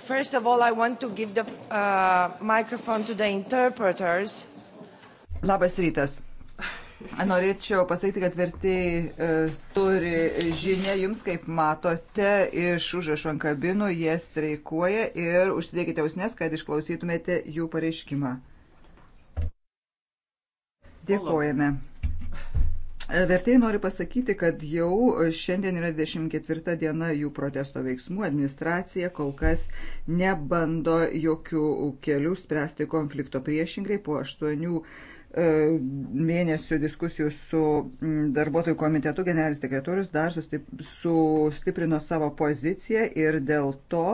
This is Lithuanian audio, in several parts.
First of all, I want to give the uh, microphone to the interpreters. Labas rytas. Norėčiau pasakyti, kad vertėjai e, turi žinę jums, kaip matote, iš užrašų ant kabinų, jie streikuoja ir užsidėkite ausines, kad išklausytumėte jų pareiškimą. Dėkojame. Hello. E, vertėjai nori pasakyti, kad jau šiandien yra 24 diena jų protesto veiksmų. Administracija kol kas nebando jokių kelių spręsti konflikto priešingai po aštuonių e, mėnesių diskusijų su darbuotojų komitetu generalinis sekretorius dar sustiprino savo poziciją ir dėl to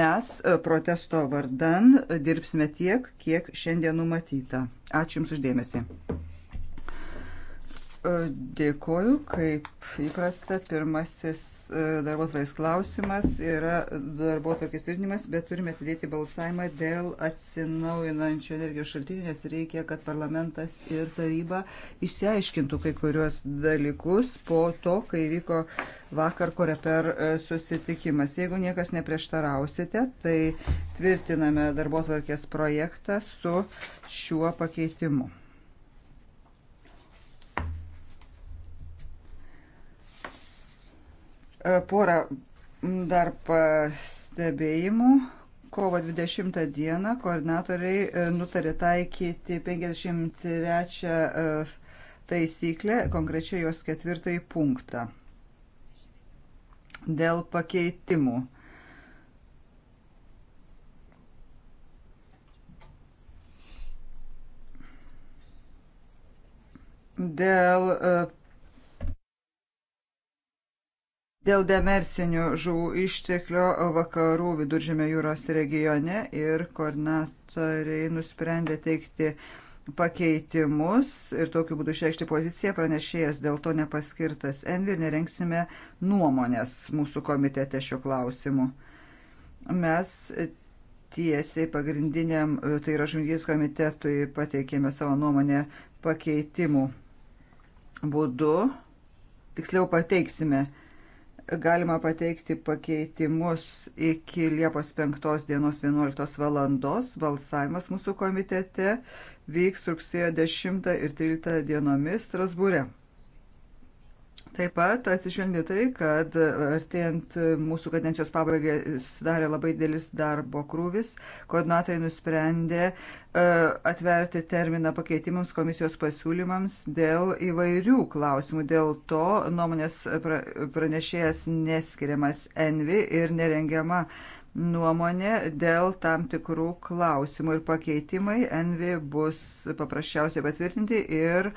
mes e, protesto vardan dirbsime tiek, kiek šiandien numatyta. Ačiū Jums uždėmesi. E, dėkoju, kaip įprasta, pirmasis e, darbo tvarkės klausimas yra darbo tvarkės tvirtinimas, bet turime atidėti balsavimą dėl atsinaujinančių energijos šaltinių, nes reikia, kad parlamentas ir taryba išsiaiškintų kai kuriuos dalykus po to, kai vyko vakar koreper e, susitikimas. Jeigu niekas neprieštarausite, tai tvirtiname darbo tvarkės projektą su šiuo pakeitimu. E, porą dar pastebėjimų. Kovo 20 dieną koordinatoriai e, nutarė taikyti 53 e, taisyklę, konkrečiai jos ketvirtąjį punktą. Dėl pakeitimų. Dėl dėl demersinių žuvų išteklio vakarų viduržėmio jūros regione ir koordinatoriai nusprendė teikti pakeitimus ir tokiu būdu išreikšti poziciją, pranešėjas dėl to nepaskirtas Envi ir nerenksime nuomonės mūsų komitete šiuo klausimu. Mes tiesiai pagrindiniam, tai yra žmogus komitetui, pateikėme savo nuomonę pakeitimų būdu, tiksliau pateiksime galima pateikti pakeitimus iki Liepos 5 dienos 11 valandos. Balsavimas mūsų komitete vyks rugsėjo 10 ir 13 dienomis Strasbūre. Taip pat atsižvelgiant tai, kad artėjant mūsų kadencijos pabaigai susidarė labai dėlis darbo krūvis, koordinatoriai nusprendė e, atverti terminą pakeitimams komisijos pasiūlymams dėl įvairių klausimų. Dėl to nuomonės pranešėjas neskiriamas Envi ir nerengiama nuomonė dėl tam tikrų klausimų ir pakeitimai NV bus paprasčiausiai patvirtinti ir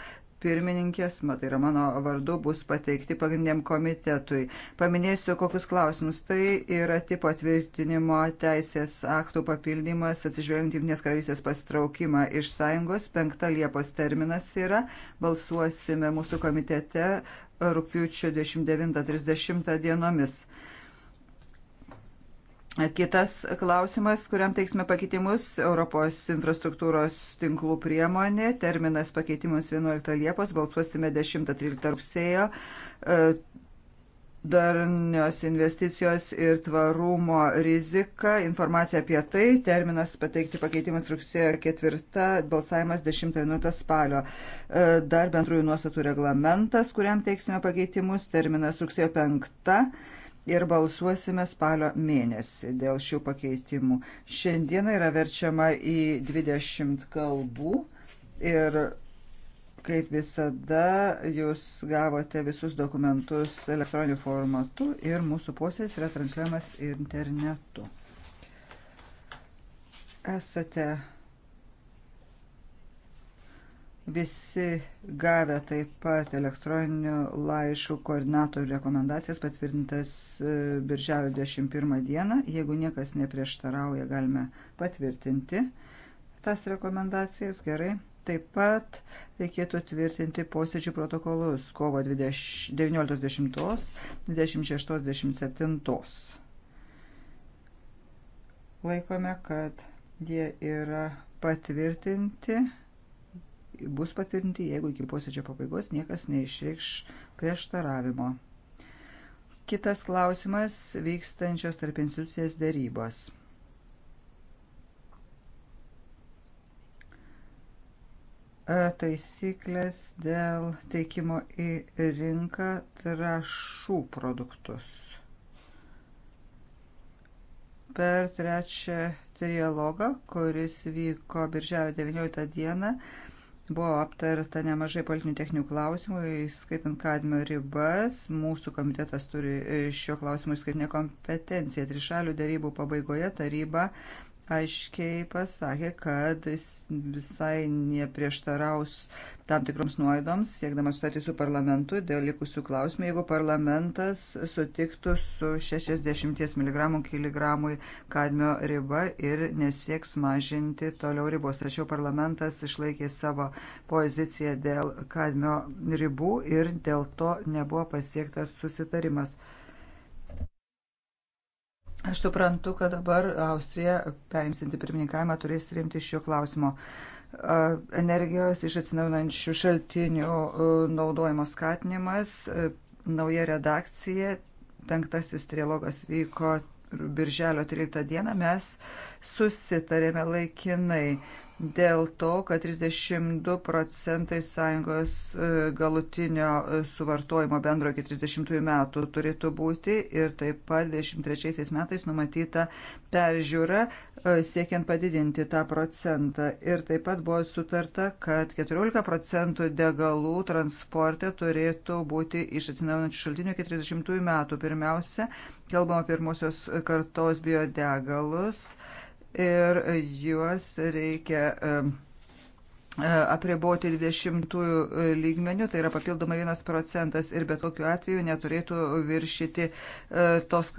pirmininkės, matai, yra mano vardu, bus pateikti pagrindiniam komitetui. Paminėsiu kokius klausimus. Tai yra tipo atvirtinimo teisės aktų papildymas, atsižvelgiant Junktinės karalystės pasitraukimą iš sąjungos. Penkta Liepos terminas yra. Balsuosime mūsų komitete rūpiučio 29-30 dienomis. Kitas klausimas, kuriam teiksime pakeitimus, Europos infrastruktūros tinklų priemonė, terminas pakeitimus 11 Liepos, balsuosime 10-13 rugsėjo, e, darnios investicijos ir tvarumo rizika, informacija apie tai, terminas pateikti pakeitimus rugsėjo 4, balsavimas 10-11 spalio, e, dar bendrųjų nuostatų reglamentas, kuriam teiksime pakeitimus, terminas rugsėjo 5 ir balsuosime spalio mėnesį dėl šių pakeitimų. Šiandieną yra verčiama į 20 kalbų ir kaip visada jūs gavote visus dokumentus elektroniniu formatu ir mūsų posėdis yra transliuojamas internetu. Esate Visi gavę taip pat elektroninių laiškų koordinatorių rekomendacijas patvirtintas e, birželio 21 dieną. Jeigu niekas neprieštarauja, galime patvirtinti tas rekomendacijas. Gerai. Taip pat reikėtų tvirtinti posėdžių protokolus kovo 19.10, 26.27. Laikome, kad jie yra patvirtinti bus patvirtinti, jeigu iki posėdžio pabaigos niekas neišreikš prieštaravimo. Kitas klausimas - vykstančios tarp institucijas dėrybos. Taisyklės dėl teikimo į rinką trašų produktus. Per trečią trialogą, kuris vyko birželio 19 dieną, Buvo aptarta nemažai politinių techninių klausimų, įskaitant kadmio ribas. Mūsų komitetas turi šio klausimo įskaitinę kompetenciją. Trišalių darybų pabaigoje taryba aiškiai pasakė, kad jis visai neprieštaraus tam tikroms nuoidoms, siekdamas sutartį su parlamentu dėl likusių klausimų, jeigu parlamentas sutiktų su 60 mg kg kadmio riba ir nesieks mažinti toliau ribos. Tačiau parlamentas išlaikė savo poziciją dėl kadmio ribų ir dėl to nebuvo pasiektas susitarimas. Aš suprantu, kad dabar Austrija, perimsinti pirmininkavimą, turės rimti šio klausimo. Energijos iš atsinaujinančių šaltinių naudojimo skatinimas, nauja redakcija, penktasis trilogas vyko birželio 13 dieną, mes susitarėme laikinai dėl to, kad 32 procentai sąjungos e, galutinio e, suvartojimo bendro iki 30 metų turėtų būti ir taip pat 23 metais numatyta peržiūra e, siekiant padidinti tą procentą. Ir taip pat buvo sutarta, kad 14 procentų degalų transporte turėtų būti iš atsinaujinančių šaltinių iki 30 metų. Pirmiausia, kalbama pirmosios kartos biodegalus ir juos reikia e, apriboti 20 lygmenių, tai yra papildoma 1 procentas ir bet kokiu atveju neturėtų viršyti e, tos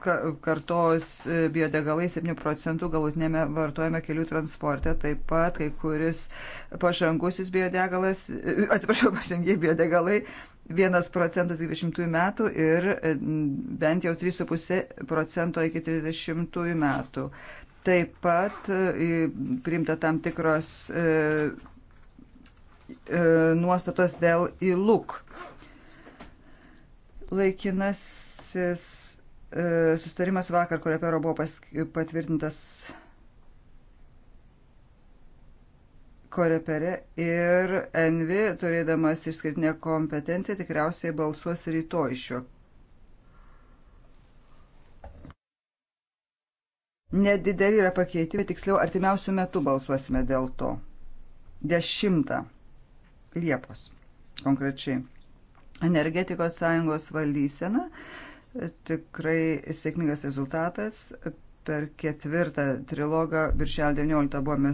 kartos e, biodegalai 7 procentų galutinėme vartojame kelių transporte. Taip pat kai kuris pažangusis biodegalas, atsiprašau, pažangiai biodegalai 1 procentas 20 metų ir e, bent jau 3,5 procento iki 30 metų. Taip pat e, priimta tam tikros e, nuostatos dėl įlūk. Laikinasis sustarimas vakar, kur apie buvo patvirtintas Korepere ir Envi, turėdamas išskirtinę kompetenciją, tikriausiai balsuos rytoj šiuo Nedideli yra pakeitimai, tiksliau artimiausių metų balsuosime dėl to. 10 Liepos konkrečiai. Energetikos sąjungos valdysena tikrai sėkmingas rezultatas per ketvirtą trilogą viršelio 19 buvome,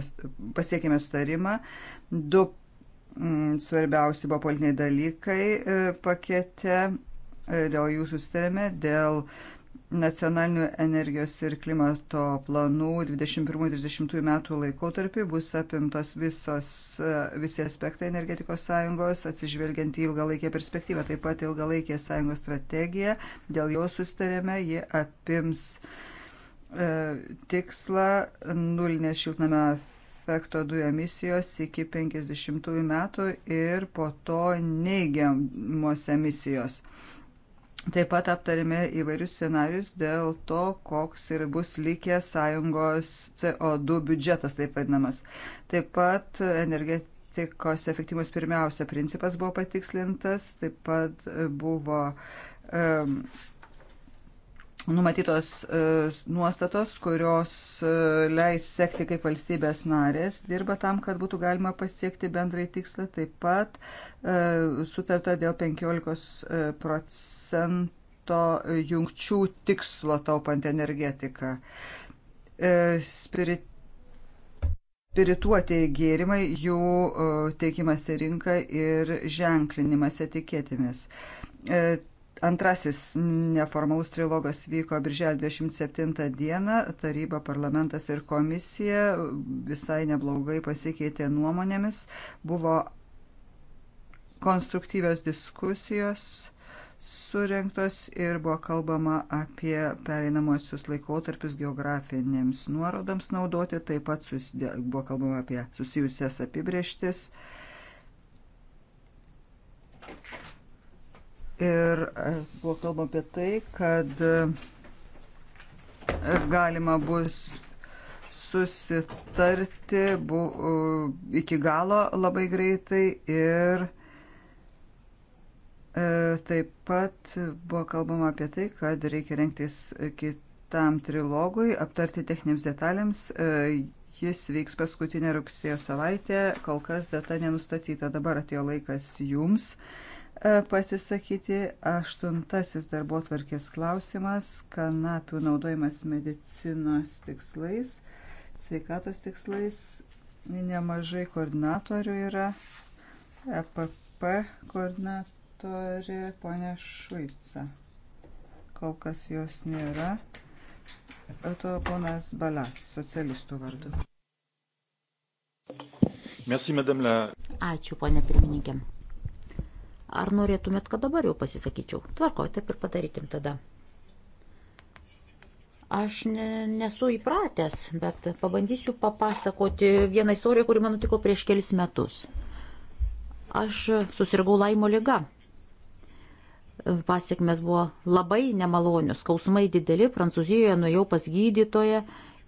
pasiekėme sutarimą. Du mm, svarbiausi buvo politiniai dalykai e, pakete, e, dėl jų susitarėme, dėl nacionalinių energijos ir klimato planų 21-30 metų laikotarpį bus apimtos visos, e, visi aspektai energetikos sąjungos, atsižvelgiant į ilgalaikę perspektyvą, taip pat ilgalaikė sąjungos strategija, dėl jos sustarėme, ji apims uh, E, tikslą nulinės šiltnamio efekto dujų emisijos iki 50 metų ir po to neigiamos emisijos. Taip pat aptarėme įvairius scenarius dėl to, koks ir bus likęs sąjungos CO2 biudžetas, taip vadinamas. Taip pat energetikos efektyvus pirmiausia principas buvo patikslintas, taip pat buvo um, numatytos e, nuostatos, kurios e, leis sekti, kaip valstybės narės dirba tam, kad būtų galima pasiekti bendrai tikslą. Taip pat e, sutarta dėl 15 procento jungčių tikslo taupant energetiką. Spirit Spirituotieji gėrimai, jų teikimas į rinką ir ženklinimas etiketėmis Antrasis neformalus trilogas vyko birželio 27 dieną. Taryba, parlamentas ir komisija visai neblogai pasikeitė nuomonėmis. Buvo konstruktyvios diskusijos surinktos ir buvo kalbama apie pereinamosius laikotarpius geografinėms nuorodoms naudoti. Taip pat susidė, buvo kalbama apie susijusias apibrieštis. Ir e, buvo kalbama apie tai, kad e, galima bus susitarti bu, e, iki galo labai greitai ir Taip pat buvo kalbama apie tai, kad reikia rengtis kitam trilogui, aptarti techniniams detalėms. Jis vyks paskutinę rugsėjo savaitę, kol kas data nenustatyta. Dabar atėjo laikas jums E, pasisakyti. Aštuntasis darbo tvarkės klausimas - kanapių naudojimas medicinos tikslais, sveikatos tikslais. Nemažai koordinatorių yra. EPP koordinatorė ponia Šuica. Kol kas jos nėra. O e, to ponas Balas, socialistų vardu. Merci, la... Ačiū, ponia pirmininkė. Ar norėtumėt, kad dabar jau pasisakyčiau? Tvarkoj, taip ir padarykim tada. Aš ne, nesu įpratęs, bet pabandysiu papasakoti vieną istoriją, kuri man nutiko prieš kelis metus. Aš susirgau laimo lyga. Pasiekmes buvo labai nemalonios, skausmai dideli, Prancūzijoje nuėjau pas gydytoją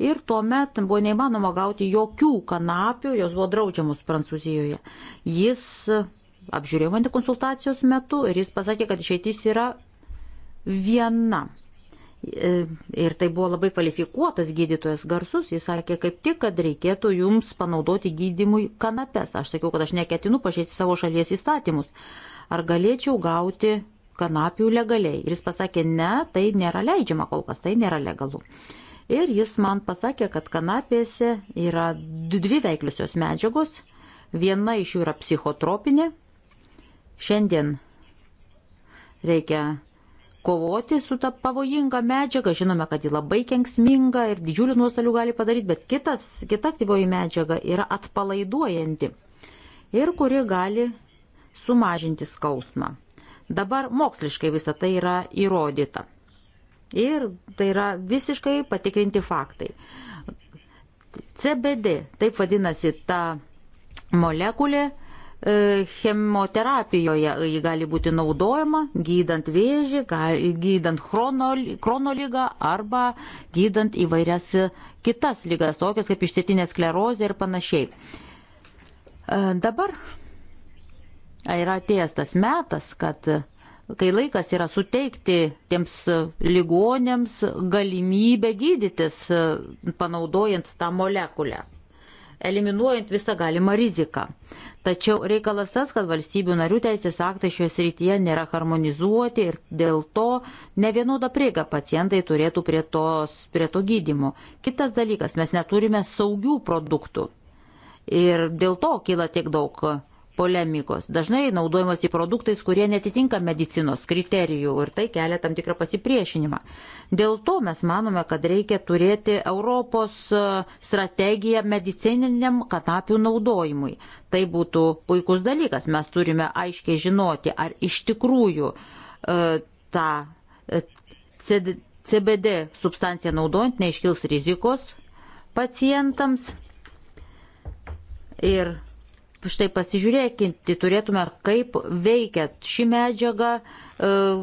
ir tuomet buvo neįmanoma gauti jokių kanapių, jos buvo draudžiamus Prancūzijoje. Jis apžiūrėjau mane konsultacijos metu ir jis pasakė, kad išeitis yra viena. E, ir tai buvo labai kvalifikuotas gydytojas garsus, jis sakė kaip tik, kad reikėtų jums panaudoti gydimui kanapes. Aš sakiau, kad aš neketinu pažeisti savo šalies įstatymus. Ar galėčiau gauti kanapių legaliai? Ir jis pasakė, ne, tai nėra leidžiama kol kas, tai nėra legalu. Ir jis man pasakė, kad kanapėse yra dvi veikliusios medžiagos. Viena iš jų yra psichotropinė, Šiandien reikia kovoti su tą pavojingą medžiagą. Žinome, kad ji labai kenksminga ir didžiulių nuostolių gali padaryti, bet kitas, kita aktyvioji medžiaga yra atpalaiduojanti ir kuri gali sumažinti skausmą. Dabar moksliškai visa tai yra įrodyta. Ir tai yra visiškai patikrinti faktai. CBD, taip vadinasi ta molekulė, E, chemoterapijoje ji gali būti naudojama gydant vėžį, gydant chronolygą arba gydant įvairias kitas lygas, tokias kaip išsėtinė sklerozė ir panašiai. E, dabar yra atėjęs tas metas, kad kai laikas yra suteikti tiems ligonėms galimybę gydytis, panaudojant tą molekulę eliminuojant visą galimą riziką. Tačiau reikalas tas, kad valstybių narių teisės aktai šioje srityje nėra harmonizuoti ir dėl to ne vienodą prieigą pacientai turėtų prie, tos, prie to gydimo. Kitas dalykas, mes neturime saugių produktų. Ir dėl to kyla tiek daug polemikos. Dažnai naudojamas į produktais, kurie netitinka medicinos kriterijų ir tai kelia tam tikrą pasipriešinimą. Dėl to mes manome, kad reikia turėti Europos e, strategiją medicininiam kanapių naudojimui. Tai būtų puikus dalykas. Mes turime aiškiai žinoti, ar iš tikrųjų e, tą e, CBD substanciją naudojant neiškils rizikos pacientams. Ir štai pasižiūrėkinti tai turėtume, kaip veikia ši medžiaga e,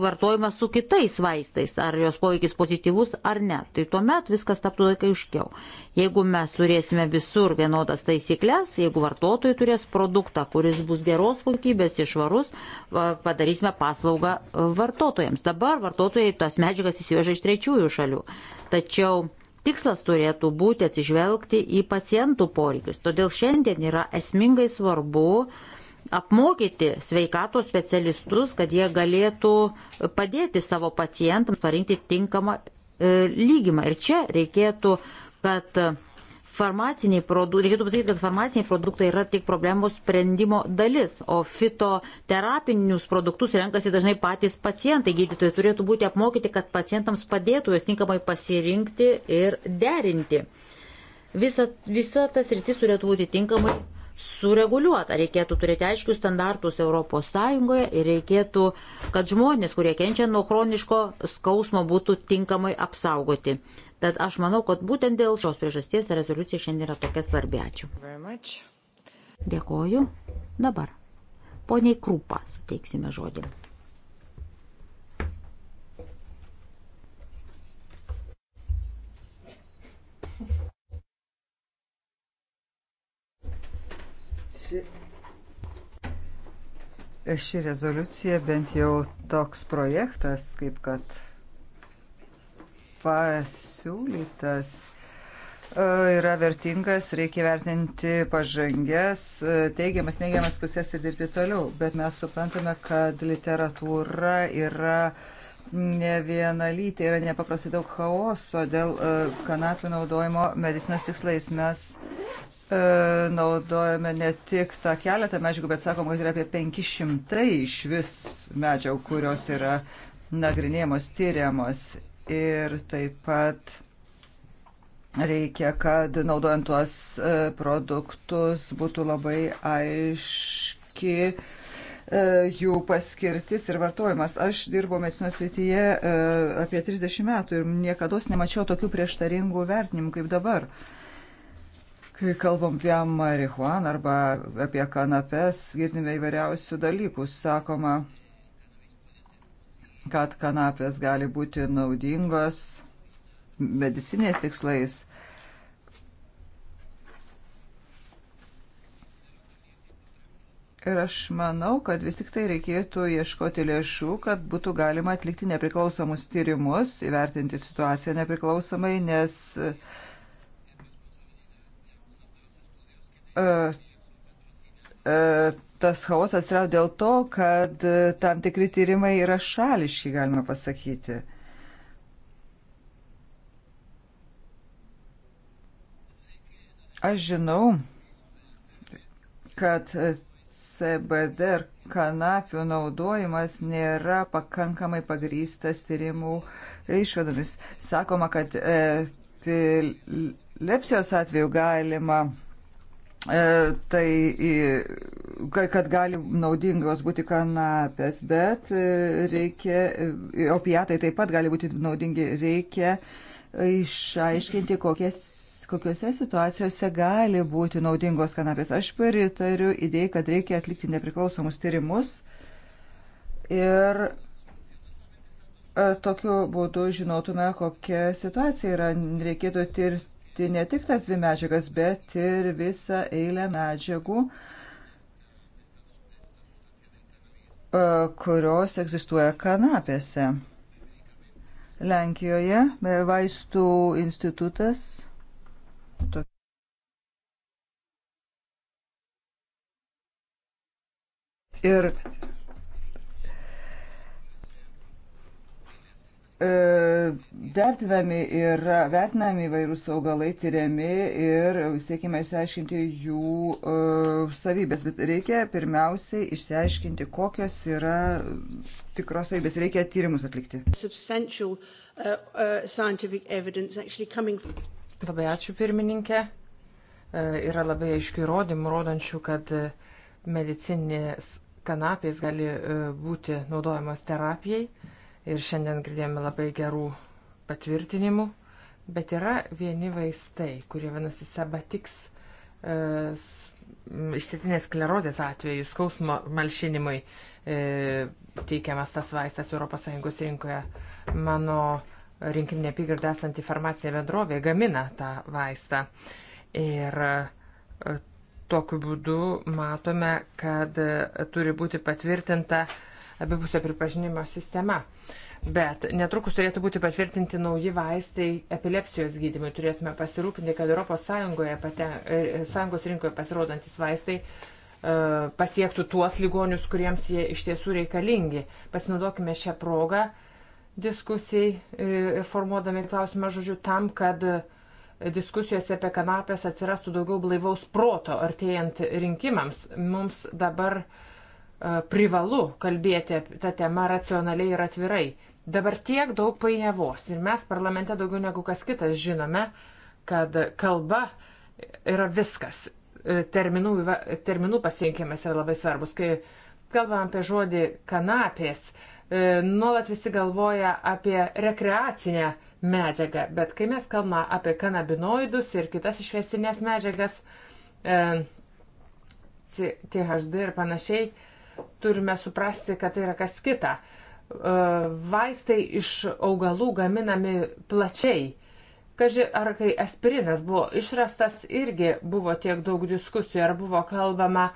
vartojama su kitais vaistais, ar jos poveikis pozityvus ar ne. Tai tuomet viskas taptų laikai užkiau. Jeigu mes turėsime visur vienodas taisyklės, jeigu vartotojai turės produktą, kuris bus geros kokybės ir švarus, padarysime paslaugą vartotojams. Dabar vartotojai tas medžiagas įsiveža iš trečiųjų šalių. Tačiau Tikslas turėtų būti atsižvelgti į pacientų poreikius. Todėl šiandien yra esmingai svarbu apmokyti sveikatos specialistus, kad jie galėtų padėti savo pacientams parinkti tinkamą e, lygimą. Ir čia reikėtų, kad Farmaciniai produktai, reikėtų pasakyti, kad farmaciniai produktai yra tik problemos sprendimo dalis, o fitoterapinius produktus renkasi dažnai patys pacientai. Gydytojai turėtų būti apmokyti, kad pacientams padėtų juos tinkamai pasirinkti ir derinti. Visa, visa tas rytis turėtų būti tinkamai sureguliuota. Reikėtų turėti aiškius standartus ES ir reikėtų, kad žmonės, kurie kenčia nuo chroniško skausmo, būtų tinkamai apsaugoti. Tad aš manau, kad būtent dėl šios priežasties rezoliucija šiandien yra tokia svarbi. Ačiū. Dėkoju. Dabar. Poniai Krūpa suteiksime žodį. Ši, ši rezoliucija bent jau toks projektas, kaip kad pasiūlytas e, yra vertingas, reikia vertinti pažangės, e, teigiamas, neigiamas pusės ir dirbti toliau. Bet mes suprantame, kad literatūra yra ne vienalytė, yra nepaprastai daug chaoso dėl e, kanapių naudojimo medicinos tikslais. Mes naudojame ne tik tą keletą medžiagų, bet sakom, kad yra apie 500 iš vis medžiagų, kurios yra nagrinėjamos, tyriamos ir taip pat reikia, kad naudojant tuos e, produktus būtų labai aiški e, jų paskirtis ir vartojimas. Aš dirbau medicinos srityje e, apie 30 metų ir niekada nemačiau tokių prieštaringų vertinimų kaip dabar. Kai kalbam apie marihuaną arba apie kanapes, girdime įvairiausių dalykų. Sakoma, kad kanapės gali būti naudingos medicinės tikslais. Ir aš manau, kad vis tik tai reikėtų ieškoti lėšų, kad būtų galima atlikti nepriklausomus tyrimus, įvertinti situaciją nepriklausomai, nes uh, uh, tas chaosas yra dėl to, kad e, tam tikri tyrimai yra šališki, galima pasakyti. Aš žinau, kad e, CBD ir kanapių naudojimas nėra pakankamai pagrystas tyrimų išvadomis. Sakoma, kad epilepsijos atveju galima E, tai kad gali naudingos būti kanapės, bet e, reikia, e, opiatai taip pat gali būti naudingi, reikia išaiškinti, kokias, kokiuose situacijose gali būti naudingos kanapės. Aš pritariu idėjai, kad reikia atlikti nepriklausomus tyrimus ir tokiu būdu žinotume, kokia situacija yra. Reikėtų tirti naudoti ne tik tas dvi medžiagas, bet ir visą eilę medžiagų, e, kurios egzistuoja kanapėse. Lenkijoje e, vaistų institutas. Ir E, vertinami yra, vertinami įvairūs augalai, tyriami ir siekime išsiaiškinti jų uh, savybės, bet reikia pirmiausiai išsiaiškinti, kokios yra tikros savybės, reikia tyrimus atlikti. Uh, uh, coming... Labai ačiū pirmininkė. E, yra labai aiškių įrodymų, rodančių, kad medicininės kanapės gali būti naudojamos terapijai ir šiandien girdėjome labai gerų patvirtinimų, bet yra vieni vaistai, kurie vienasi sebatiks e, išsėtinės sklerozės atveju, skausmo malšinimui e, teikiamas tas vaistas ES rinkoje. Mano rinkiminė apygarda esanti farmacija bendrovė gamina tą vaistą. Ir e, tokiu būdu matome, kad e, turi būti patvirtinta e, abipusio pripažinimo sistema. Bet netrukus turėtų būti patvirtinti nauji vaistai epilepsijos gydymui. Turėtume pasirūpinti, kad ES paten... E, rinkoje pasirodantis vaistai e, pasiektų tuos ligonius, kuriems jie iš tiesų reikalingi. Pasinaudokime šią progą diskusijai, e, formuodami klausimą žodžiu, tam, kad diskusijose apie kanapės atsirastų daugiau blaivaus proto artėjant rinkimams. Mums dabar uh, E, privalu kalbėti tą temą racionaliai ir atvirai. Dabar tiek daug painiavos ir mes parlamente daugiau negu kas kitas žinome, kad kalba yra viskas. E, terminų, terminų pasirinkimas yra labai svarbus. Kai kalbam apie žodį kanapės, e, nuolat visi galvoja apie rekreacinę medžiagą, bet kai mes kalbame apie kanabinoidus ir kitas išvestinės medžiagas, CHD ir panašiai, turime suprasti, kad tai yra kas kita. E, vaistai iš augalų gaminami plačiai. Kaži, ar kai aspirinas buvo išrastas, irgi buvo tiek daug diskusijų, ar buvo kalbama,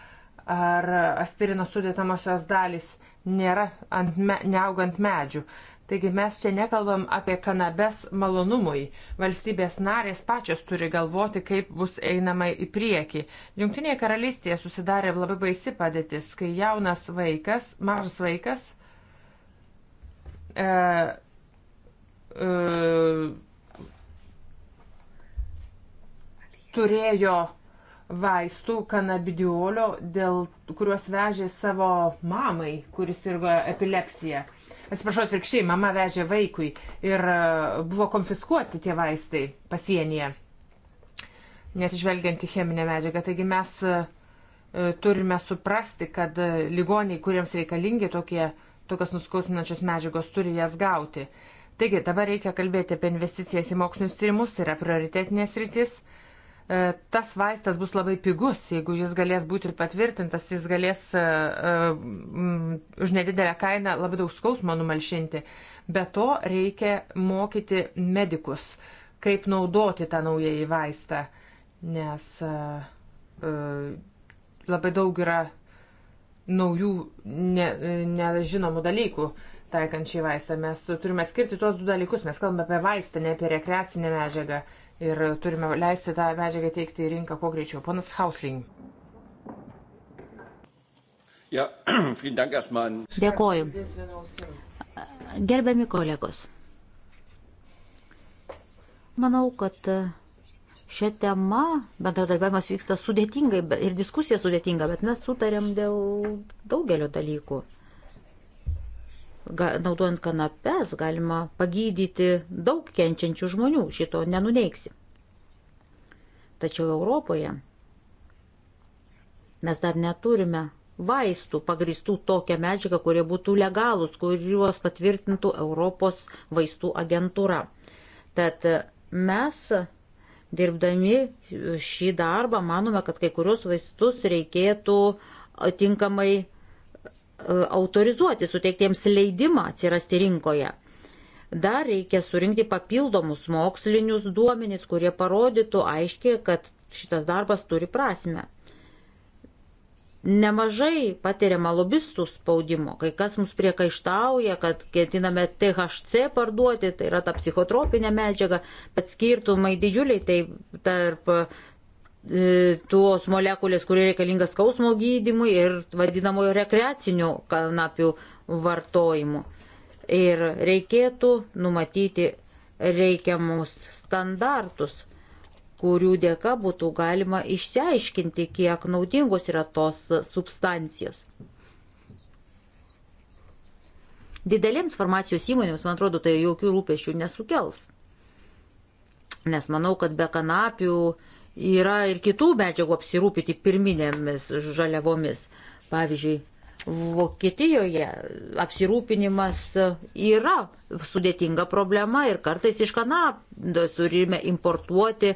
ar aspirino sudėtamosios dalys nėra ant me, neaugant medžių. Taigi mes čia nekalbam apie kanabes malonumui. Valstybės narės pačios turi galvoti, kaip bus einama į priekį. Junktinėje karalystėje susidarė labai baisi padėtis, kai jaunas vaikas, mažas vaikas, e, e, turėjo vaistų kanabidiolio, dėl, kuriuos vežė savo mamai, kuris sirgo epilepsiją atsiprašau atvirkščiai, mama vežė vaikui ir e, buvo konfiskuoti tie vaistai pasienyje, nesižvelgiant į cheminę medžiagą. Taigi mes e, e, turime suprasti, kad ligoniai, kuriems reikalingi tokie, tokios nuskausminančios medžiagos, turi jas gauti. Taigi dabar reikia kalbėti apie investicijas į mokslinius tyrimus, yra prioritetinės rytis. Ir E, tas vaistas bus labai pigus, jeigu jis galės būti patvirtintas, jis galės uh, um, už nedidelę kainą labai daug skausmo numalšinti. Be to reikia mokyti medikus, kaip naudoti tą naująjį vaistą, nes uh, uh, labai daug yra naujų ne, nežinomų dalykų taikant šį vaistą. Mes turime skirti tuos du dalykus, mes kalbame apie vaistą, ne apie rekreacinę medžiagą. Uh, ir turime leisti tą medžiagą teikti į rinką kuo greičiau. Panas Hausling. Ja, Dėkoju. Gerbiami kolegos. Manau, kad šią temą bendradarbiavimas vyksta sudėtingai ir diskusija sudėtinga, bet mes sutarėm dėl daugelio dalykų naudojant kanapes galima pagydyti daug kenčiančių žmonių, šito nenuneiksi. Tačiau Europoje mes dar neturime vaistų pagristų tokią medžiagą, kurie būtų legalūs, kuriuos patvirtintų Europos vaistų agentūra. Tad mes, dirbdami šį darbą, manome, kad kai kurios vaistus reikėtų tinkamai E, autorizuoti, suteikti jiems leidimą atsirasti rinkoje. Dar reikia surinkti papildomus mokslinius duomenys, kurie parodytų aiškiai, kad šitas darbas turi prasme. Nemažai patiriama lobistų spaudimo, kai kas mums priekaištauja, kad ketiname THC parduoti, tai yra ta psichotropinė medžiaga, bet skirtumai didžiuliai tai tarp E, tuos molekulės, kurie reikalingas skausmo gydimui ir vadinamojo rekreacinių kanapių vartojimu. Ir reikėtų numatyti reikiamus standartus, kurių dėka būtų galima išsiaiškinti, kiek naudingos yra tos substancijos. Didelėms farmacijos įmonėms, man atrodo, tai jokių rūpešių nesukels. Nes manau, kad be kanapių uh, yra ir kitų medžiagų apsirūpyti pirminėmis žaliavomis. Pavyzdžiui, Vokietijoje apsirūpinimas yra sudėtinga problema ir kartais iš Kanados turime importuoti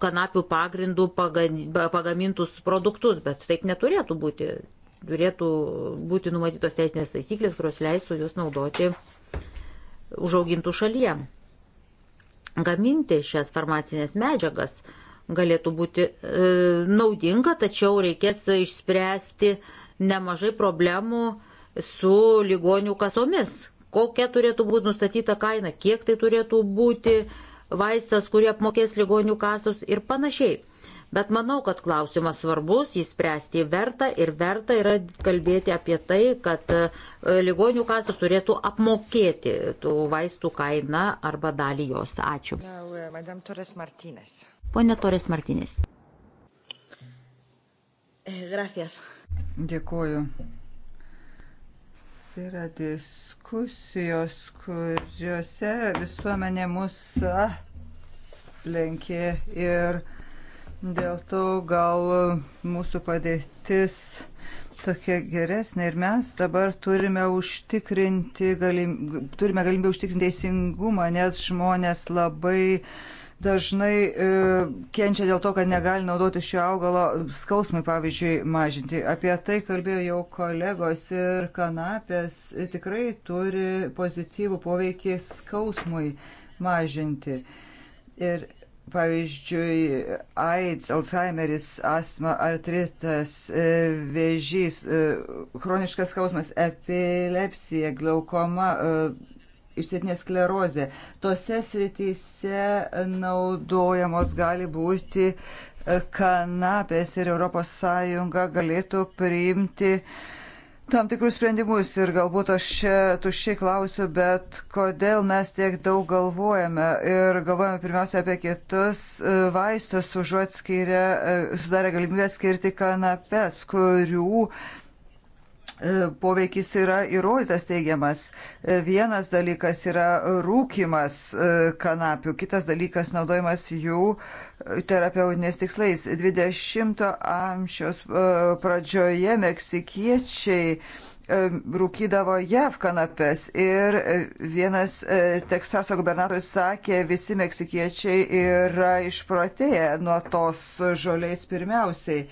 kanapių pagrindų pagamintus produktus, bet taip neturėtų būti. Turėtų būti numatytos teisinės taisyklės, kurios leistų juos naudoti užaugintų šalyje. Gaminti šias farmacinės medžiagas uh, galėtų būti e, naudinga, tačiau reikės išspręsti nemažai problemų su ligonių kasomis. Kokia turėtų būti nustatyta kaina, kiek tai turėtų būti vaistas, kurį apmokės ligonių kasos ir panašiai. Bet manau, kad klausimas svarbus, jis spręsti verta ir verta yra kalbėti apie tai, kad e, ligonių kasos turėtų apmokėti tų vaistų kainą arba dalį jos. Ačiū. Uh, Pone Torres Martinės. Eh, gracias. Dėkuoju. Tai yra diskusijos, kuriuose visuomenė mus lenkė ir uh, Dėl to gal mūsų padėtis tokia geresnė ir mes dabar turime užtikrinti, galim, turime galimybę užtikrinti teisingumą, nes žmonės labai dažnai e, kenčia dėl to, kad negali naudoti šio augalo skausmui, pavyzdžiui, mažinti. Apie tai kalbėjo jau kolegos ir kanapės tikrai turi pozityvų poveikį skausmui mažinti. Ir pavyzdžiui, AIDS, Alzheimeris, astma, artritas, e, vėžys, e, chroniškas skausmas, epilepsija, glaukoma, e, išsėtinė sklerozė. Tose srityse naudojamos gali būti kanapės ir ES galėtų priimti uh, tam tikrus sprendimus ir galbūt aš čia tuščiai klausiu, bet kodėl mes tiek daug galvojame ir galvojame pirmiausia apie kitus e, vaistus, užuot skiria, e, sudarę galimybę skirti kanapes, kurių uh, E, poveikis yra įrodytas teigiamas. E, vienas dalykas yra rūkimas e, kanapių, kitas dalykas naudojimas jų terapeutinės tikslais. 20-ojo amžiaus pradžioje meksikiečiai rūkydavo JAV kanapes ir vienas Teksaso gubernatorius sakė, visi meksikiečiai yra išprotėję nuo tos žolės pirmiausiai.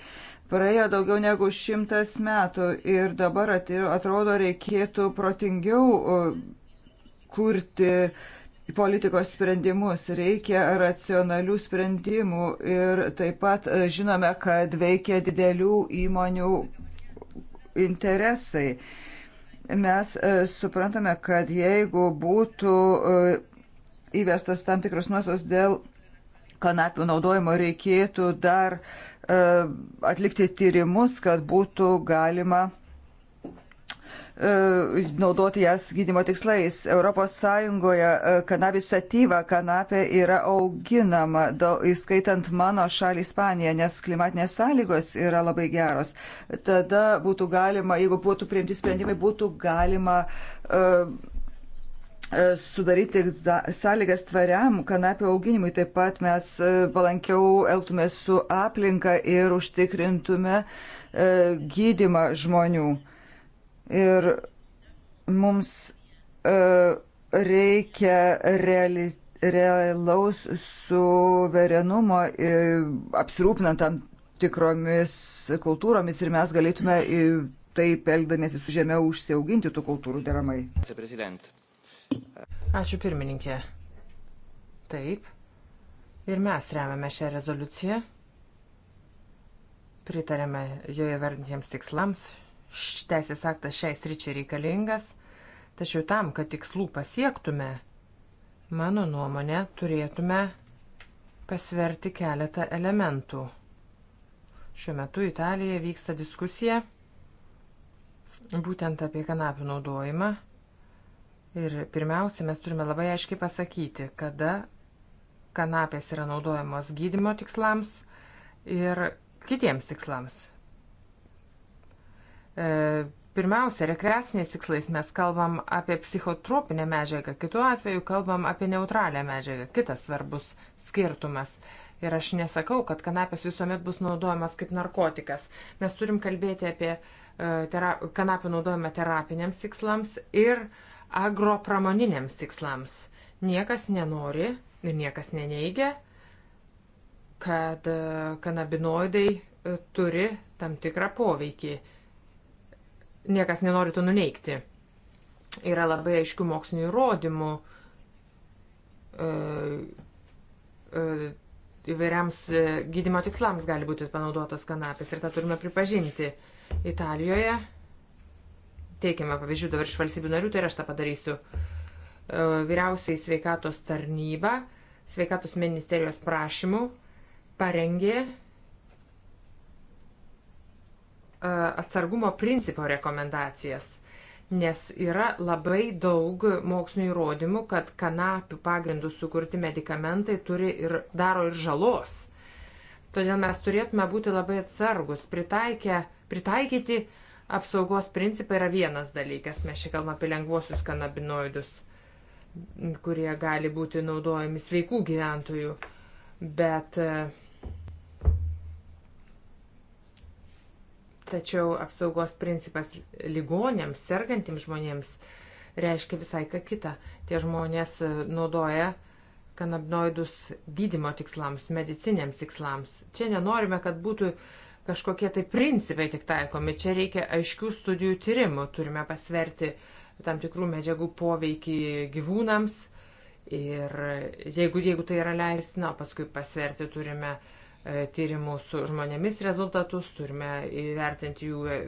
Praėjo daugiau negu šimtas metų ir dabar atrodo reikėtų protingiau kurti politikos sprendimus, reikia racionalių sprendimų ir taip pat e, žinome, kad veikia didelių įmonių interesai. Mes e, suprantame, kad jeigu būtų e, įvestas tam tikros nuostatos dėl kanapių naudojimo, reikėtų dar uh, E, atlikti tyrimus, kad būtų galima e, naudoti jas gydimo tikslais. Europos Sąjungoje e, kanabis satyva, kanapė yra auginama, daug, įskaitant mano šalį Ispaniją, nes klimatinės sąlygos yra labai geros. Tada būtų galima, jeigu būtų priimti sprendimai, būtų galima uh, E, sudaryti sąlygas tvariam kanapio auginimui. Taip pat mes e, palankiau elgtume su aplinka ir užtikrintume e, gydimą žmonių. Ir mums reikia reali, realaus suverenumo apsirūpinant tam tikromis kultūromis ir mes galėtume taip elgdamėsi su žemė užsiauginti tų kultūrų deramai. Viceprezidentė. Ačiū pirmininkė. Taip. Ir mes remiame šią rezoliuciją. Pritarėme joje vardintiems tikslams. Teisės aktas šiais ryčiai reikalingas. Tačiau tam, kad tikslų pasiektume, mano nuomonė, turėtume pasverti keletą elementų. Šiuo metu Italijoje vyksta diskusija būtent apie kanapių naudojimą Ir pirmiausia, mes turime labai aiškiai pasakyti, kada kanapės yra naudojamos gydimo tikslams ir kitiems tikslams. E, pirmiausia, rekreaciniais tikslais mes kalbam apie psichotropinę medžiagą, kitu atveju kalbam apie neutralią medžiagą. Kitas svarbus skirtumas. Ir aš nesakau, kad kanapės visuomet bus naudojamas kaip narkotikas. Mes turim kalbėti apie e, tera, kanapių naudojimą terapiniams tikslams ir uh, agropramoniniams tikslams. Niekas nenori ir niekas neneigia, kad e, kanabinoidai e, turi tam tikrą poveikį. Niekas nenori to nuneikti. Yra labai aiškių mokslinių įrodymų e, įvairiams gydimo tikslams gali būti panaudotas kanapės ir tą turime pripažinti. Italijoje teikiama pavyzdžių dabar iš valstybių narių, tai ir aš tą padarysiu. E, vyriausiai sveikatos tarnyba, sveikatos ministerijos prašymų parengė e, atsargumo principo rekomendacijas, nes yra labai daug mokslinio įrodymų, kad kanapių pagrindų sukurti medikamentai turi ir daro ir žalos. Todėl mes turėtume būti labai atsargus, pritaikę, pritaikyti uh, apsaugos principai yra vienas dalykas. Mes čia kalbame apie lengvuosius kanabinoidus, kurie gali būti naudojami sveikų gyventojų. Bet e, tačiau apsaugos principas ligonėms, sergantiems žmonėms reiškia visai ką kitą. Tie žmonės e, naudoja kanabinoidus gydimo tikslams, medicinėms tikslams. Čia nenorime, kad būtų uh, kažkokie tai principai tik taikomi. Čia reikia aiškių studijų tyrimų. Turime pasverti tam tikrų medžiagų poveikį gyvūnams. Ir jeigu, jeigu tai yra leistina, paskui pasverti turime e, tyrimų su žmonėmis rezultatus, turime įvertinti jų e,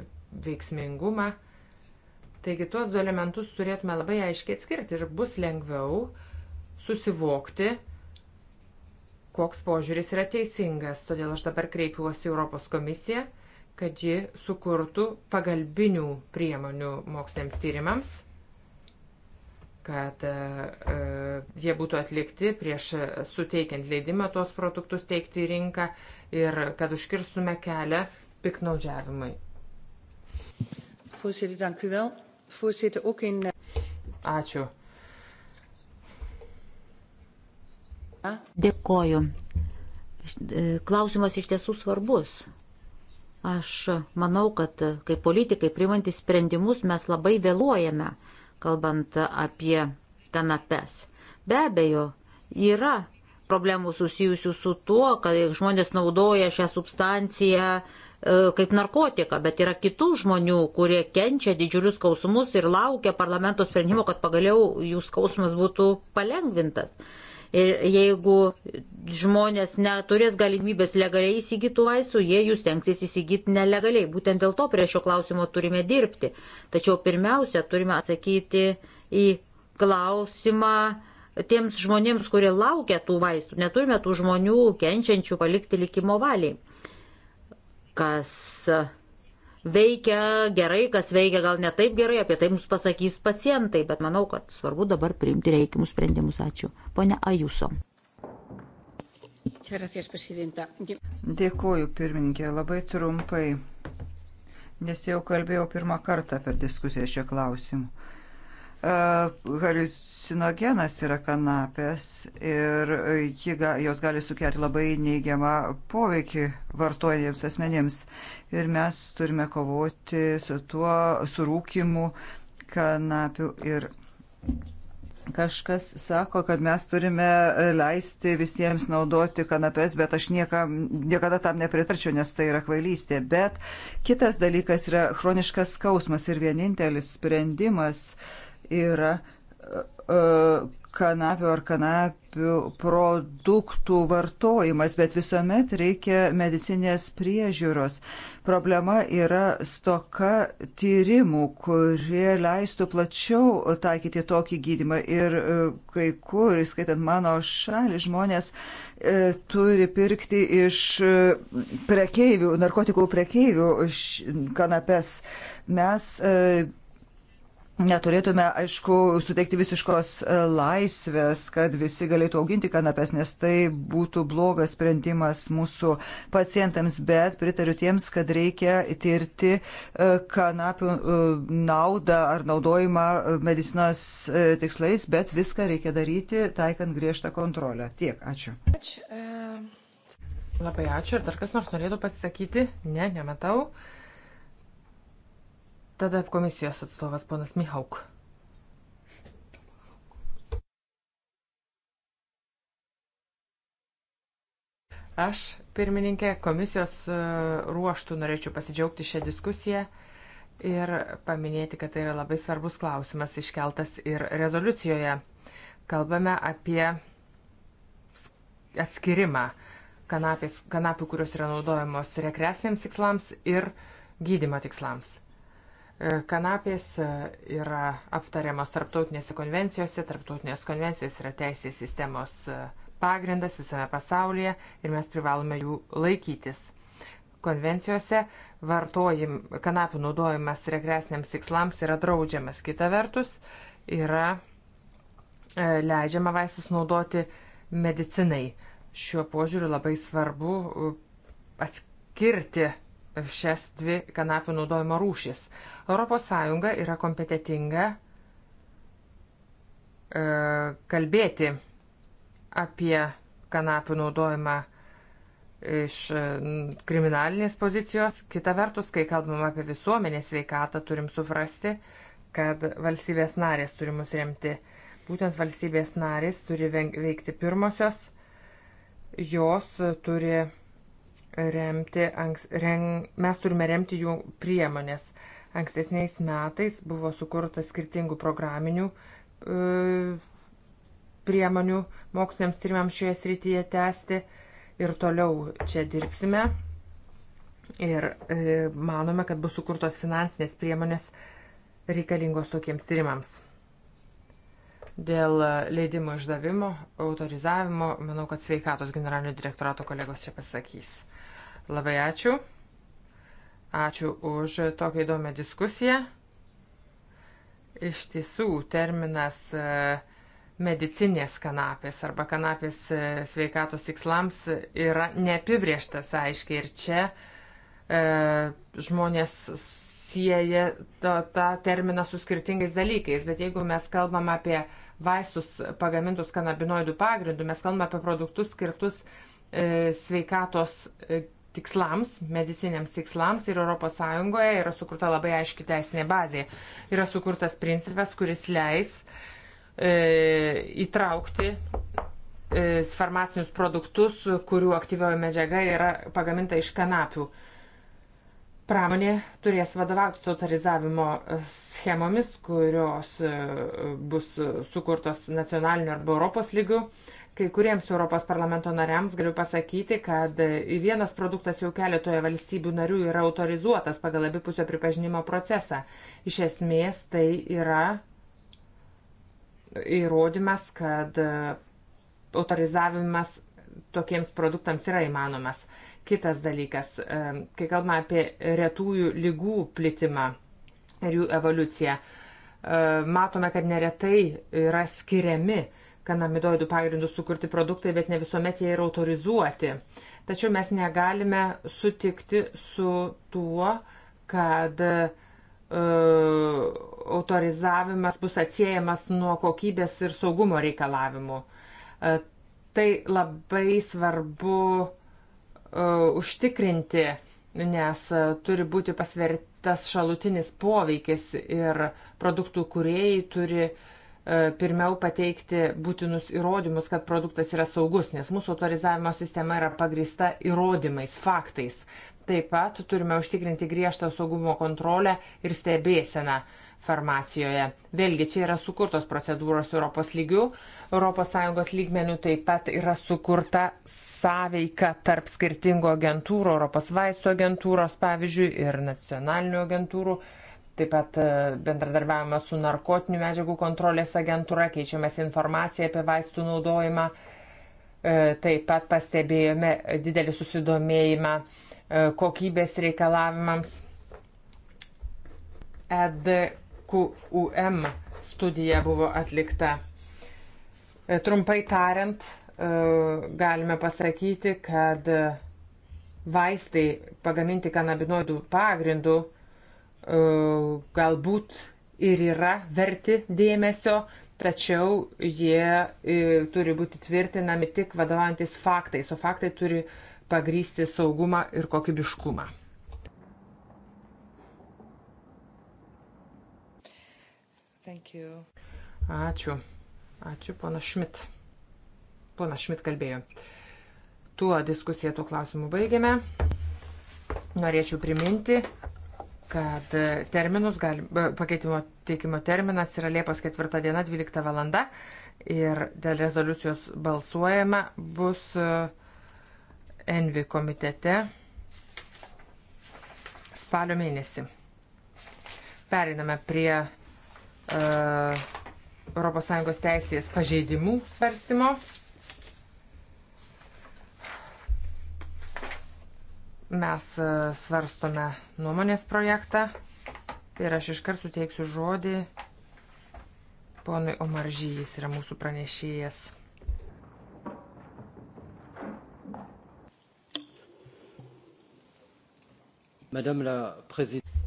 veiksmingumą. Taigi tuos du elementus turėtume labai aiškiai atskirti ir bus lengviau susivokti, koks požiūris yra teisingas. Todėl aš dabar kreipiuosi Europos komisiją, kad ji sukurtų pagalbinių priemonių moksliniams tyrimams kad e, e, jie būtų atlikti prieš suteikiant leidimą tuos produktus teikti į rinką ir kad užkirstume kelią piknaudžiavimui. Ačiū. Dėkoju. E, klausimas iš tiesų svarbus. Aš manau, kad e, kaip politikai priimantys sprendimus mes labai vėluojame, kalbant apie kanapes. Be abejo, yra problemų susijusių su tuo, kad žmonės naudoja šią substanciją e, kaip narkotiką, bet yra kitų žmonių, kurie kenčia didžiulius skausmus ir laukia parlamento sprendimo, kad pagaliau jų skausmas būtų palengvintas. Ir jeigu žmonės neturės galimybės legaliai įsigyti vaistų, jie jų stengsis įsigyti nelegaliai. Būtent dėl to prie šio klausimo turime dirbti. Tačiau pirmiausia, turime atsakyti į klausimą, tiems žmonėms, kurie laukia tų vaistų, neturime tų žmonių kenčiančių palikti likimo valiai. Kas veikia gerai, kas veikia gal ne taip gerai, apie tai mums pasakys pacientai, bet manau, kad svarbu dabar priimti reikimus sprendimus. Ačiū. Pone Ajuso. Dėkuoju, pirmininkė, labai trumpai, nes jau kalbėjau pirmą kartą per diskusiją šio klausimu. E, haliucinogenas yra kanapės ir ga, jos gali sukelti labai neigiamą poveikį vartojantiems asmenėms. Ir mes turime kovoti su tuo, su rūkimu kanapių ir Kažkas sako, kad mes turime leisti visiems naudoti kanapes, bet aš niekam, niekada tam nepritarčiau, nes tai yra kvailystė. Bet kitas dalykas yra chroniškas skausmas ir vienintelis sprendimas uh, yra e, e, kanapių ar kanapių produktų vartojimas, bet visuomet reikia medicinės priežiūros. Problema yra stoka tyrimų, kurie leistų plačiau taikyti tokį gydimą ir e, kai kur, skaitant mano šalį, žmonės turi pirkti iš prekeivių, narkotikų prekeivių kanapes. Mes Neturėtume, aišku, suteikti visiškos e, laisvės, kad visi galėtų auginti kanapes, nes tai būtų blogas sprendimas mūsų pacientams, bet pritariu tiems, kad reikia tirti e, kanapių e, naudą ar naudojimą medicinos tikslais, bet viską reikia daryti, taikant griežtą kontrolę. Tiek, ačiū. ačiū. Labai ačiū. Ar dar kas nors norėtų pasisakyti? Ne, nematau. Tada komisijos atstovas ponas Mihauk. Aš, pirmininkė, komisijos e, ruoštų norėčiau pasidžiaugti šią diskusiją ir paminėti, kad tai yra labai svarbus klausimas iškeltas ir rezoliucijoje. Kalbame apie atskirimą kanapės, kanapių, kurios yra naudojamos rekreaciniams tikslams ir gydimo tikslams. E, kanapės e, yra aptariamas tarptautinėse konvencijose, tarptautinės konvencijos yra teisės sistemos e, pagrindas visame pasaulyje ir mes privalome jų laikytis. Konvencijose vartojim, kanapių naudojimas rekreaciniams tikslams yra draudžiamas. Kita vertus, yra leidžiama vaistus naudoti medicinai. Šiuo požiūriu labai svarbu atskirti šias dvi kanapių naudojimo rūšis. ES yra kompetitinga e, kalbėti apie kanapių naudojimą iš e, kriminalinės pozicijos. Kita vertus, kai kalbam apie visuomenės veikatą, turim suprasti, kad valstybės narės turi mus remti. Būtent valstybės narės turi veikti pirmosios, jos turi remti, anks, reng, mes turime remti jų priemonės. Ankstesniais metais buvo sukurta skirtingų programinių e, priemonių moksliniams tyrimams šioje srityje tęsti ir toliau čia dirbsime. Ir e, manome, kad bus sukurtos finansinės priemonės reikalingos tokiems tyrimams. Dėl leidimų išdavimo, autorizavimo, manau, kad sveikatos generalinio direktorato kolegos čia pasakys. Labai ačiū. Ačiū už tokią įdomią diskusiją. Iš tiesų, terminas e, medicinės kanapės arba kanapės e, sveikatos tikslams yra neapibrieštas aiškiai ir čia e, žmonės sieja to, tą terminą su skirtingais dalykais, bet jeigu mes kalbam apie vaistus pagamintus kanabinoidų pagrindu, mes kalbam apie produktus skirtus e, sveikatos e, tikslams, mediciniams tikslams ir ES yra sukurta labai aiški teisinė bazė. Yra sukurtas principas, kuris leis e, įtraukti e, farmacinius produktus, kurių aktyvioji medžiaga yra pagaminta iš kanapių. Pramonė turės vadovautis autorizavimo schemomis, kurios e, bus sukurtos nacionaliniu arba Europos lygiu. E, Kai kuriems Europos parlamento nariams galiu pasakyti, kad vienas produktas jau keletoje valstybių narių yra autorizuotas pagal abipusio pripažinimo procesą. Iš esmės tai yra įrodymas, kad autorizavimas tokiems produktams yra įmanomas. Kitas dalykas, e, kai kalbame apie retųjų lygų plitimą ir jų evoliuciją, e, matome, kad neretai yra skiriami kanamidoidų pagrindų sukurti produktai, bet ne visuomet jie yra autorizuoti. Tačiau mes negalime sutikti su tuo, kad e, autorizavimas bus atsiejamas nuo kokybės ir saugumo reikalavimų. E, tai labai svarbu e, užtikrinti, nes e, turi būti pasverti tas šalutinis poveikis ir produktų kuriejai turi uh, pirmiau pateikti būtinus įrodymus, kad produktas yra saugus, nes mūsų autorizavimo sistema yra pagrįsta įrodymais, faktais. Taip pat turime užtikrinti griežtą saugumo kontrolę ir stebėseną farmacijoje. Vėlgi, čia yra sukurtos procedūros Europos lygių, ES lygmenių taip pat yra sukurta sąveika tarp skirtingų agentūrų, Europos vaisto agentūros pavyzdžiui ir nacionalinių agentūrų. Uh, Taip pat e, bendradarbiavame su narkotinių medžiagų kontrolės agentūra, keičiamės informaciją apie vaistų naudojimą. E, taip pat pastebėjome didelį susidomėjimą e, kokybės reikalavimams. EDQUM studija buvo atlikta. Trumpai tariant, galime pasakyti, kad vaistai pagaminti kanabinoidų pagrindų E, galbūt ir yra verti dėmesio, tačiau jie e, turi būti tvirtinami tik vadovantis faktais, o faktai turi pagrysti saugumą ir kokybiškumą. Ačiū. Ačiū, pana Šmit. Pana Šmit kalbėjo. Tuo diskusiją tuo klausimu baigėme. Norėčiau priminti, kad e, terminus gali, pakeitimo teikimo terminas yra Liepos 4 diena 12 valanda ir dėl rezoliucijos balsuojama bus e, Envi komitete spalio mėnesį. Periname prie uh, e, ES teisės pažeidimų svarstymo. Mes e, svarstome nuomonės projektą ir aš iškart suteiksiu žodį ponui Omaržyjis yra mūsų pranešėjas.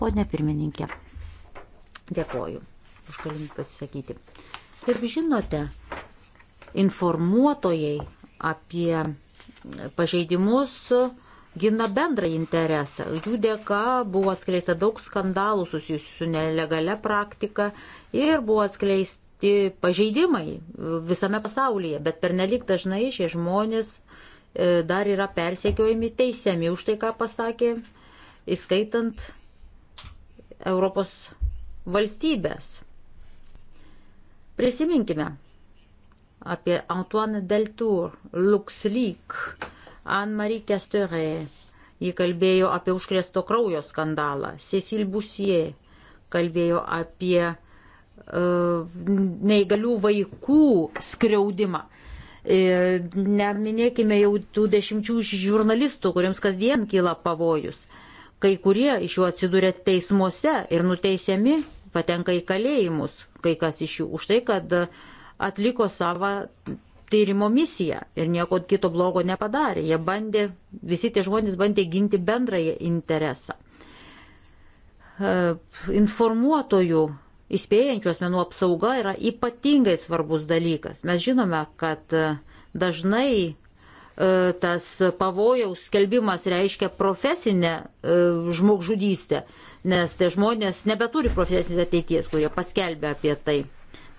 Pone pirmininkė, dėkoju už galimybę pasisakyti. Kaip žinote, informuotojai apie pažeidimus gina bendrą interesą. Jų dėka buvo atskleista daug skandalų susijusių su nelegale praktika ir buvo atskleisti pažeidimai visame pasaulyje, bet pernelik dažnai šie žmonės e, dar yra persekiojami teisiami už tai, ką pasakė, įskaitant Europos valstybės. Prisiminkime apie Antoine Deltour, LuxLeaks Anne-Marie Kestere. Ji kalbėjo apie užkrėsto kraujo skandalą. Cecil Busie kalbėjo apie e, neįgalių vaikų skriaudimą. E, neminėkime jau tų dešimčių žurnalistų, kuriems kasdien kyla pavojus. Kai kurie iš jų atsiduria teismuose ir nuteisiami, patenka į kalėjimus, kai kas iš jų už tai, kad atliko savo tyrimo misiją ir nieko kito blogo nepadarė. Jie bandė, visi tie žmonės bandė ginti bendrąją interesą. E, informuotojų įspėjančių asmenų apsauga yra ypatingai svarbus dalykas. Mes žinome, kad e, dažnai e, tas pavojaus skelbimas reiškia profesinę žmogžudystę, nes tie žmonės nebeturi profesinės ateities, kurie paskelbė apie tai.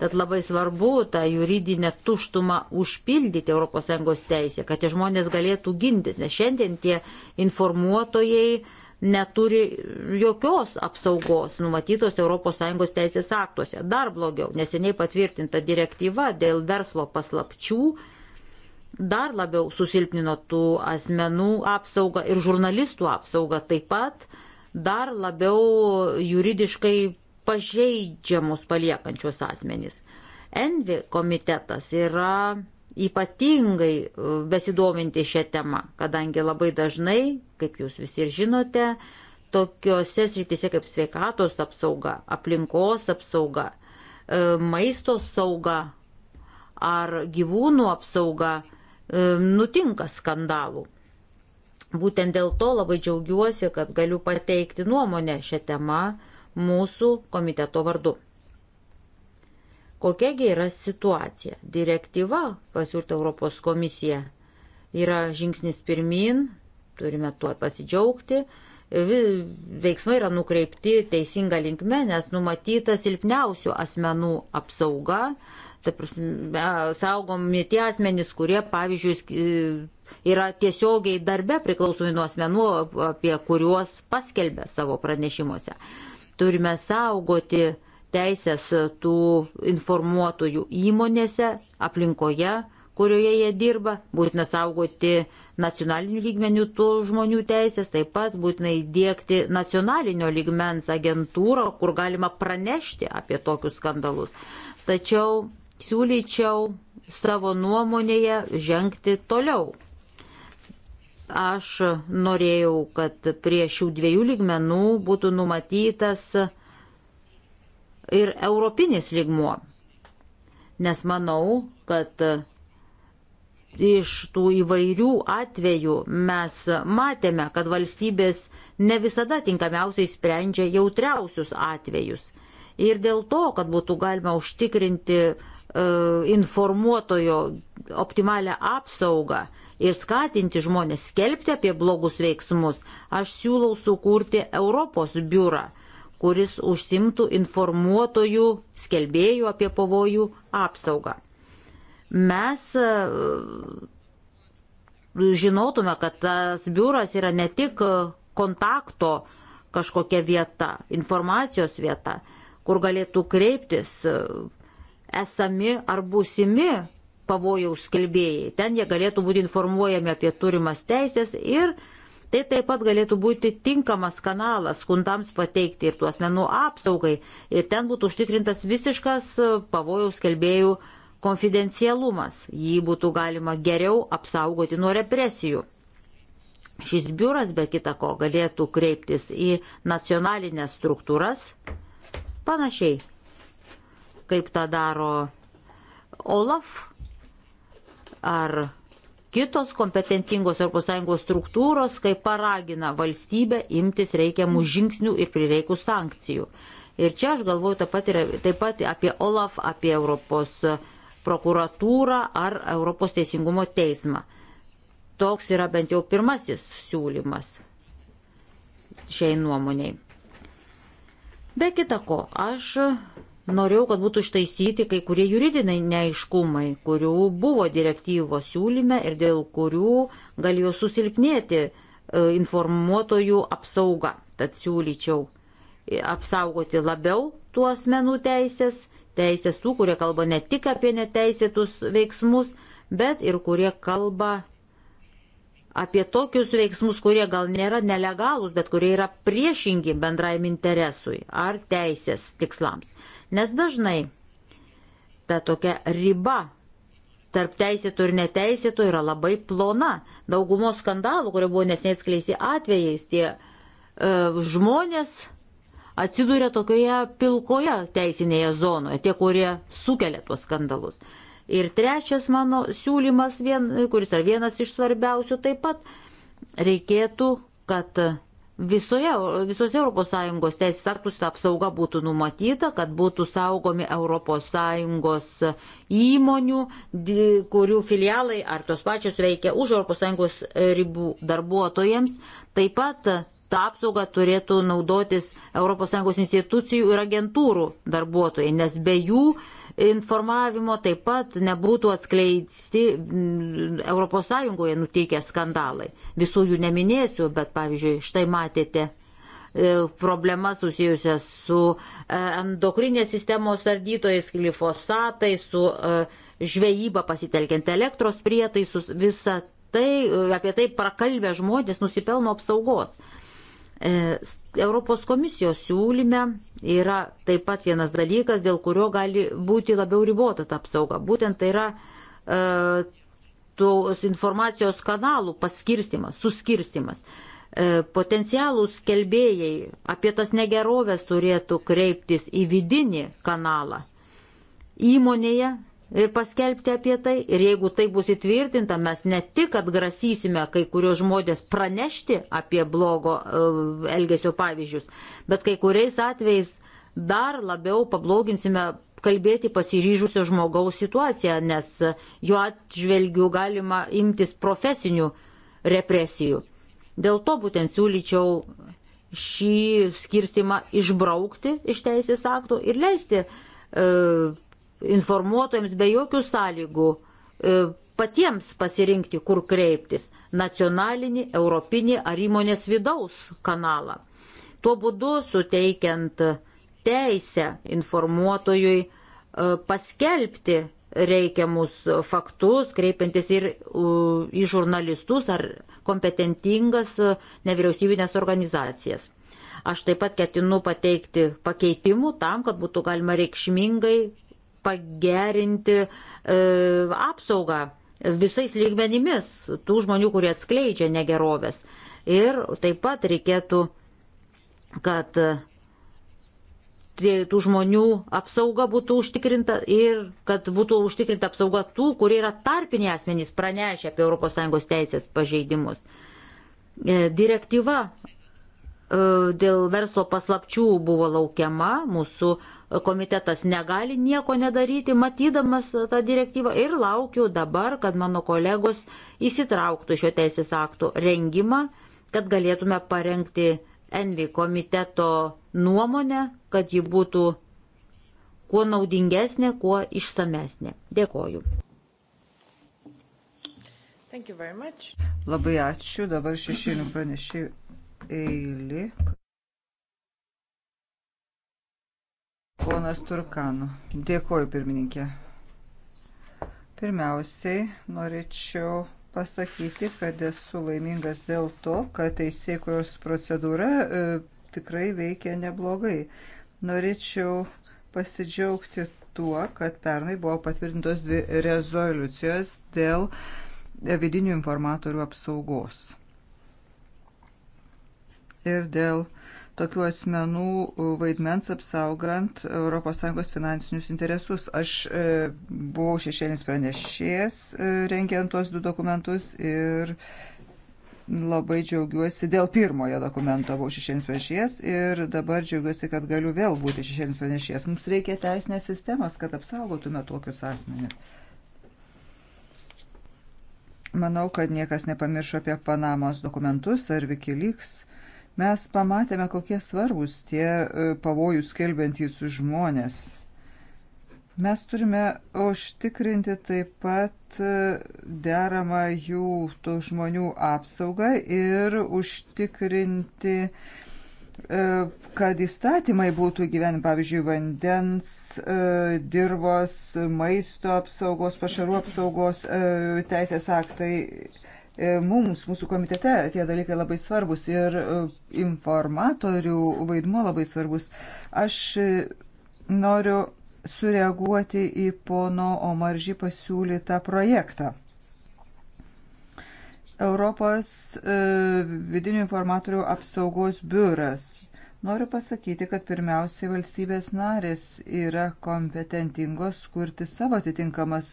Tad labai svarbu tą juridinę tuštumą užpildyti ES teisė, kad tie žmonės galėtų gintis, nes šiandien tie informuotojai neturi jokios apsaugos numatytos ES teisės aktuose. Dar blogiau, neseniai patvirtinta direktyva dėl verslo paslapčių dar labiau susilpnino tų asmenų apsaugą ir žurnalistų apsaugą taip pat dar labiau juridiškai pažeidžiamus paliekančius asmenys. Envi komitetas yra ypatingai e, besidominti šią temą, kadangi labai dažnai, kaip jūs visi ir žinote, tokiuose srityse kaip sveikatos apsauga, aplinkos apsauga, e, maisto sauga ar gyvūnų apsauga e, nutinka skandalų. Būtent dėl to labai džiaugiuosi, kad galiu pateikti nuomonę šią temą mūsų komiteto vardu. Kokiagi yra situacija? Direktyva pasiūlyta Europos komisija yra žingsnis pirmin, turime tuo pasidžiaugti. Veiksmai yra nukreipti teisinga linkme, nes numatyta silpniausių asmenų apsauga, ta prasme, saugomi tie asmenys, kurie, pavyzdžiui, yra tiesiogiai darbe priklausomi nuo asmenų, apie kuriuos paskelbė savo pranešimuose. Turime saugoti teisės tų informuotojų įmonėse, aplinkoje, kurioje jie dirba, būtina saugoti nacionalinių lygmenių tų žmonių teisės, taip pat būtina įdėkti nacionalinio lygmens agentūrą, kur galima pranešti apie tokius skandalus. Tačiau siūlyčiau savo nuomonėje žengti toliau. Aš norėjau, kad prie šių dviejų lygmenų būtų numatytas ir europinis lygmuo. Nes manau, kad iš tų įvairių atvejų mes matėme, kad valstybės ne visada tinkamiausiai sprendžia jautriausius atvejus. Ir dėl to, kad būtų galima užtikrinti e, informuotojo optimalią apsaugą, ir skatinti žmonės skelbti apie blogus veiksmus, aš siūlau sukurti Europos biurą, kuris užsimtų informuotojų, skelbėjų apie pavojų apsaugą. Mes e, žinotume, kad tas biuras yra ne tik kontakto kažkokia vieta, informacijos vieta, kur galėtų kreiptis e, esami ar būsimi pavojaus kelbėjai. Ten jie galėtų būti informuojami apie turimas teisės ir tai taip pat galėtų būti tinkamas kanalas skundams pateikti ir tuos menų apsaugai. Ir ten būtų užtikrintas visiškas e, pavojaus kelbėjų konfidencialumas. Jį būtų galima geriau apsaugoti nuo represijų. Šis biuras be kita ko galėtų kreiptis į nacionalinės struktūras panašiai, kaip tą daro Olaf ar kitos kompetentingos ES struktūros, kai paragina valstybę imtis reikiamų žingsnių ir prireikų sankcijų. Ir čia aš galvoju taip pat, ir, taip pat apie OLAF, apie Europos prokuratūrą ar Europos teisingumo teismą. Toks yra bent jau pirmasis siūlymas šiai nuomoniai. Be kita ko, aš norėjau, kad būtų ištaisyti kai kurie juridiniai neaiškumai, kurių buvo direktyvo siūlyme ir dėl kurių galėjo susilpnėti e, informuotojų apsauga. Tad siūlyčiau e, apsaugoti labiau tuo asmenų teisės, teisės tų, kurie kalba ne tik apie neteisėtus veiksmus, bet ir kurie kalba apie tokius veiksmus, kurie gal nėra nelegalūs, bet kurie yra priešingi bendraim interesui ar teisės tikslams. Nes dažnai ta tokia riba tarp teisėtų ir neteisėtų yra labai plona. Daugumos skandalų, kurie buvo nesnei skleisti atvejais, tie e, žmonės atsiduria tokioje pilkoje teisinėje zonoje, tie, kurie sukelia tuos skandalus. Ir trečias mano siūlymas, vien, kuris yra vienas iš svarbiausių, taip pat reikėtų, kad visoje, visose ES teisės aktus ta apsauga būtų numatyta, kad būtų saugomi ES įmonių, kurių filialai ar tos pačios veikia už ES ribų darbuotojams. Taip pat tą apsaugą turėtų naudotis ES institucijų ir agentūrų darbuotojai, nes be jų informavimo taip pat nebūtų atskleisti mm, ES nutikę skandalai. Visų jų neminėsiu, bet pavyzdžiui, štai matėte e, problemas susijusias su e, endokrinės sistemos sardytojais, glifosatai, su e, žvejyba pasitelkiant elektros prietaisus, visa tai, apie tai prakalbę žmonės nusipelno apsaugos. E, Europos komisijos siūlyme yra taip pat vienas dalykas, dėl kurio gali būti labiau ribota ta apsauga. Būtent tai yra e, tos informacijos kanalų paskirstimas, suskirstimas. E, potencialūs kelbėjai apie tas negerovės turėtų kreiptis į vidinį kanalą. Įmonėje ir paskelbti apie tai. Ir jeigu tai bus įtvirtinta, mes ne tik atgrasysime kai kurios žmonės pranešti apie blogo e, elgesio pavyzdžius, bet kai kuriais atvejais dar labiau pabloginsime kalbėti pasiryžusio žmogaus situaciją, nes jo atžvelgiu galima imtis profesinių represijų. Dėl to būtent siūlyčiau šį skirstimą išbraukti iš teisės aktų ir leisti e, informuotojams be jokių sąlygų e, patiems pasirinkti, kur kreiptis - nacionalinį, europinį ar įmonės vidaus kanalą. Tuo būdu suteikiant teisę informuotojui e, paskelbti reikiamus faktus, kreipiantis ir į žurnalistus ar kompetentingas e, nevyriausybinės organizacijas. Aš taip pat ketinu pateikti pakeitimų tam, kad būtų galima reikšmingai pagerinti e, apsaugą visais lygmenimis tų žmonių, kurie atskleidžia negerovės. Ir taip pat reikėtų, kad e, tų žmonių apsauga būtų užtikrinta ir kad būtų užtikrinta apsauga tų, kurie yra tarpiniai asmenys pranešę apie ES teisės pažeidimus. E, direktyva e, dėl verslo paslapčių buvo laukiama, mūsų komitetas negali nieko nedaryti, matydamas tą direktyvą ir laukiu dabar, kad mano kolegos įsitrauktų šio teisės aktų rengimą, kad galėtume parengti Envi komiteto nuomonę, kad ji būtų kuo naudingesnė, kuo išsamesnė. Dėkoju. Labai ačiū. Dabar šešėlių pranešėjų eilė. Ponas Turkanų. Dėkoju, pirmininkė. Pirmiausiai norėčiau pasakyti, kad esu laimingas dėl to, kad teisėkuros procedūra e, tikrai veikia neblogai. Norėčiau pasidžiaugti tuo, kad pernai buvo patvirtintos dvi rezoliucijos dėl vidinių informatorių apsaugos ir dėl e, tokių asmenų e, vaidmens apsaugant ES finansinius interesus. Aš e, buvau šešėlinis pranešėjas e, rengiant tuos du dokumentus ir labai džiaugiuosi dėl pirmojo dokumento buvau šešėlis pranešėjas ir dabar džiaugiuosi, kad galiu vėl būti šešėlis pranešėjas. Mums reikia teisinės sistemos, kad apsaugotume tokius asmenis. Manau, kad niekas nepamiršo apie Panamos dokumentus ar Wikileaks. Mes pamatėme, kokie svarbus tie e, pavojus kelbentys žmonės. Mes turime užtikrinti taip pat e, deramą jų tų žmonių apsaugą ir užtikrinti e, kad įstatymai būtų gyveni, pavyzdžiui, vandens, dirbos, maisto apsaugos, pašarų apsaugos teisės aktai E, mums, mūsų komitete, tie dalykai labai svarbus ir e, informatorių vaidmuo labai svarbus. Aš e, noriu sureaguoti į pono Omaržį pasiūlytą projektą. Europos vidinių informatorių apsaugos biuras. Noriu pasakyti, kad pirmiausiai valstybės narės yra kompetentingos kurti savo atitinkamas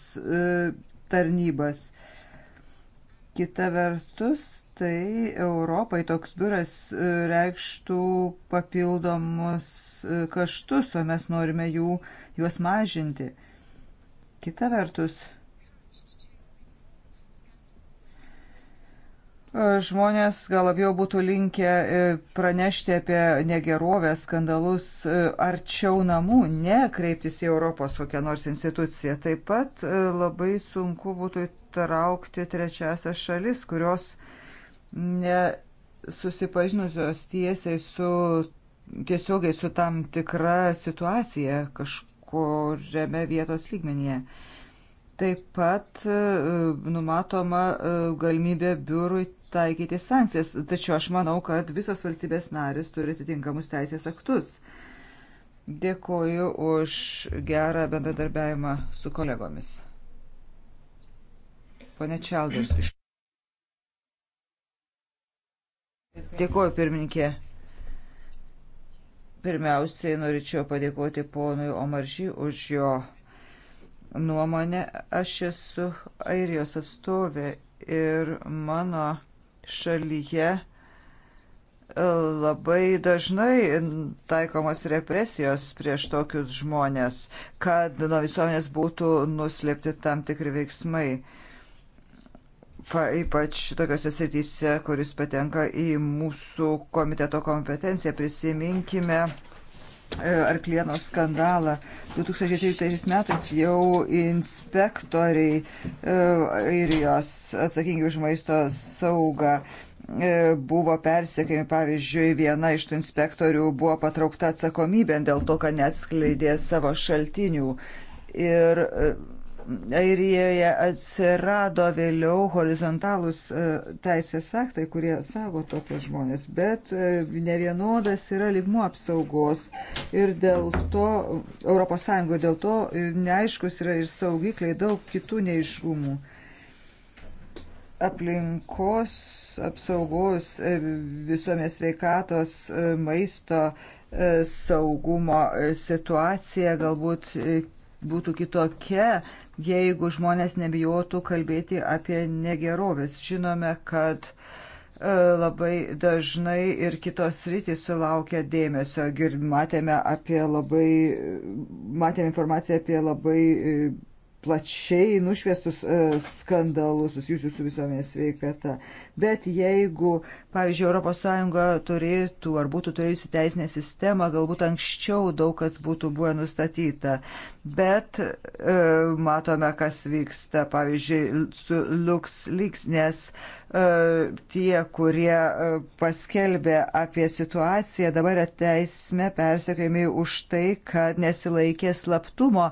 tarnybas. E, Kita vertus, tai Europai toks biuras e, reikštų papildomus e, kaštus, o mes norime jų, juos mažinti. Kita vertus, Žmonės gal labiau būtų linkę e, pranešti apie negerovę, skandalus e, arčiau namų, ne kreiptis į Europos kokią nors instituciją. Taip pat e, labai sunku būtų įtraukti trečiasias šalis, kurios nesusipažinusios tiesiai su, tiesiogiai su tam tikra situacija kažkuriame vietos lygmenyje. Taip pat numatoma galimybė biurui taikyti sankcijas. Tačiau aš manau, kad visos valstybės narės turi atitinkamus teisės aktus. Dėkoju už gerą bendradarbiavimą su kolegomis. Pone Čelders. Iš... Dėkoju, pirmininkė. Pirmiausiai norėčiau padėkoti ponui Omaržį už jo nuomonę. Aš esu Airijos atstovė ir mano šalyje e, labai dažnai taikomos represijos prieš tokius žmonės, kad nuo visuomenės būtų nuslėpti tam tikri veiksmai. Pa, ypač tokiuose srityse, kuris patenka į mūsų komiteto kompetenciją, prisiminkime E, arklieno skandalą. 2013 metais jau inspektoriai e, airijos atsakingi už maisto saugą e, buvo persiekimi. Pavyzdžiui, viena iš tų inspektorių buvo patraukta atsakomybėn dėl to, kad neatskleidė savo šaltinių. Ir Airijoje atsirado vėliau horizontalūs e, teisės aktai, kurie sako tokios žmonės, bet e, ne vienodas yra lygmuo apsaugos ir dėl to ES ir dėl to neaiškus yra ir saugikliai daug kitų neiškumų. Aplinkos apsaugos, e, visuomės veikatos, maisto saugumo situacija galbūt būtų kitokia, jeigu žmonės nebijotų kalbėti apie negerovės. Žinome, kad e, labai dažnai ir kitos rytis sulaukia dėmesio. Ir matėme, apie labai, matėme informaciją apie labai e, plačiai nušviestus e, skandalus susijusius su visuomenės sveikata. Bet jeigu, pavyzdžiui, ES turėtų ar būtų turėjusi teisinę sistemą, galbūt anksčiau daug kas būtų buvę nustatyta. Bet e, matome, kas vyksta, pavyzdžiui, su LuxLeaks, nes e, tie, kurie e, paskelbė apie situaciją, dabar yra teisme persekiojami už tai, kad nesilaikė slaptumo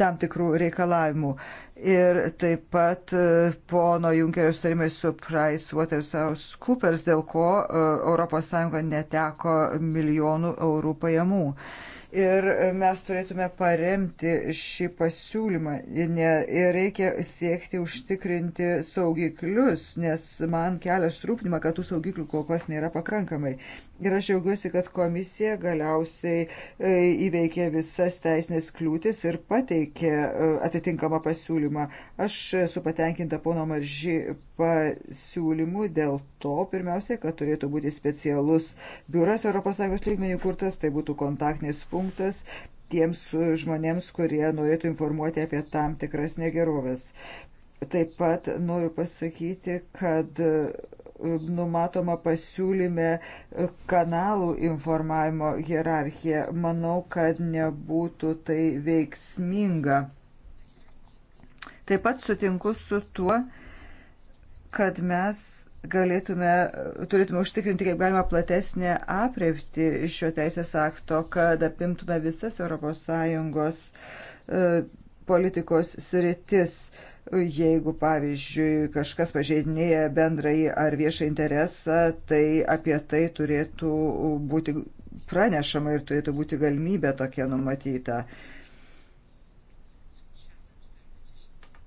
tam tikrų reikalavimų. Ir taip pat e, pono Junkerio sutarimai su PricewaterhouseCoopers, dėl ko ES neteko milijonų eurų pajamų. Ir e, mes turėtume paremti šį pasiūlymą ir reikia siekti užtikrinti saugiklius, nes man kelia strūpnimą, kad tų saugiklių kol kas nėra pakankamai. Ir aš džiaugiuosi, kad komisija galiausiai e, įveikė visas teisinės kliūtis ir pateikė e, atitinkamą pasiūlymą. Aš esu patenkinta pono Marži pasiūlymu dėl to, pirmiausia, kad turėtų būti specialus biuras ES lygmenių kurtas, tai būtų kontaktinis punktas tiems žmonėms, kurie norėtų informuoti apie tam tikras negeroves. Taip pat noriu pasakyti, kad numatoma pasiūlyme kanalų informavimo hierarchija. Manau, kad nebūtų tai veiksminga. Taip pat sutinku su tuo, kad mes galėtume, turėtume užtikrinti kaip galima platesnę apreipti šio teisės akto, kad apimtume visas ES e, politikos sritis. Jeigu, pavyzdžiui, kažkas pažeidinėja bendrąjį ar viešą interesą, tai apie tai turėtų būti pranešama ir turėtų būti galimybė tokia numatyta.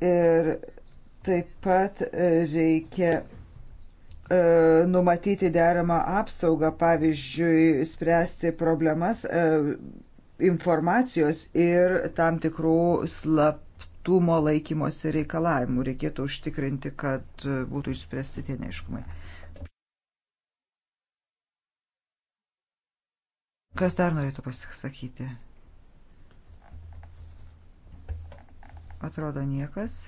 Ir taip pat reikia e, numatyti deramą apsaugą, pavyzdžiui, spręsti problemas e, informacijos ir tam tikrų slap griežtumo laikymosi reikalavimų. Reikėtų užtikrinti, kad būtų išspręsti tie neiškumai. Kas dar norėtų pasisakyti? Atrodo niekas.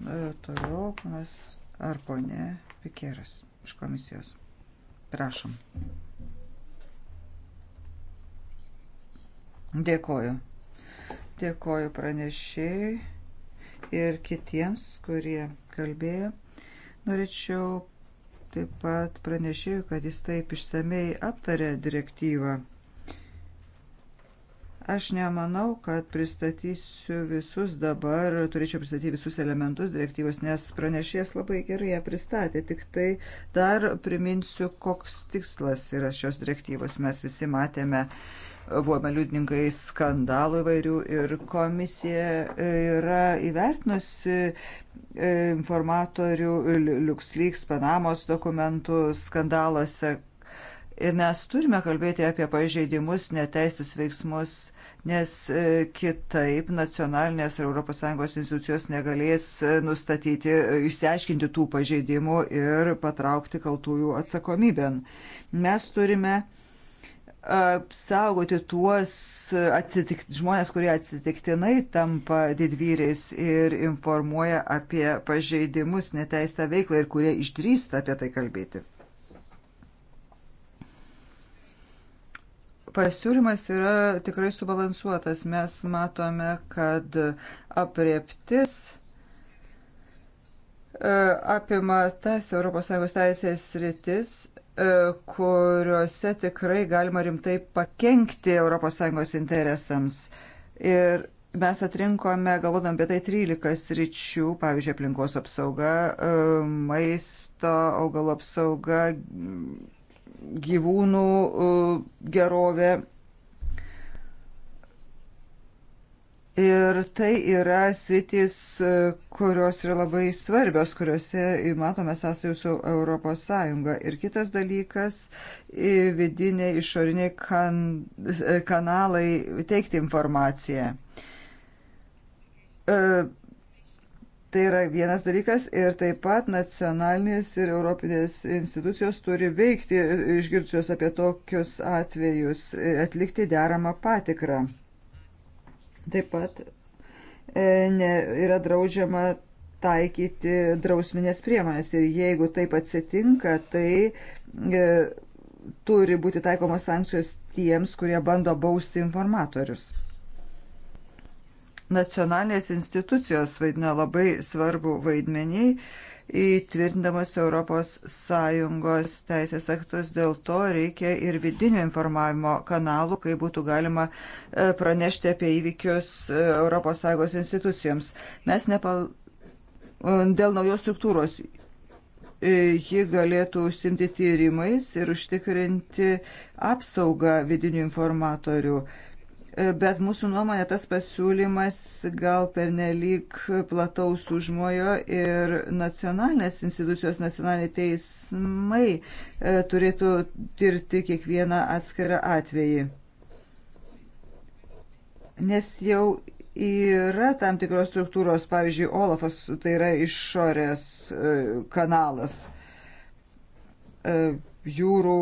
E, toliau, panas ar ponė Pikeras iš komisijos. Prašom. Dėkoju. Dėkoju pranešėjai ir kitiems, kurie kalbėjo. Norėčiau taip pat pranešėjų, kad jis taip išsamei aptarė direktyvą. Aš nemanau, kad pristatysiu visus dabar, turėčiau pristatyti visus elementus direktyvos, nes pranešėjas labai gerai ją pristatė. Tik tai dar priminsiu, koks tikslas yra šios direktyvos. Mes visi matėme uh, buvome liudininkai skandalų įvairių ir komisija e, yra įvertinusi e, informatorių LuxLeaks Panamos dokumentų skandaluose. Ir mes turime kalbėti apie pažeidimus, neteistus veiksmus, nes e, kitaip nacionalinės ir ES institucijos negalės nustatyti, išsiaiškinti tų pažeidimų ir patraukti kaltųjų atsakomybėn. Mes turime uh, apsaugoti tuos atsitikt, žmonės, kurie atsitiktinai tampa didvyriais ir informuoja apie pažeidimus, neteistą veiklą ir kurie išdrįsta apie tai kalbėti. pasiūlymas yra tikrai subalansuotas. Mes matome, kad apriptis e, apima tas ES teisės rytis, E, kuriuose tikrai galima rimtai pakengti ES interesams. Ir mes atrinkome, galvodam apie tai, 13 sričių, pavyzdžiui, aplinkos apsauga, e, maisto, augalų apsauga, gyvūnų e, gerovė Ir tai yra sritis, kurios yra labai svarbios, kuriuose matome sąsajų su Europos Sąjunga. Ir kitas dalykas - vidiniai, išoriniai kan, e, kanalai teikti informaciją. E, tai yra vienas dalykas ir taip pat nacionalinės ir europinės institucijos turi veikti, išgirdusios apie tokius atvejus, e, atlikti deramą patikrą. Taip pat e, ne, yra draudžiama taikyti drausminės priemonės ir jeigu taip atsitinka, tai e, turi būti taikomos sankcijos tiems, kurie bando bausti informatorius. Nacionalinės institucijos vaidina labai svarbu vaidmenį įtvirtindamas ES teisės aktus. Dėl to reikia ir vidinio informavimo kanalų, kai būtų galima e, pranešti apie įvykius ES institucijoms. Mes nepal... E, dėl naujos struktūros e, ji galėtų užsimti tyrimais ir užtikrinti apsaugą vidinių informatorių bet mūsų nuomonė tas pasiūlymas gal pernelyg plataus užmojo ir nacionalinės institucijos, nacionaliniai teismai e, turėtų tirti kiekvieną atskirą atvejį. Nes jau yra tam tikros struktūros, pavyzdžiui, Olafas tai yra išorės e, kanalas e, jūrų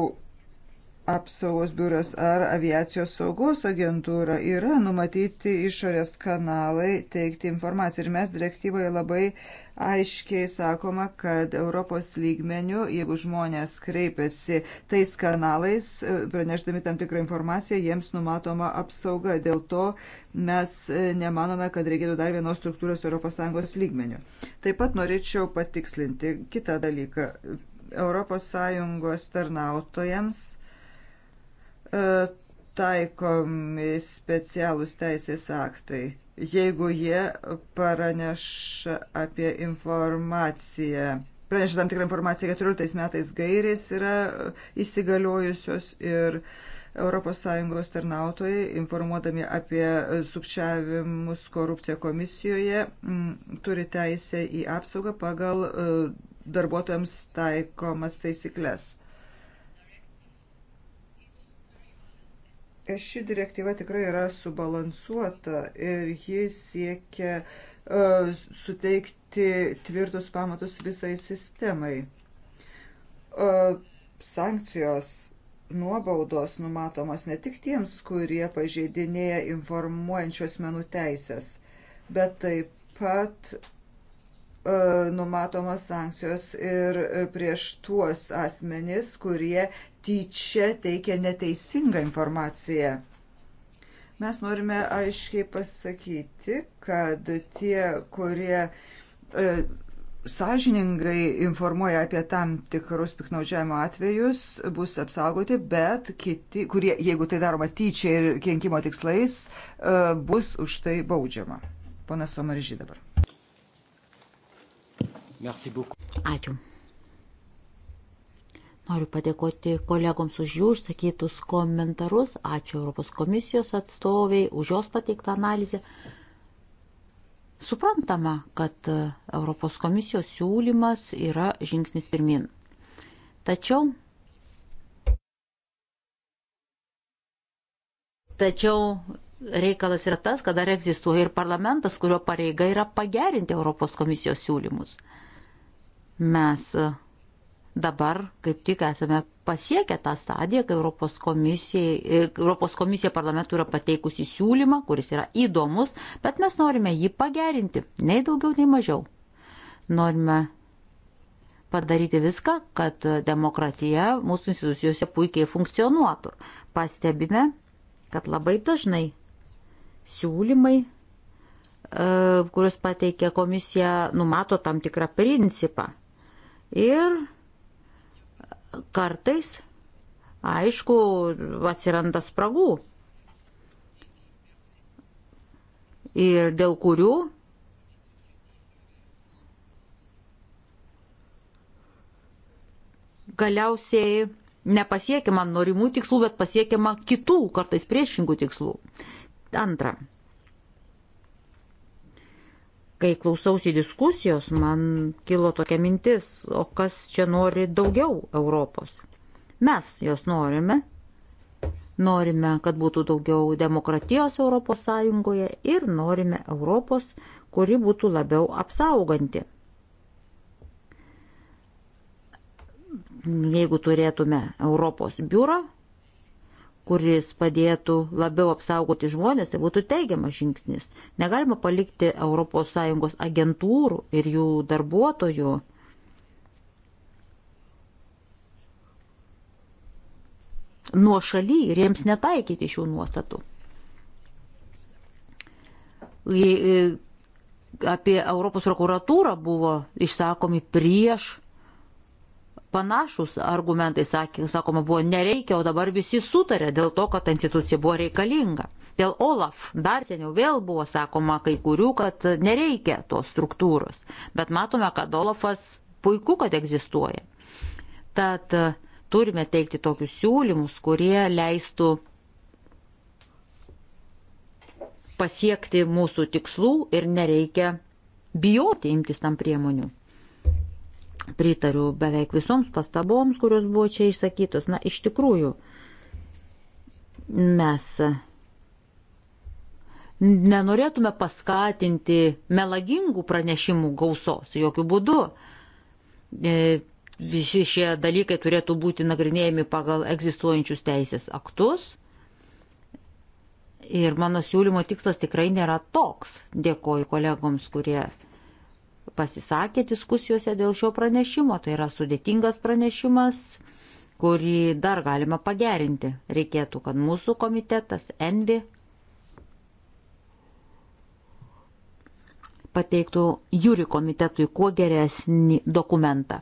apsaugos biuras ar aviacijos saugos agentūra yra numatyti išorės kanalai teikti informaciją. Ir mes direktyvoje labai aiškiai sakoma, kad Europos lygmenių, jeigu žmonės kreipiasi tais kanalais, e, praneždami tam tikrą informaciją, jiems numatoma apsauga. Dėl to mes e, nemanome, kad reikėtų dar vienos struktūros ES lygmenių. Taip pat norėčiau patikslinti kitą dalyką. ES tarnautojams E, taikomi specialūs teisės aktai, jeigu jie praneša apie informaciją. Praneša tam tikrą informaciją, 14 metais gairės yra įsigaliojusios ir ES tarnautojai, informuodami apie sukčiavimus korupciją komisijoje, turi teisę į apsaugą pagal e, darbuotojams taikomas taisyklės. Ši direktyva tikrai yra subalansuota ir ji siekia uh, suteikti tvirtus pamatus visai sistemai. Uh, sankcijos nuobaudos numatomos ne tik tiems, kurie pažeidinėja informuojančios menų teisės, bet taip pat e, numatomos sankcijos ir prieš tuos asmenys, kurie tyčia teikia neteisingą informaciją. Mes norime aiškiai pasakyti, kad tie, kurie e, sąžiningai informuoja apie tam tikrus piknaudžiavimo atvejus, bus apsaugoti, bet kiti, kurie, jeigu tai daroma tyčia ir kenkimo tikslais, e, bus už tai baudžiama. Ponas Somarži dabar. Ačiū. Noriu padėkoti kolegoms už jų išsakytus komentarus. Ačiū Europos komisijos atstoviai už jos pateiktą analizę. Suprantama, kad Europos komisijos siūlymas yra žingsnis pirmin. Tačiau Tačiau reikalas yra tas, kad dar egzistuoja ir parlamentas, kurio pareiga yra pagerinti Europos komisijos siūlymus. Mes dabar kaip tik esame pasiekę tą stadiją, kai Europos komisija, e, Europos komisija parlamentų yra pateikusi siūlymą, kuris yra įdomus, bet mes norime jį pagerinti, nei daugiau, nei mažiau. Norime padaryti viską, kad demokratija mūsų institucijose puikiai funkcionuotų. Pastebime, kad labai dažnai siūlymai e, kuriuos pateikė komisija, numato tam tikrą principą. Ir kartais, aišku, atsiranda spragų, ir dėl kurių galiausiai nepasiekiama norimų tikslų, bet pasiekiama kitų, kartais priešingų tikslų. Antra. Kai klausiausi diskusijos, man kilo tokia mintis, o kas čia nori daugiau Europos? Mes jos norime. Norime, kad būtų daugiau demokratijos Europos Sąjungoje ir norime Europos, kuri būtų labiau apsauganti. Jeigu turėtume Europos biurą, kuris padėtų labiau apsaugoti žmonės, tai būtų teigiamas žingsnis. Negalima palikti ES agentūrų ir jų darbuotojų. Nuo šaly ir jiems netaikyti šių nuostatų. Apie Europos prokuratūrą buvo išsakomi prieš Panašus argumentai, sakė, sakoma, buvo nereikia, o dabar visi sutarė dėl to, kad ta institucija buvo reikalinga. Dėl OLAF dar seniau vėl buvo sakoma kai kurių, kad nereikia tos struktūros. Bet matome, kad OLAFas puiku, kad egzistuoja. Tad e, turime teikti tokius siūlymus, kurie leistų pasiekti mūsų tikslų ir nereikia bijoti imtis tam priemonių pritariu beveik visoms pastaboms, kurios buvo čia išsakytos. Na, iš tikrųjų, mes nenorėtume paskatinti melagingų pranešimų gausos, jokių būdų. E, visi šie dalykai turėtų būti nagrinėjami pagal egzistuojančius teisės aktus. Ir mano siūlymo tikslas tikrai nėra toks. Dėkoju kolegoms, kurie pasisakė diskusijose dėl šio pranešimo. Tai yra sudėtingas pranešimas, kurį dar galima pagerinti. Reikėtų, kad mūsų komitetas Envi pateiktų jūri komitetui kuo geresnį dokumentą.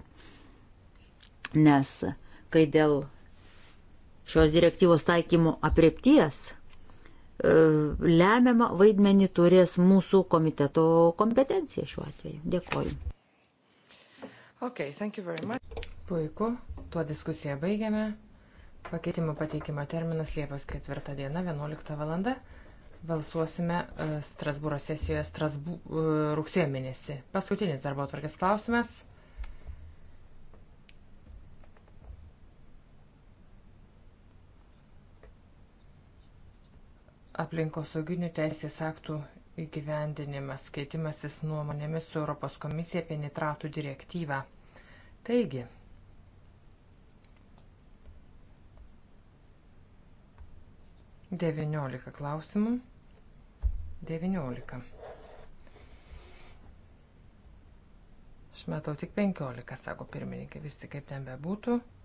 Nes kai dėl šios direktyvos taikymo apriepties E, lemiamą vaidmenį turės mūsų komiteto kompetencija šiuo atveju. Dėkoju. Okay, Puiku, tuo diskusiją baigiame. Pakeitimo pateikimo terminas Liepos 4 diena 11 val. Valsuosime e, Strasbūro sesijoje Strasbū... E, rugsėjo mėnesį. Paskutinis darbo atvarkės klausimas. aplinkosauginių teisės aktų įgyvendinimas, keitimasis nuomonėmis su Europos komisija apie nitratų direktyvą. Taigi, devyniolika klausimų. Devyniolika. Aš matau tik penkiolika, sako pirmininkai, vis tik kaip ten bebūtų. būtų.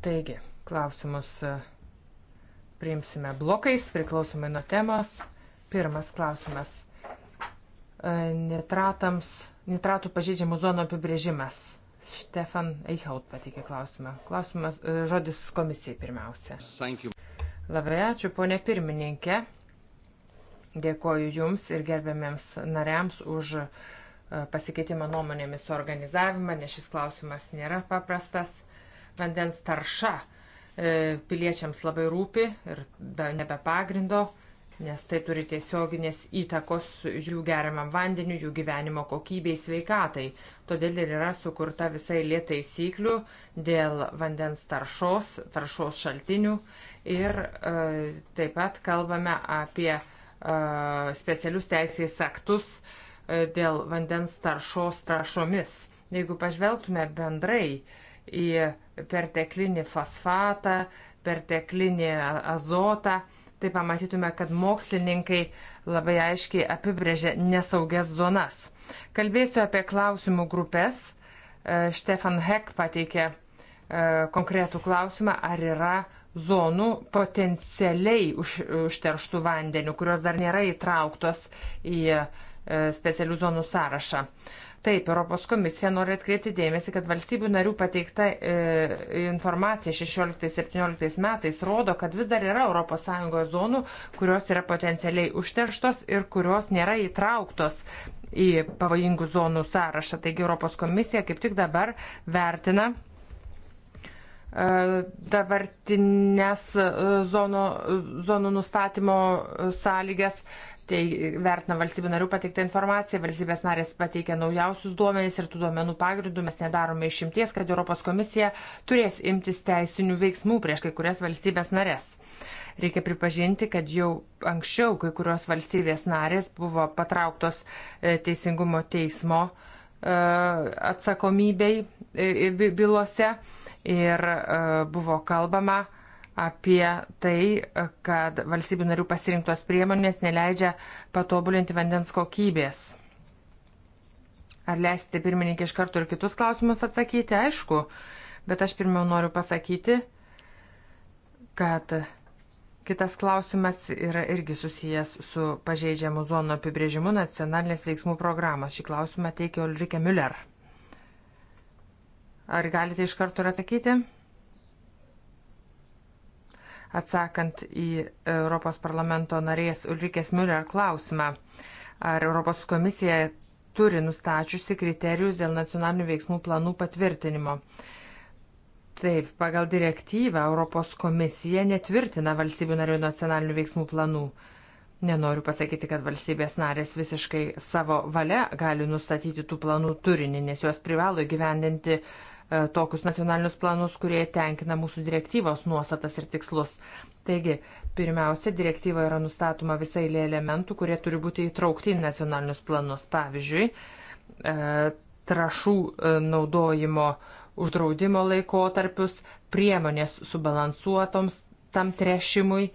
Taigi, klausimus e, priimsime blokais, priklausomai nuo temos. Pirmas klausimas. E, nitratams, nitratų pažeidžiamų zonų apibrėžimas. Štefan Eichaut pateikė klausimą. Klausimas, e, žodis komisijai pirmiausia. Labai ačiū, ponė pirmininkė. Dėkoju Jums ir gerbiamiems nariams už uh, E, pasikeitimą nuomonėmis organizavimą, nes šis klausimas nėra paprastas. Vandens tarša e, piliečiams labai rūpi ir be, nebe pagrindo, nes tai turi tiesioginės įtakos jų geriamam vandeniu, jų gyvenimo kokybei, sveikatai. Todėl ir yra sukurta visai lietaisyklių dėl vandens taršos, taršos šaltinių ir e, taip pat kalbame apie e, specialius teisės aktus, e, E, dėl vandens taršos trašomis. Jeigu pažvelgtume bendrai į perteklinį fosfatą, perteklinį azotą, tai pamatytume, kad mokslininkai labai aiškiai apibrėžė nesaugias zonas. Kalbėsiu apie klausimų grupės. Štefan e, Hek pateikė e, konkretų klausimą, ar yra zonų potencialiai už, užterštų vandenių, kurios dar nėra įtrauktos į E, specialių zonų sąrašą. Taip, Europos komisija nori atkreipti dėmesį, kad valstybių narių pateikta e, informacija 16-17 metais rodo, kad vis dar yra ES zonų, kurios yra potencialiai užterštos ir kurios nėra įtrauktos į pavojingų zonų sąrašą. Taigi Europos komisija kaip tik dabar vertina e, dabartinės e, zonų, zonų nustatymo sąlygas Tai vertina valstybių narių pateiktą informaciją, valstybės narės pateikia naujausius duomenys ir tų duomenų pagrindų mes nedarome išimties, kad Europos komisija turės imtis teisinių veiksmų prieš kai kurias valstybės narės. Reikia pripažinti, kad jau anksčiau kai kurios valstybės narės buvo patrauktos e, teisingumo teismo e, atsakomybei e, bylose ir buvo kalbama, apie tai, kad valstybių narių pasirinktos priemonės neleidžia patobulinti vandens kokybės. Ar leisite pirmininkį iš karto ir kitus klausimus atsakyti? Aišku, bet aš pirmiau noriu pasakyti, kad kitas klausimas yra irgi susijęs su pažeidžiamų zonų apibrėžimu nacionalinės veiksmų programos. Šį klausimą teikia Ulrike Müller. Ar galite iš karto ir atsakyti? atsakant į Europos parlamento narės Ulrikės Müller klausimą, ar Europos komisija turi nustačiusi kriterijus dėl nacionalinių veiksmų planų patvirtinimo. Taip, pagal direktyvą Europos komisija netvirtina valstybių narių nacionalinių veiksmų planų. Nenoriu pasakyti, kad valstybės narės visiškai savo valia gali nustatyti tų planų turinį, nes jos privalo gyvendinti uh, E, tokius nacionalinius planus, kurie tenkina mūsų direktyvos nuostatas ir tikslus. Taigi, pirmiausia, direktyva yra nustatoma visai lė elementų, kurie turi būti įtraukti į nacionalinius planus. Pavyzdžiui, e, trašų e, naudojimo uždraudimo laikotarpius, priemonės subalansuotoms tam trešimui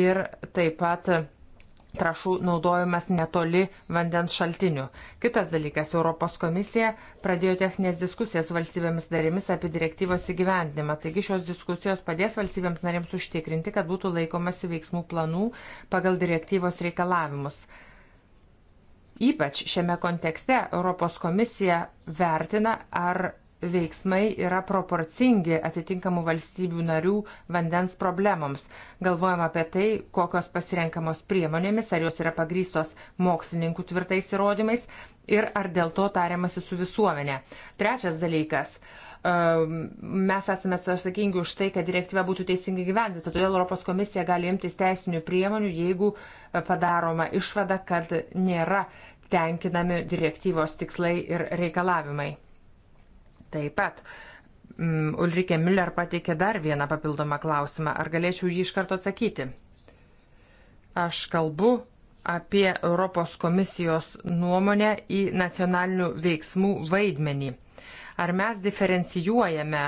ir taip pat trašų naudojimas netoli vandens šaltinių. Kitas dalykas, Europos komisija pradėjo techninės diskusijas valstybėmis narėmis apie direktyvos įgyvendinimą. Taigi šios diskusijos padės valstybėms narėms užtikrinti, kad būtų laikomasi veiksmų planų pagal direktyvos reikalavimus. Ypač šiame kontekste Europos komisija vertina, ar veiksmai yra proporcingi atitinkamų valstybių narių vandens problemoms. Galvojam apie tai, kokios pasirenkamos priemonėmis, ar jos yra pagrystos mokslininkų tvirtais įrodymais ir ar dėl to tariamasi su visuomenė. Trečias dalykas ehm, mes esame atsakingi už tai, kad direktyva būtų teisingai gyvendinta. Todėl Europos komisija gali imtis teisinių priemonių, jeigu e, padaroma išvada, kad nėra tenkinami direktyvos tikslai ir reikalavimai. Taip pat um, Ulrike Müller pateikė dar vieną papildomą klausimą. Ar galėčiau jį iš karto atsakyti? Aš kalbu apie Europos komisijos nuomonę į nacionalinių veiksmų vaidmenį. Ar mes diferencijuojame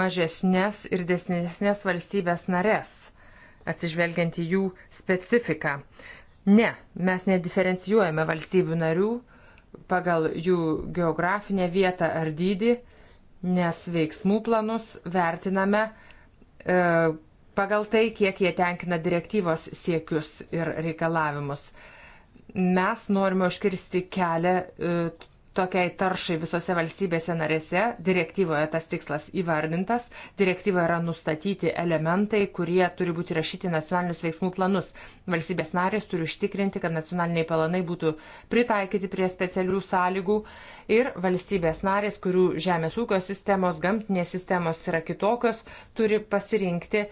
mažesnės ir desnesnės valstybės narės, atsižvelgiant į jų specifiką? Ne, mes nediferencijuojame valstybių narių, uh, pagal jų geografinę vietą ar dydį, nes veiksmų planus vertiname e, pagal tai, kiek jie tenkina direktyvos siekius ir reikalavimus. Mes norime užkirsti kelią e, tokiai taršai visose valstybėse narėse. Direktyvoje tas tikslas įvardintas. Direktyvoje yra nustatyti elementai, kurie turi būti rašyti nacionalinius veiksmų planus. Valstybės narės turi užtikrinti, kad nacionaliniai planai būtų pritaikyti prie specialių sąlygų ir valstybės narės, kurių žemės ūkio sistemos, gamtinės sistemos yra kitokios, turi pasirinkti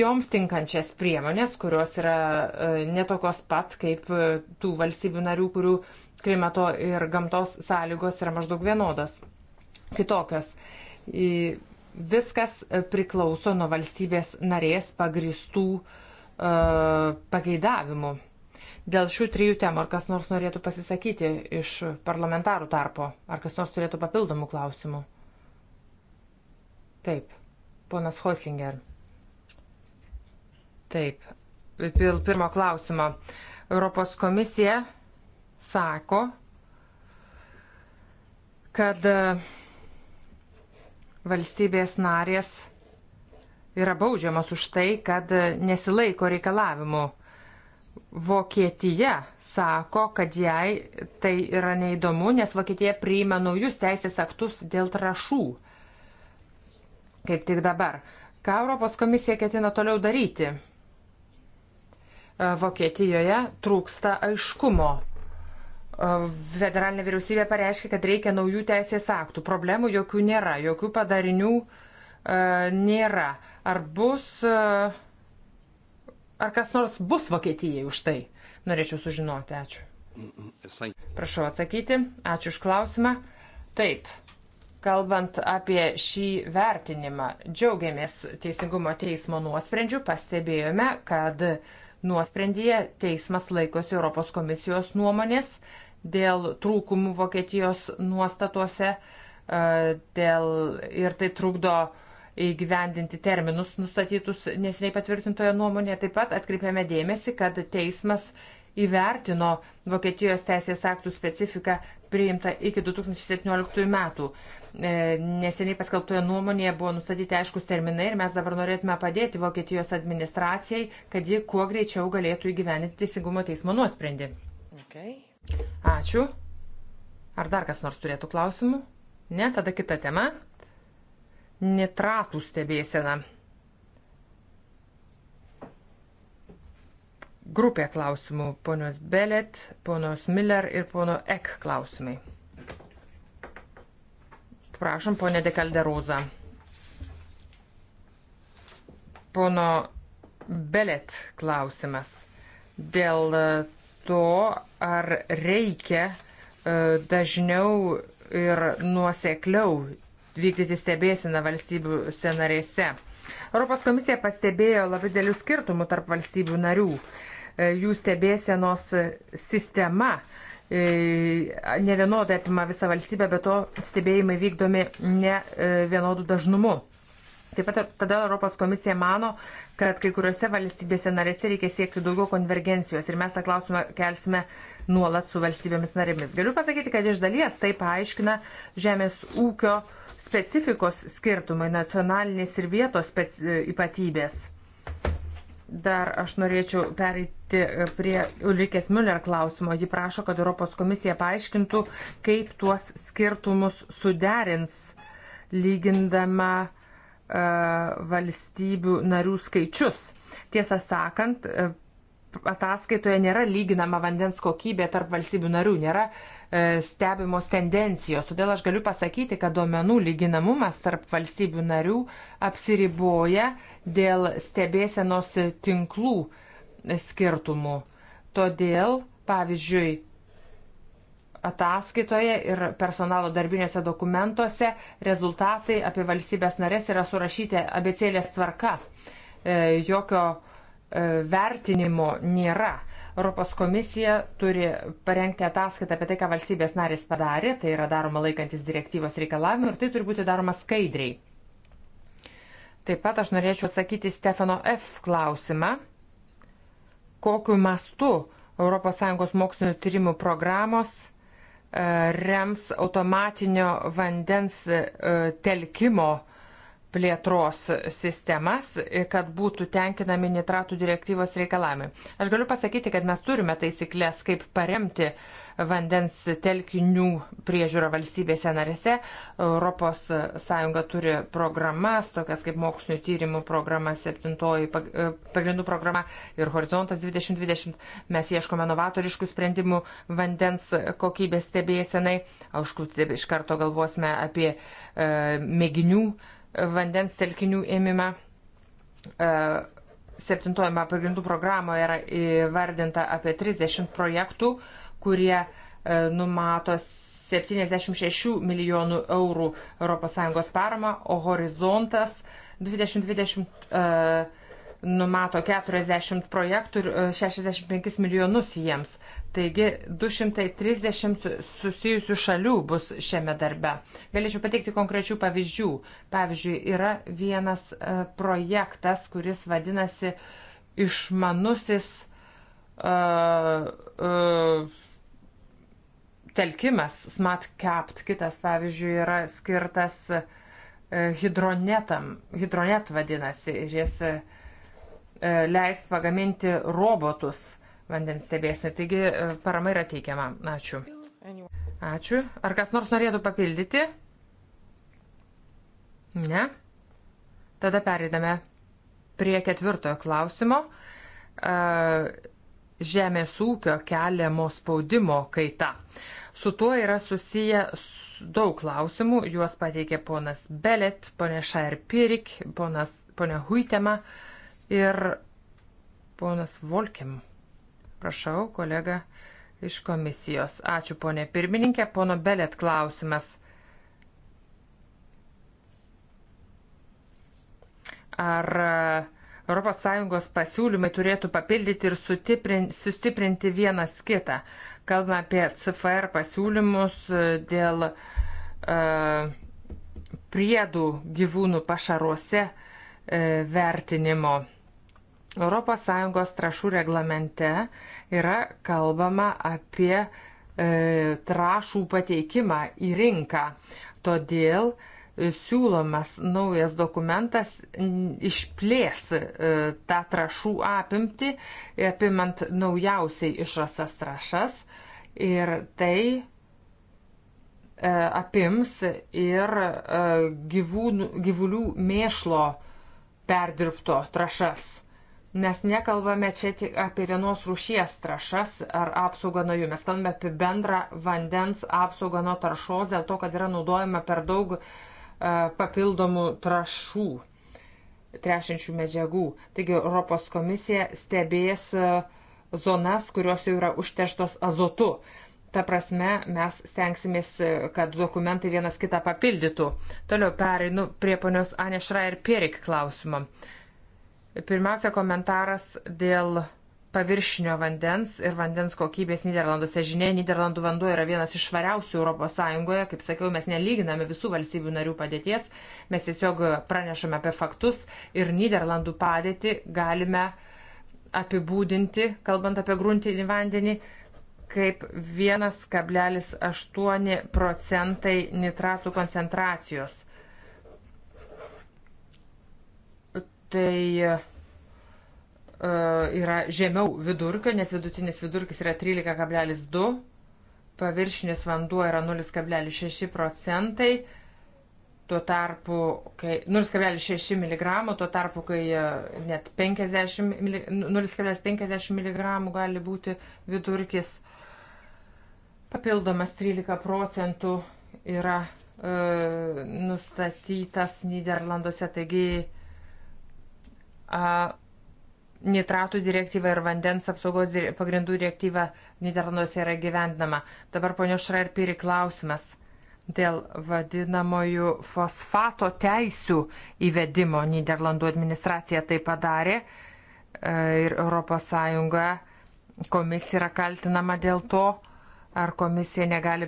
joms tinkančias priemonės, kurios yra e, netokios pat kaip e, tų valstybių narių, kurių klimato ir gamtos sąlygos yra maždaug vienodos, kitokios. Viskas priklauso nuo valstybės narės pagristų e, pageidavimų. Dėl šių trijų temų, ar kas nors norėtų pasisakyti iš parlamentarų tarpo, ar kas nors turėtų papildomų klausimų? Taip, ponas Hoslinger. Taip, pirmo klausimo. Europos komisija sako, kad e, valstybės narės yra baudžiamas už tai, kad e, nesilaiko reikalavimų. Vokietija sako, kad jai tai yra neįdomu, nes Vokietija priima naujus teisės aktus dėl trašų. Kaip tik dabar. Ką Europos komisija ketina toliau daryti? E, Vokietijoje trūksta aiškumo Federalinė vyriausybė pareiškia, kad reikia naujų teisės aktų. Problemų jokių nėra, jokių padarinių nėra. Ar bus, ar kas nors bus Vokietijai už tai? Norėčiau sužinoti, ačiū. Prašau atsakyti, ačiū už klausimą. Taip, kalbant apie šį vertinimą, džiaugiamės Teisingumo teismo nuosprendžiu, pastebėjome, kad nuosprendyje teismas laikosi Europos komisijos nuomonės dėl trūkumų Vokietijos nuostatuose e, dėl, ir tai trukdo įgyvendinti terminus nustatytus nesiniai patvirtintoje nuomonėje. Taip pat atkreipiame dėmesį, kad teismas įvertino Vokietijos teisės aktų specifiką priimta iki 2017 metų. E, neseniai paskelbtoje nuomonėje buvo nustatyti aiškus terminai ir mes dabar norėtume padėti Vokietijos administracijai, kad ji kuo greičiau galėtų įgyveninti teisingumo teismo nuosprendį. Okay. Ačiū. Ar dar kas nors turėtų klausimų? Ne, tada kita tema. Nitratų stebėsena. Grupė klausimų. Ponios Belet, ponios Miller ir pono Ek klausimai. Prašom, ponė Dekalderoza. Pono Belet klausimas dėl to, ar reikia e, dažniau ir nuosekliau vykdyti stebėsiną valstybių senarėse. Europos komisija pastebėjo labai dėlių skirtumų tarp valstybių narių. E, jų stebėsienos sistema e, ne vienodai apima visą valstybę, bet to stebėjimai vykdomi ne vienodų dažnumu. Taip pat tada Europos komisija mano, kad kai kuriuose valstybėse narėse reikia siekti daugiau konvergencijos ir mes tą klausimą kelsime nuolat su valstybėmis narėmis. Galiu pasakyti, kad iš dalies tai paaiškina žemės ūkio specifikos skirtumai, nacionalinės ir vietos ypatybės. Dar aš norėčiau pereiti e, prie Ulikės Müller klausimo. Ji prašo, kad Europos komisija paaiškintų, kaip tuos skirtumus suderins, lygindama uh, E, valstybių narių skaičius. Tiesą sakant, e, ataskaitoje nėra lyginama vandens kokybė tarp valstybių narių, nėra e, stebimos tendencijos. Todėl aš galiu pasakyti, kad duomenų lyginamumas tarp valstybių narių apsiriboja dėl stebėsenos tinklų skirtumų. Todėl, pavyzdžiui, ataskaitoje ir personalo darbinėse dokumentuose rezultatai apie valstybės narės yra surašyti abecėlės tvarka. E, jokio e, vertinimo nėra. Europos komisija turi parengti ataskaitą apie tai, ką valstybės narės padarė, tai yra daroma laikantis direktyvos reikalavimų ir tai turi būti daroma skaidriai. Taip pat aš norėčiau atsakyti Stefano F. klausimą, kokiu mastu ES mokslinio tyrimų programos rems automatinio vandens e, telkimo plėtros sistemas, kad būtų tenkinami nitratų direktyvos reikalavimai. Aš galiu pasakyti, kad mes turime taisyklės, kaip paremti vandens telkinių priežiūrą valstybėse narėse. ES turi programas, tokias kaip mokslinio tyrimų programa, septintoji e, pagrindų programa ir Horizontas 2020. Mes ieškome novatoriškų sprendimų vandens kokybės stebėsenai. Aišku, iš karto galvosime apie e, mėginių vandens telkinių ėmimą. E, Septintojame pagrindų programoje yra įvardinta apie 30 projektų, kurie e, numato 76 milijonų eurų ES paramą, o horizontas 2020 uh, numato 40 projektų ir 65 e, milijonus jiems. Taigi 230 susijusių šalių bus šiame darbe. Galėčiau pateikti konkrečių pavyzdžių. Pavyzdžiui, yra vienas e, projektas, kuris vadinasi išmanusis uh, uh, telkimas, smart capt. Kitas, pavyzdžiui, yra skirtas hidronetam, hidronet vadinasi, ir jis uh, E, leis pagaminti robotus vandens stebėsnį. Taigi e, parama yra teikiama. Ačiū. Ačiū. Ar kas nors norėtų papildyti? Ne. Tada perėdame prie ketvirtojo klausimo. E, žemės ūkio keliamo spaudimo kaita. Su tuo yra susiję daug klausimų. Juos pateikė ponas Belet, ponė Šairpirik, ponas, ponė Huitema. Uh, Ir ponas Volkim, prašau, kolega iš komisijos. Ačiū, ponė pirmininkė. Pono Belėt klausimas. Ar ES pasiūlymai turėtų papildyti ir sustiprinti vienas kitą? Kalbame apie CFR pasiūlymus e, dėl uh, priedų gyvūnų pašaruose uh, vertinimo. ES trašų reglamente yra kalbama apie e, trašų pateikimą į rinką. Todėl e, siūlomas naujas dokumentas išplės e, tą trašų apimti, apimant naujausiai išrasas trašas. Ir tai e, apims ir e, gyvūnų, gyvulių mėšlo perdirbto trašas. Mes nekalbame čia tik apie vienos rūšies trašas ar apsaugą nuo jų, mes kalbame apie bendrą vandens apsaugą nuo taršos dėl to, kad yra naudojama per daug e, papildomų trašų, trešinčių medžiagų. Taigi Europos komisija stebės e, zonas, kurios jau yra užterštos azotu. Ta prasme, mes stengsimės, e, kad dokumentai vienas kitą papildytų. Toliau pereinu prie ponios Anešra ir Pierik klausimą. Uh, Pirmiausia komentaras dėl paviršinio vandens ir vandens kokybės Niderlanduose. Žinia, Niderlandų vanduo yra vienas iš švariausių ES. Kaip sakiau, mes nelyginame visų valstybių narių padėties, mes tiesiog pranešame apie faktus ir Niderlandų padėtį galime apibūdinti, kalbant apie gruntinį vandenį, kaip 1,8 procentai nitratų koncentracijos. tai e, yra žemiau vidurkio, nes vidutinis vidurkis yra 13,2, paviršinis vanduo yra 0,6 procentai, tuo tarpu, kai 0,6 mg, tuo tarpu, kai e, net 0,50 mg gali būti vidurkis, papildomas 13 procentų yra e, nustatytas Niderlanduose, taigi nitratų direktyva ir vandens apsaugos pagrindų direktyva Niderlanduose yra gyvendama. Dabar ponio Šrairpyri klausimas dėl vadinamojų fosfato teisių įvedimo. Niderlandų administracija tai padarė e, ir ES komisija yra kaltinama dėl to, ar komisija negali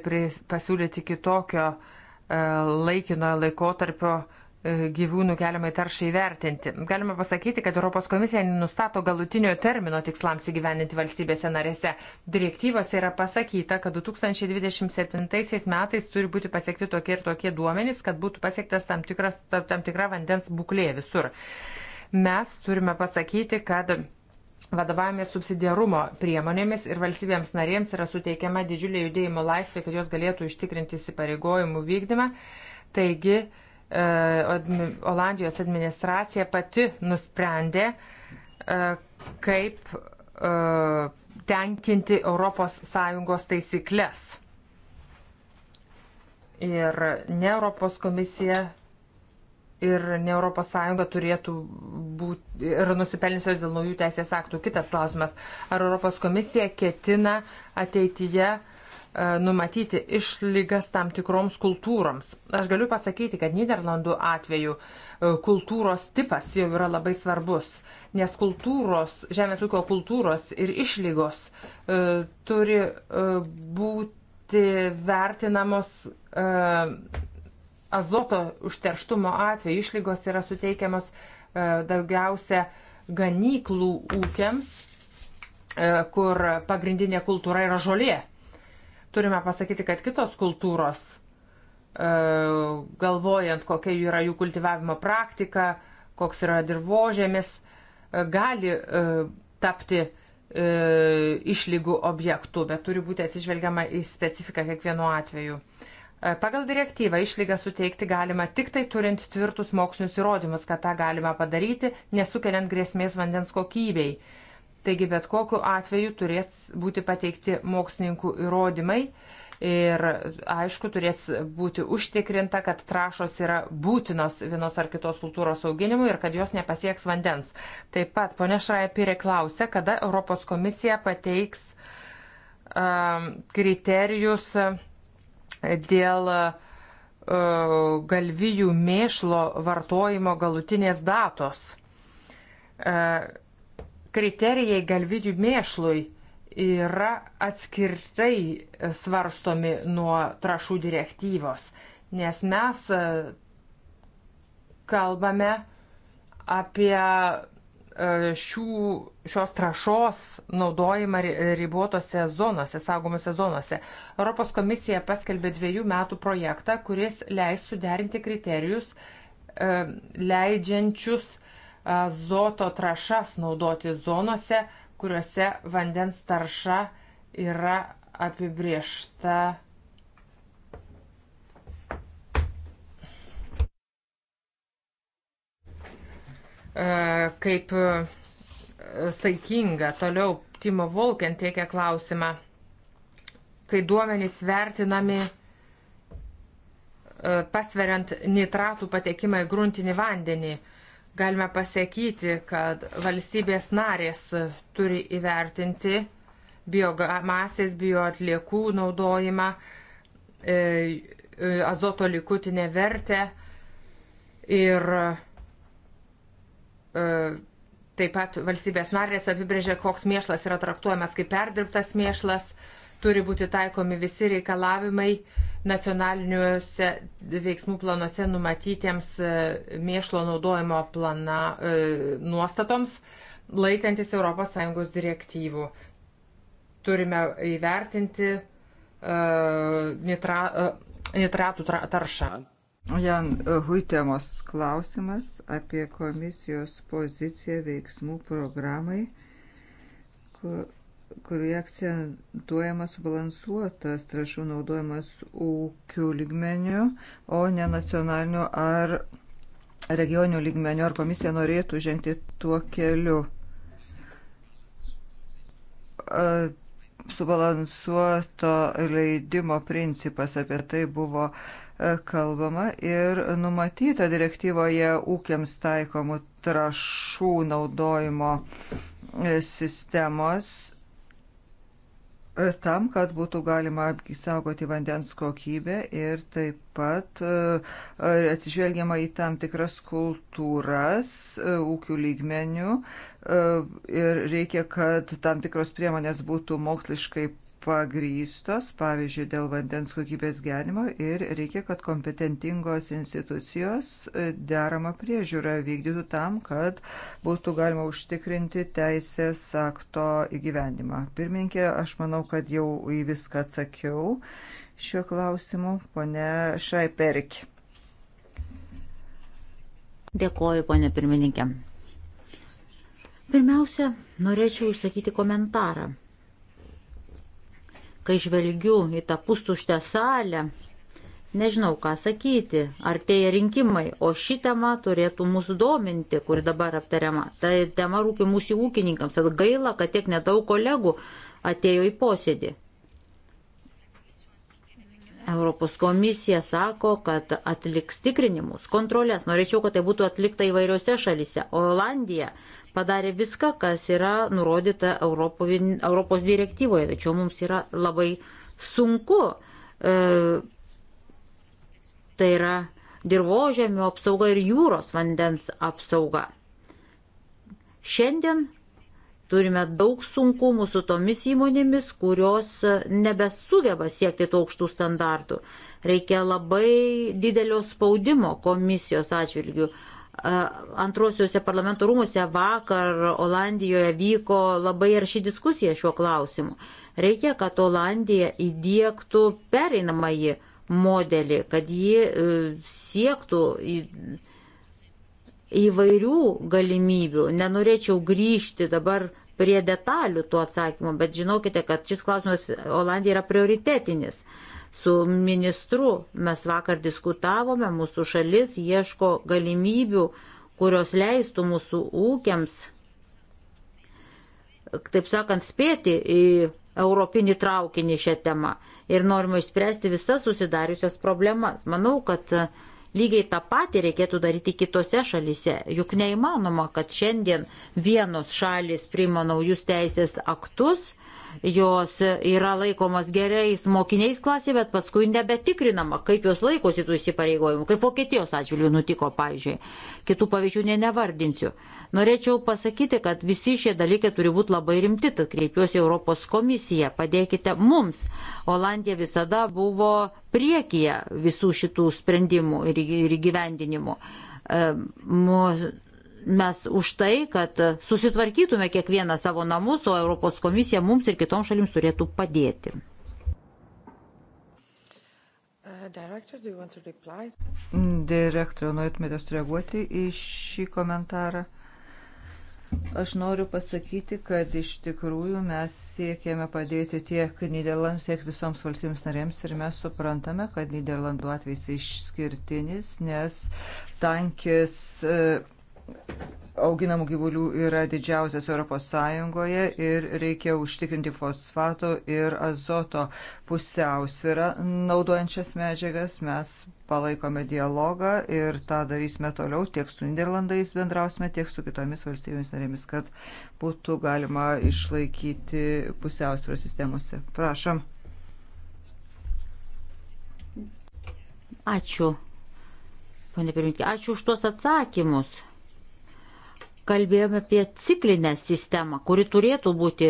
pasiūlyti kitokio e, laikinojo laikotarpio E, gyvūnų keliamai taršai vertinti. Galima pasakyti, kad Europos komisija nustato galutinio termino tikslams įgyveninti valstybėse narėse. Direktyvose yra pasakyta, kad 2027 metais turi būti pasiekti tokie ir tokie duomenys, kad būtų pasiektas tam, tikras, tam tikra vandens būklė visur. Mes turime pasakyti, kad vadovavimės subsidiarumo priemonėmis ir valstybėms narėms yra suteikiama didžiulė judėjimo laisvė, kad jos galėtų ištikrinti įsipareigojimų vykdymą. Taigi, E, Olandijos administracija pati nusprendė, e, kaip e, tenkinti ES taisyklės. Ir ne Europos komisija ir ne Europos Sąjunga turėtų būti ir nusipelniusios dėl naujų teisės aktų. Kitas klausimas, ar Europos komisija ketina ateityje uh, E, numatyti išlygas tam tikroms kultūroms. Aš galiu pasakyti, kad Niderlandų atveju e, kultūros tipas jau yra labai svarbus, nes kultūros, žemės ūkio kultūros ir išlygos e, turi e, būti vertinamos e, azoto užterštumo atveju. Išlygos yra suteikiamos e, daugiausia ganyklų ūkiams, e, kur pagrindinė kultūra yra žolė Turime pasakyti, kad kitos kultūros, e, galvojant, kokia yra jų kultivavimo praktika, koks yra dirbožėmis, e, gali e, tapti išlygų objektų, bet turi būti atsižvelgiama į specifiką kiekvienu atveju. Pagal direktyvą išlygą suteikti galima tik tai turint tvirtus mokslinius įrodymus, kad tą galima padaryti, nesukeliant grėsmės vandens kokybei. Taigi bet kokiu atveju turės būti pateikti mokslininkų įrodymai ir aišku turės būti užtikrinta, kad trašos yra būtinos vienos ar kitos kultūros auginimui ir kad jos nepasieks vandens. Taip pat ponia Šraipirė klausė, kada Europos komisija pateiks um, kriterijus dėl uh, galvijų mėšlo vartojimo galutinės datos. Uh, kriterijai galvidžių mėšlui yra atskirtai svarstomi nuo trašų direktyvos, nes mes e, kalbame apie e, šių, šios trašos naudojimą ribotuose zonose, saugomose zonose. Europos komisija paskelbė dviejų metų projektą, kuris leis suderinti kriterijus, e, leidžiančius azoto trašas naudoti zonose, kuriuose vandens tarša yra apibriešta. E, kaip e, saikinga. Toliau Timo Volken teikia klausimą, kai duomenys vertinami e, pasveriant nitratų patekimą į gruntinį vandenį galime pasakyti, kad valstybės narės turi įvertinti biomasės, bioatliekų naudojimą, e, e, azoto likutinę vertę ir e, taip pat valstybės narės apibrėžia, koks mėšlas yra traktuojamas kaip perdirbtas mėšlas, turi būti taikomi visi reikalavimai nacionaliniuose veiksmų planuose numatytiems e, mėšlo naudojimo plana, e, nuostatoms, laikantis ES direktyvų. Turime įvertinti e, nitra, nitratų taršą. Jan Huitemos klausimas apie komisijos poziciją veiksmų programai, kur kurioje akcentuojamas subalansuotas trašų naudojimas ūkių lygmenių, o ne nacionaliniu ar regioniniu lygmeniu, ar komisija norėtų žengti tuo keliu. Subalansuoto leidimo principas apie tai buvo e, kalbama ir numatyta direktyvoje ūkiams taikomų trašų naudojimo e, sistemos E, tam, kad būtų galima apsaugoti vandens kokybę ir taip pat e, e, atsižvelgiama į tam tikras kultūras ūkių lygmenių ir reikia, kad tam tikros priemonės būtų moksliškai pagrystos, pavyzdžiui, dėl vandens kokybės gerimo ir reikia, kad kompetentingos institucijos e, deramą priežiūrą vykdytų tam, kad būtų galima užtikrinti teisės akto įgyvendimą. Pirmininkė, aš manau, kad jau į viską atsakiau šiuo klausimu, pone Šaiperikė. Dėkoju, ponė pirmininkė. Pirmiausia, norėčiau išsakyti komentarą Kai žvelgiu į tą pustuštę salę, nežinau ką sakyti, artėja rinkimai, o ši tema turėtų mūsų dominti, kuri dabar aptariama. Ta tema rūpi mūsų ūkininkams. Tad gaila, kad tiek nedaug kolegų atėjo į posėdį. Europos komisija sako, kad atliks tikrinimus, kontrolės. Norėčiau, kad tai būtų atlikta įvairiose šalise. Olandija padarė viską, kas yra nurodyta Europos direktyvoje, tačiau mums yra labai sunku. E, tai yra dirbožėmio apsauga ir jūros vandens apsauga. Šiandien turime daug sunkumų su tomis įmonėmis, kurios nebesugeba siekti tų aukštų standartų. Reikia labai didelio spaudimo komisijos atžvilgių antrosiuose parlamento rūmose vakar Olandijoje vyko labai arši diskusija šiuo klausimu. Reikia, kad Olandija įdėktų pereinamąjį modelį, kad ji e, siektų įvairių galimybių. Nenorėčiau grįžti dabar prie detalių tų atsakymų, bet žinokite, kad šis klausimas Olandija yra prioritetinis. Su ministru mes vakar diskutavome, mūsų šalis ieško galimybių, kurios leistų mūsų ūkiams, taip sakant, spėti į europinį traukinį šią temą ir norima išspręsti visas susidariusias problemas. Manau, kad lygiai tą patį reikėtų daryti kitose šalise. Juk neįmanoma, kad šiandien vienos šalis priima naujus teisės aktus jos yra laikomos gerais mokiniais klasėje, bet paskui nebetikrinama, kaip jos laikosi tų įsipareigojimų, kaip Vokietijos atžvilgių nutiko, pavyzdžiui. Kitų pavyzdžių ne nevardinsiu. Norėčiau pasakyti, kad visi šie dalykai turi būti labai rimti, tad kreipiuosi Europos komisiją, padėkite mums. Olandija visada buvo priekyje visų šitų sprendimų ir, ir gyvendinimų. E, ehm, mūsų mes už tai, kad susitvarkytume kiekvieną savo namus, o Europos komisija mums ir kitoms šalims turėtų padėti. Uh, Direktoriau, norėtumėte sureaguoti į šį komentarą? Aš noriu pasakyti, kad iš tikrųjų mes siekėme padėti tiek Niderlandams, tiek visoms valstybėms narėms ir mes suprantame, kad Niderlandų atvejs išskirtinis, nes tankis. E, auginamų gyvulių yra didžiausias Europos Sąjungoje ir reikia užtikrinti fosfato ir azoto pusiausvyrą. Naudojančias medžiagas mes palaikome dialogą ir tą darysime toliau, tiek su Niderlandais bendrausime, tiek su kitomis valstybėmis narėmis, kad būtų galima išlaikyti pusiausvyrą sistemose. Prašom. Ačiū. Pane pirmininkė, ačiū už tuos atsakymus kalbėjome apie ciklinę sistemą, kuri turėtų būti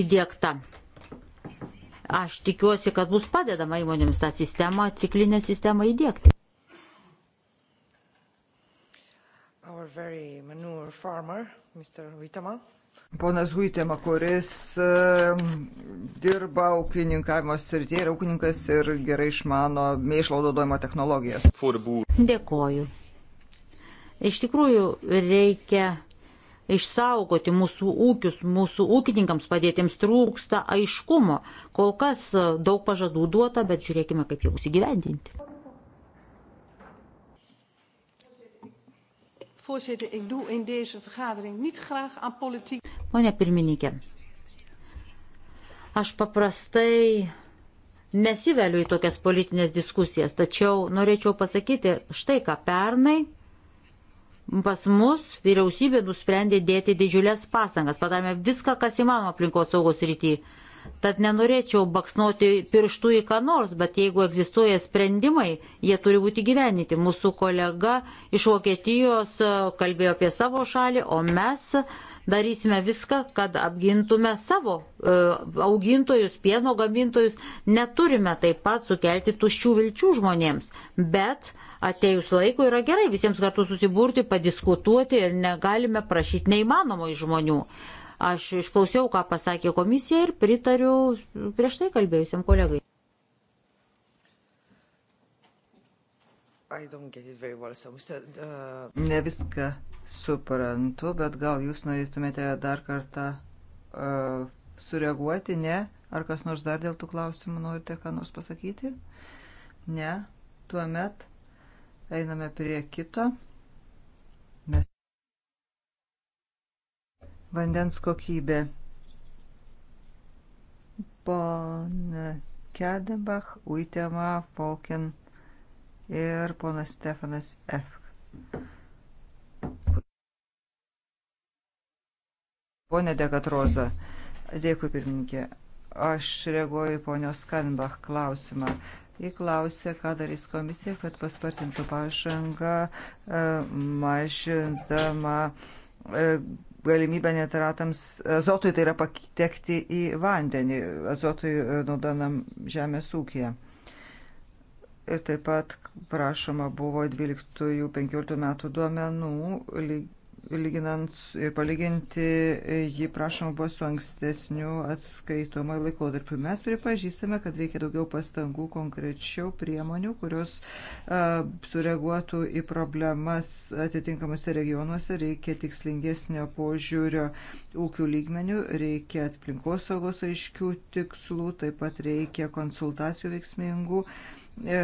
įdėkta. Aš tikiuosi, kad bus padedama įmonėms tą sistemą, ciklinę sistemą įdėkti. Farmer, Ponas Huitema, kuris uh, dirba ūkininkavimo srityje, yra ūkininkas ir gerai išmano mėšlo naudojimo technologijas. Dėkoju. Iš tikrųjų reikia išsaugoti mūsų ūkius, mūsų ūkininkams padėtiems trūksta aiškumo. Kol kas e, daug pažadų duota, bet žiūrėkime, kaip jau įsigyvendinti. Pone pirmininkė, aš paprastai nesiveliu į tokias politinės diskusijas, tačiau norėčiau pasakyti štai ką pernai Pas mus vyriausybė nusprendė dėti didžiulės pastangas, padarėme viską, kas įmanoma aplinkos saugos rytyje. Tad nenorėčiau baksnuoti pirštų į ką nors, bet jeigu egzistuoja sprendimai, jie turi būti gyvenyti. Mūsų kolega iš Vokietijos e, kalbėjo apie savo šalį, o mes darysime viską, kad apgintume savo e, augintojus, pieno gamintojus. Neturime taip pat sukelti tuščių vilčių žmonėms, bet e, atejus laiko yra gerai visiems kartu susiburti, padiskutuoti ir negalime prašyti neįmanomo iš žmonių. Aš išklausiau, ką pasakė komisija ir pritariu prieš tai kalbėjusiam kolegai. Well, so, uh... Ne viską suprantu, bet gal jūs norėtumėte dar kartą uh, sureaguoti, ne? Ar kas nors dar dėl tų klausimų norite ką nors pasakyti? Ne. Tuomet Einame prie kito. Mes... Vandens kokybė. Pone Kedebach, Uitema, Polkin ir ponas Stefanas F. Pone Dekatroza, dėkui pirmininkė. Aš reaguoju ponios Kanbach klausimą. Jis klausė, ką darys komisija, kad paspartintų pažangą, e, mažindama e, galimybę nitratams, azotui tai yra patekti į vandenį, azotui e, naudanam žemės ūkiją. Ir taip pat prašoma buvo 12-15 metų duomenų lyginant ir palyginti jį prašoma buvo su ankstesniu atskaitomo laikotarpiu. Mes pripažįstame, kad reikia daugiau pastangų, konkrečiau priemonių, kurios uh, sureaguotų į problemas atitinkamuose regionuose, reikia tikslingesnio požiūrio ūkių lygmenių, reikia aplinkosaugos aiškių tikslų, taip pat reikia konsultacijų veiksmingų. Uh, E,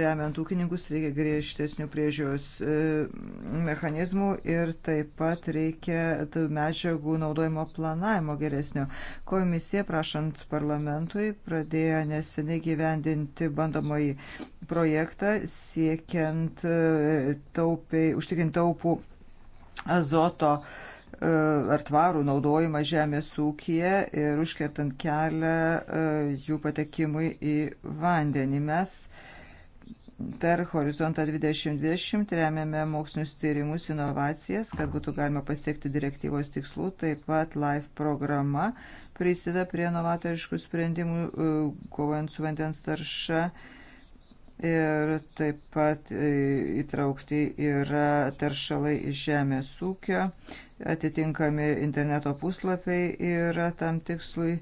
remiant ūkininkus reikia griežtesnių priežiūros e, mechanizmų ir taip pat reikia medžiagų naudojimo planavimo geresnio. Komisija, prašant parlamentui, pradėjo neseniai gyvendinti bandomąjį projektą siekiant e, taupiai, užtikrinti taupų azoto uh, E, ar tvarų naudojimą žemės ūkiją ir užkertant kelią e, jų patekimui į vandenį. Mes per Horizontą 2020 remiame mokslinius tyrimus, inovacijas, kad būtų galima pasiekti direktyvos tikslų. Taip pat LIFE programa prisideda prie novatoriškų sprendimų, e, kovojant su vandens tarša. Ir taip pat įtraukti yra taršalai iš žemės ūkio atitinkami interneto puslapiai yra tam tikslui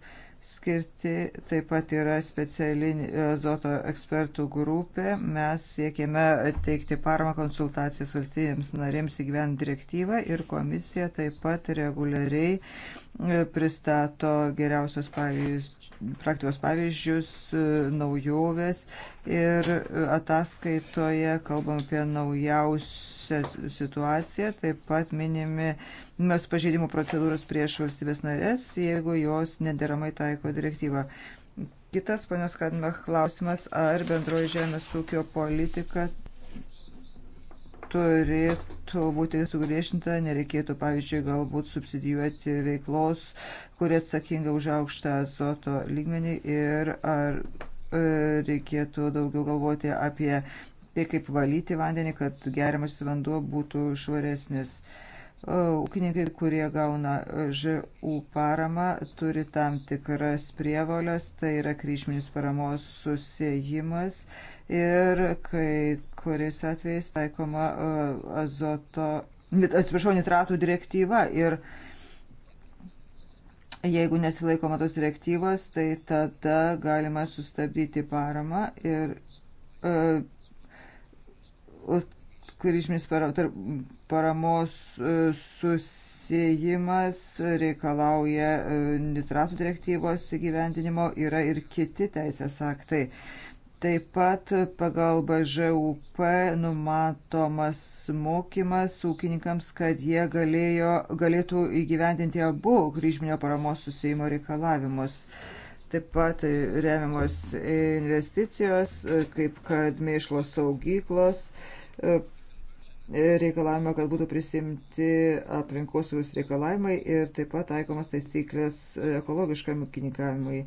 skirti, taip pat yra speciali azoto ekspertų grupė. Mes siekėme teikti paramą konsultacijas valstybėms narėms įgyvent direktyvą ir komisija taip pat reguliariai e, pristato geriausios pavyzdžius praktikos pavyzdžius, e, naujoves ir e, ataskaitoje kalbam apie naujausią situaciją, taip pat minimi mes pažeidimų procedūros prieš valstybės narės, jeigu jos nederamai taiko direktyvą. Kitas ponios Kadmach klausimas, ar bendroji žemės ūkio politika turėtų būti sugriešinta, nereikėtų, pavyzdžiui, galbūt subsidijuoti veiklos, kurie atsakinga už aukštą azoto lygmenį ir ar e, reikėtų daugiau galvoti apie tai, kaip valyti vandenį, kad geriamas vanduo būtų švaresnis. E, ūkininkai, kurie gauna ŽU paramą, turi tam tikras prievolės, tai yra kryžminis paramos susijimas ir kai kuriais atvejais taikoma e, azoto, atsiprašau, nitratų direktyva ir jeigu nesilaikoma tos direktyvos, tai tada galima sustabdyti paramą ir e, kryžminis paramos e, susijimas reikalauja nitratų direktyvos įgyvendinimo, yra ir kiti teisės aktai. Taip pat pagal BŽUP numatomas mokymas ūkininkams, kad jie galėjo, galėtų įgyvendinti abu kryžminio paramos susijimo reikalavimus. Taip pat remiamos investicijos, kaip kad mėšlos saugyklos, reikalavimo, kad būtų prisimti aplinkosaugos reikalavimai ir taip pat taikomas taisyklės ekologiškam ūkininkavimui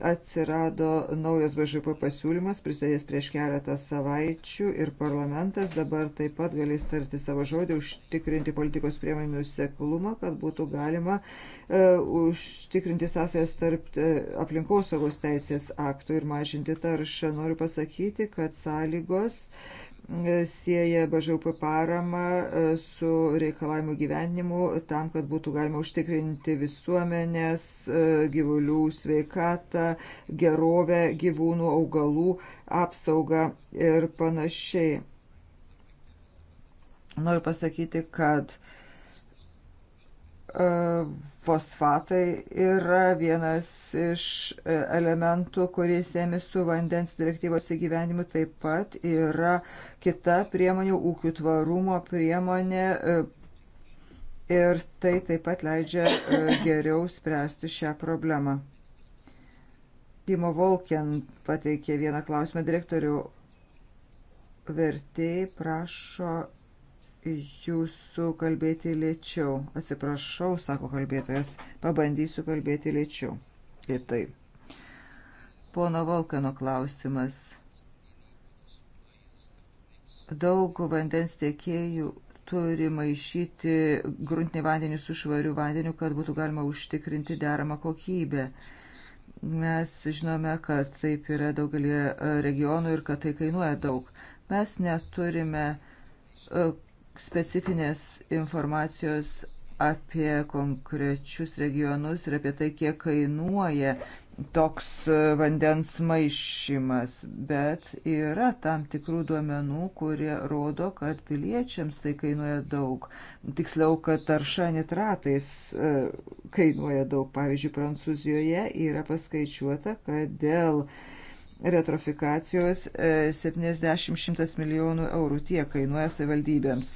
atsirado naujas BŽP pasiūlymas, pristatys prieš keletą savaičių ir parlamentas dabar taip pat galės tarti savo žodį, užtikrinti politikos priemonių seklumą, kad būtų galima e, užtikrinti sąsajas tarp e, aplinkosaugos teisės aktų ir mažinti taršą. Noriu pasakyti, kad sąlygos sieja BŽP paramą e, su reikalavimu gyvenimu tam, kad būtų galima užtikrinti visuomenės, e, gyvulių sveikatą, gerovę gyvūnų, augalų apsaugą ir panašiai. Noriu pasakyti, kad uh, E, fosfatai yra vienas iš e, elementų, kuris ėmė su vandens direktyvos įgyvenimu. Taip pat yra kita priemonė, ūkių tvarumo priemonė. E, ir tai taip pat leidžia geriau spręsti šią problemą. Timo Volken pateikė vieną klausimą direktorių. Vertėjai prašo jūsų kalbėti lėčiau. Atsiprašau, sako kalbėtojas, pabandysiu kalbėti lėčiau. Lėtai. Pono Volkano klausimas. Daug vandens tiekėjų turi maišyti gruntinį vandenį su švariu vandeniu, kad būtų galima užtikrinti deramą kokybę. Mes žinome, kad taip yra daugelį e, regionų ir kad tai kainuoja daug. Mes neturime e, specifinės informacijos apie konkrečius regionus ir apie tai, kiek kainuoja toks vandens maišymas, bet yra tam tikrų duomenų, kurie rodo, kad piliečiams tai kainuoja daug. Tiksliau, kad tarša nitratais e, kainuoja daug. Pavyzdžiui, Prancūzijoje yra paskaičiuota, kad dėl uh, retrofikacijos 70-100 e, milijonų eurų tiek kainuoja savivaldybėms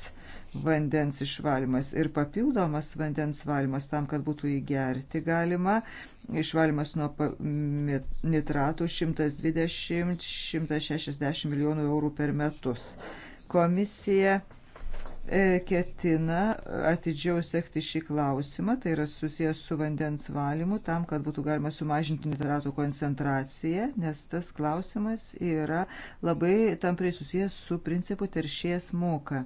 vandens išvalymas ir papildomas vandens valymas tam, kad būtų įgerti galima. Išvalymas nuo nitratų 120-160 milijonų eurų per metus. Komisija E, ketina atidžiau sekti šį klausimą, tai yra susijęs su vandens valymu, tam, kad būtų galima sumažinti nitratų koncentraciją, nes tas klausimas yra labai tamprai susijęs su principu teršėjas moka.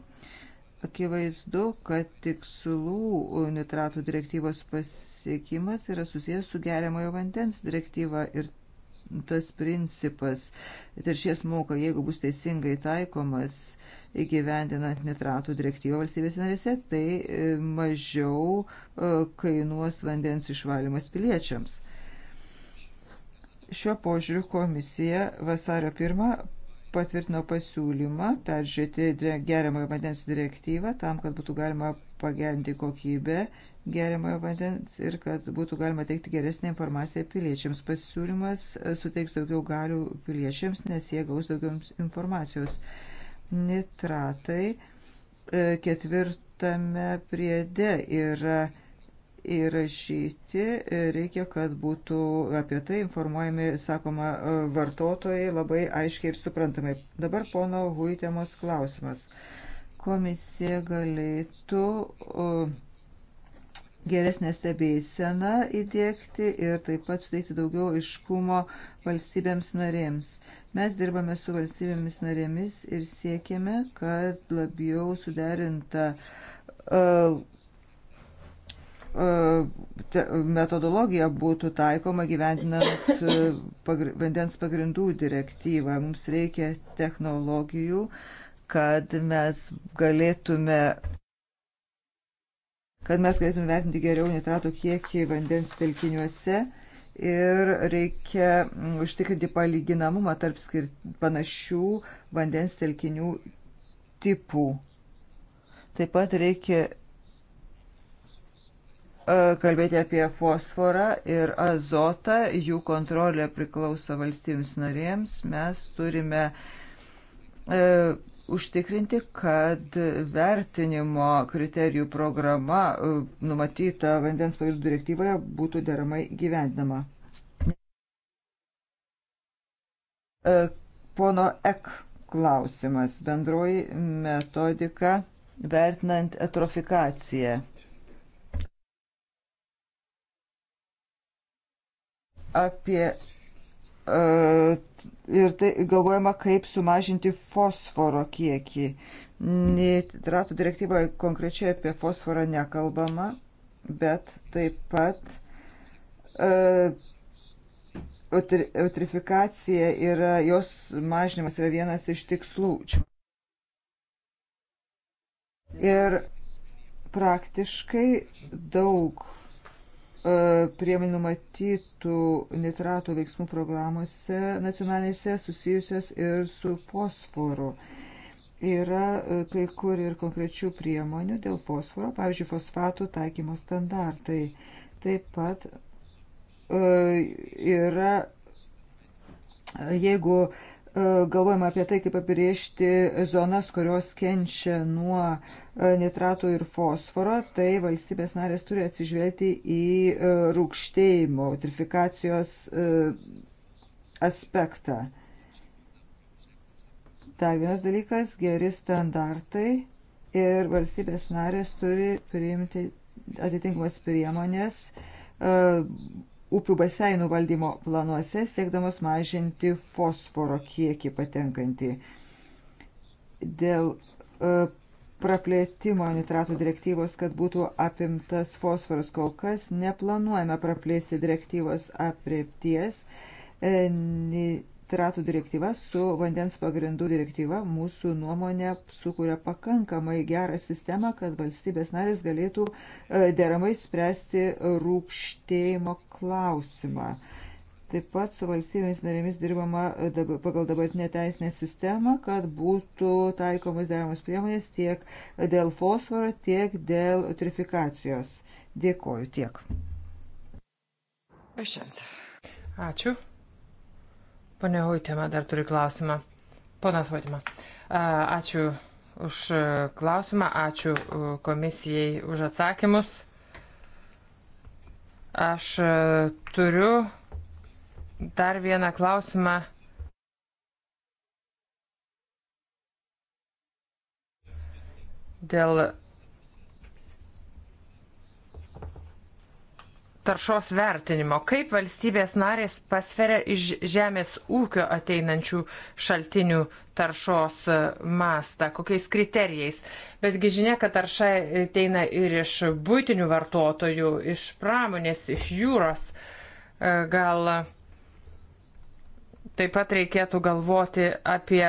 Akivaizdu, kad tikslų nitratų direktyvos pasiekimas yra susijęs su geriamojo vandens direktyva ir tas principas teršies moka, jeigu bus teisingai taikomas įgyvendinant nitratų direktyvą valstybės narėse, tai e, mažiau e, kainuos vandens išvalymas piliečiams. Šiuo požiūriu komisija vasario 1 patvirtino pasiūlymą peržiūrėti geriamojo vandens direktyvą tam, kad būtų galima pagerinti kokybę geriamojo vandens ir kad būtų galima teikti geresnį informaciją piliečiams. Pasiūlymas e, suteiks daugiau galių piliečiams, nes jie gaus daugiau informacijos. Nitratai e, ketvirtame priede yra įrašyti, reikia, kad būtų apie tai informuojami, sakoma, vartotojai labai aiškiai ir suprantamai. Dabar pono Huitemos klausimas. Komisija galėtų geresnę stebėseną įdėkti ir taip pat suteikti daugiau iškumo valstybėms narėms. Mes dirbame su valstybėmis narėmis ir siekiame, kad labiau suderinta uh, E, metodologija būtų taikoma gyvendinant e, pagr vandens pagrindų direktyvą. Mums reikia technologijų, kad mes galėtume kad mes galėtume vertinti geriau nitrato kiekį vandens telkiniuose ir reikia užtikrinti palyginamumą tarp skirt, panašių vandens telkinių tipų. Taip pat reikia E, kalbėti apie fosforą ir azotą, jų kontrolė priklauso valstybėms narėms. Mes turime e, užtikrinti, kad vertinimo kriterijų programa e, numatyta vandens pagrindų direktyvoje būtų deramai gyvendinama. E, pono Ek klausimas. Bendroji metodika vertinant atrofikaciją. apie e, ir tai galvojama, kaip sumažinti fosforo kiekį. Nitratų direktyvoje konkrečiai apie fosforą nekalbama, bet taip pat e, eutrifikacija yra, jos mažinimas yra vienas iš tikslų. Ir praktiškai daug E, priemonių numatytų nitratų veiksmų programuose nacionalinėse susijusios ir su fosforu. Yra e, kai kur ir konkrečių priemonių dėl fosforo, pavyzdžiui, fosfatų taikymo standartai. Taip pat e, yra, jeigu E, galvojama apie tai, kaip apibriežti zonas, kurios kenčia nuo e, nitrato ir fosforo, tai valstybės narės turi atsižvelgti į e, rūkštėjimo, utrifikacijos aspektą. Dar vienas dalykas - geri standartai ir valstybės narės turi priimti atitinkamas priemonės upių baseinų valdymo planuose, siekdamas mažinti fosforo kiekį patenkantį. Dėl e, praplėtimo nitratų direktyvos, kad būtų apimtas fosforas, kol kas neplanuojame praplėsti direktyvos apriepties. E, nitratų direktyva su vandens pagrindų direktyva mūsų nuomonė sukuria pakankamai gerą sistemą, kad valstybės narės galėtų e, deramai spręsti rūpštėjimo klausimą. Taip pat su valstybėmis narėmis dirbama e, pagal dabartinę teisinę sistemą, kad būtų taikomos deramos priemonės tiek dėl fosforo, tiek dėl utrifikacijos. Dėkoju tiek. Ačiū. Pone Hoitema dar turi klausimą. Ponas Hoitema, ačiū už e, klausimą, ačiū e, komisijai už atsakymus. Aš e, turiu dar vieną klausimą. Dėl taršos vertinimo, kaip valstybės narės pasveria iš žemės ūkio ateinančių šaltinių taršos e, mastą, kokiais kriterijais. Betgi žinia, kad tarša ateina ir iš būtinių vartotojų, iš pramonės, iš jūros. E, gal e, taip pat reikėtų galvoti apie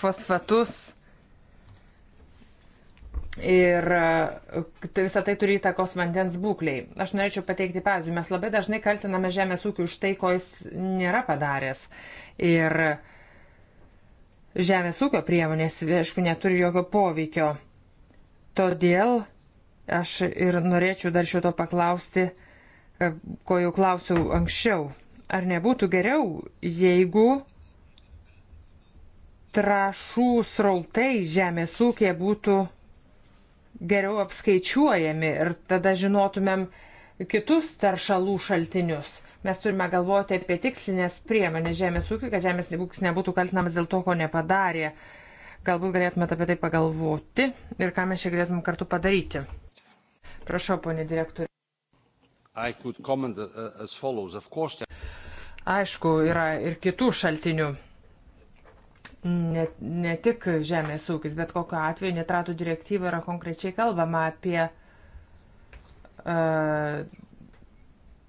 fosfatus Ir e, tai visą tai turi įtakos vandens būkliai. Aš norėčiau pateikti pavyzdį. Mes labai dažnai kaltiname žemės ūkį už tai, ko jis nėra padaręs. Ir žemės ūkio priemonės, aišku, neturi jokio poveikio. Todėl aš ir norėčiau dar šito paklausti, e, ko jau klausiau anksčiau. Ar nebūtų geriau, jeigu trašų srautai žemės ūkė būtų geriau apskaičiuojami ir tada žinotumėm kitus taršalų šaltinius. Mes turime galvoti apie tikslinės priemonės žemės ūkiui, kad žemės ūkis nebūtų kaltinamas dėl to, ko nepadarė. Galbūt galėtumėte apie tai pagalvoti ir ką mes čia galėtum kartu padaryti. Prašau, ponė direktorė. Uh, Aišku, yra ir kitų šaltinių ne, ne tik žemės ūkis, bet kokiu atveju nitratų direktyva yra konkrečiai kalbama apie uh,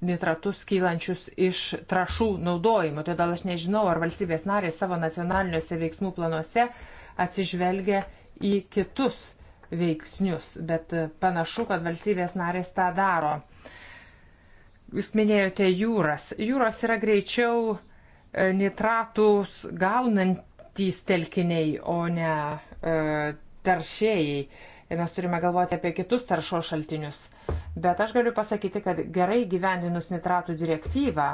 nitratus kylančius iš trašų naudojimo. Todėl aš nežinau, ar valstybės narės savo nacionaliniuose veiksmų planuose atsižvelgia į kitus veiksnius, bet panašu, kad valstybės narės tą daro. Jūs minėjote jūras. Jūros yra greičiau e, nitratus gaunant trys telkiniai, o ne e, taršėjai. Ir mes turime galvoti apie kitus taršo šaltinius. Bet aš galiu pasakyti, kad gerai gyvendinus nitratų direktyvą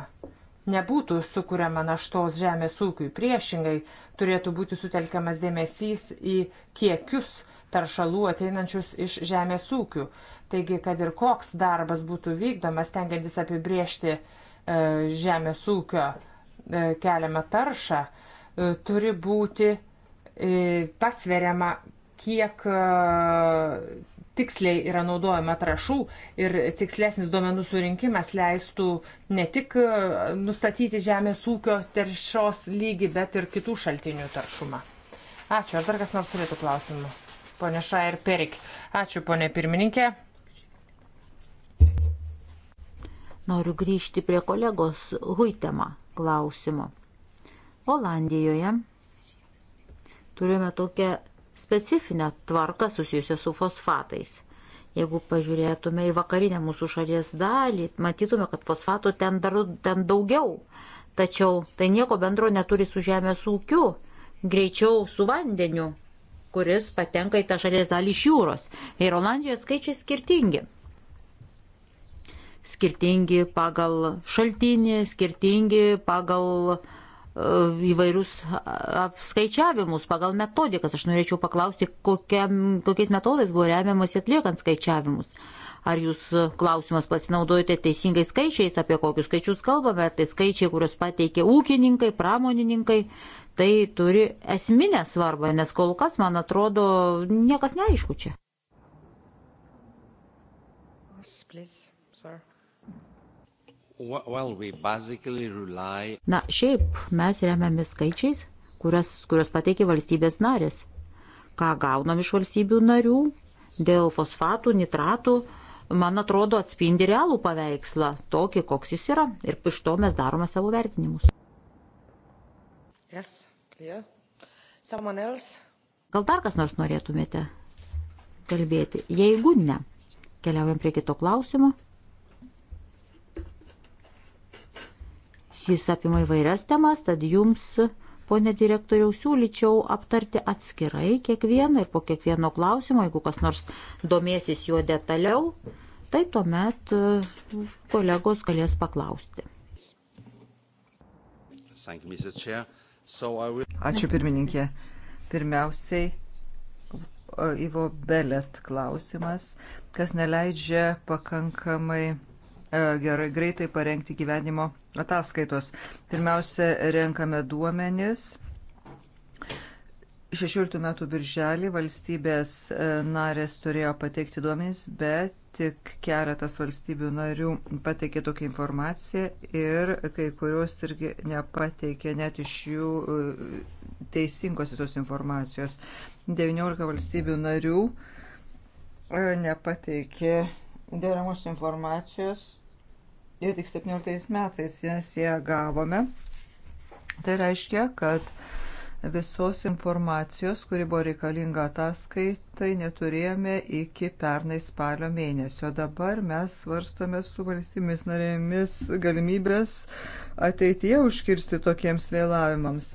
nebūtų sukūriama naštos žemės ūkiui. Priešingai turėtų būti sutelkiamas dėmesys į kiekius taršalų ateinančius iš žemės ūkių. Taigi, kad ir koks darbas būtų vykdomas, tengiantis apibriežti e, žemės ūkio e, keliamą taršą, E, turi būti e, pasveriama, kiek e, tiksliai yra naudojama trašų ir tikslesnis duomenų surinkimas leistų ne tik nustatyti žemės ūkio taršos lygį, bet ir kitų šaltinių taršumą. Ačiū, ar dar kas nors turėtų klausimų? Pone Šair Perik. Ačiū, ponė pirmininkė. Noriu grįžti prie kolegos Huitema klausimo. Olandijoje turime tokią specifinę tvarką susijusią su fosfatais. Jeigu pažiūrėtume į vakarinę mūsų šalies dalį, matytume, kad fosfatų ten, dar, ten daugiau. Tačiau tai nieko bendro neturi su žemės ūkiu, greičiau su vandeniu, kuris patenka į tą šalies dalį iš jūros. Ir Olandijoje skaičiai skirtingi. Skirtingi pagal šaltinį, skirtingi pagal uh, įvairius apskaičiavimus pagal metodikas. Aš norėčiau paklausti, kokiam, kokiais metodais buvo remiamas atliekant skaičiavimus. Ar jūs e, klausimas pasinaudojate teisingai skaičiais, apie kokius skaičius kalbame, ar tai skaičiai, kuriuos pateikė ūkininkai, pramonininkai, tai turi esminę svarbą, nes kol kas, man atrodo, niekas neaišku čia. Yes, please. Na, šiaip mes remiamės skaičiais, kurias, kurios pateikia valstybės narės. Ką gaunam iš valstybių narių dėl fosfatų, nitratų, man atrodo, atspindi realų paveikslą, tokį, koks jis yra. Ir iš to mes darome savo vertinimus. Yes, yeah. Gal dar kas nors norėtumėte kalbėti? Jeigu ne, keliaujam prie kito klausimo. Jis apima įvairias temas, tad jums, ponė direktoriau, siūlyčiau aptarti atskirai kiekvieną ir po kiekvieno klausimo, jeigu kas nors domėsis juo detaliau, tai tuomet e, kolegos galės paklausti. Ačiū pirmininkė. Pirmiausiai e, Ivo Belet klausimas, kas neleidžia pakankamai e, gerai greitai parengti gyvenimo ataskaitos. Pirmiausia, renkame duomenis. 16 metų birželį valstybės e, narės turėjo pateikti duomenys, bet tik keletas valstybių narių pateikė tokią informaciją ir kai kurios irgi nepateikė net iš jų e, teisingos visos informacijos. 19 valstybių narių e, nepateikė deramos informacijos ir tik 17 metais mes ją gavome. Tai reiškia, kad visos informacijos, kuri buvo reikalinga ataskaitai, neturėjome iki pernai spalio mėnesio. Dabar mes svarstome su valstybės narėmis galimybės ateityje užkirsti tokiems vėlavimams.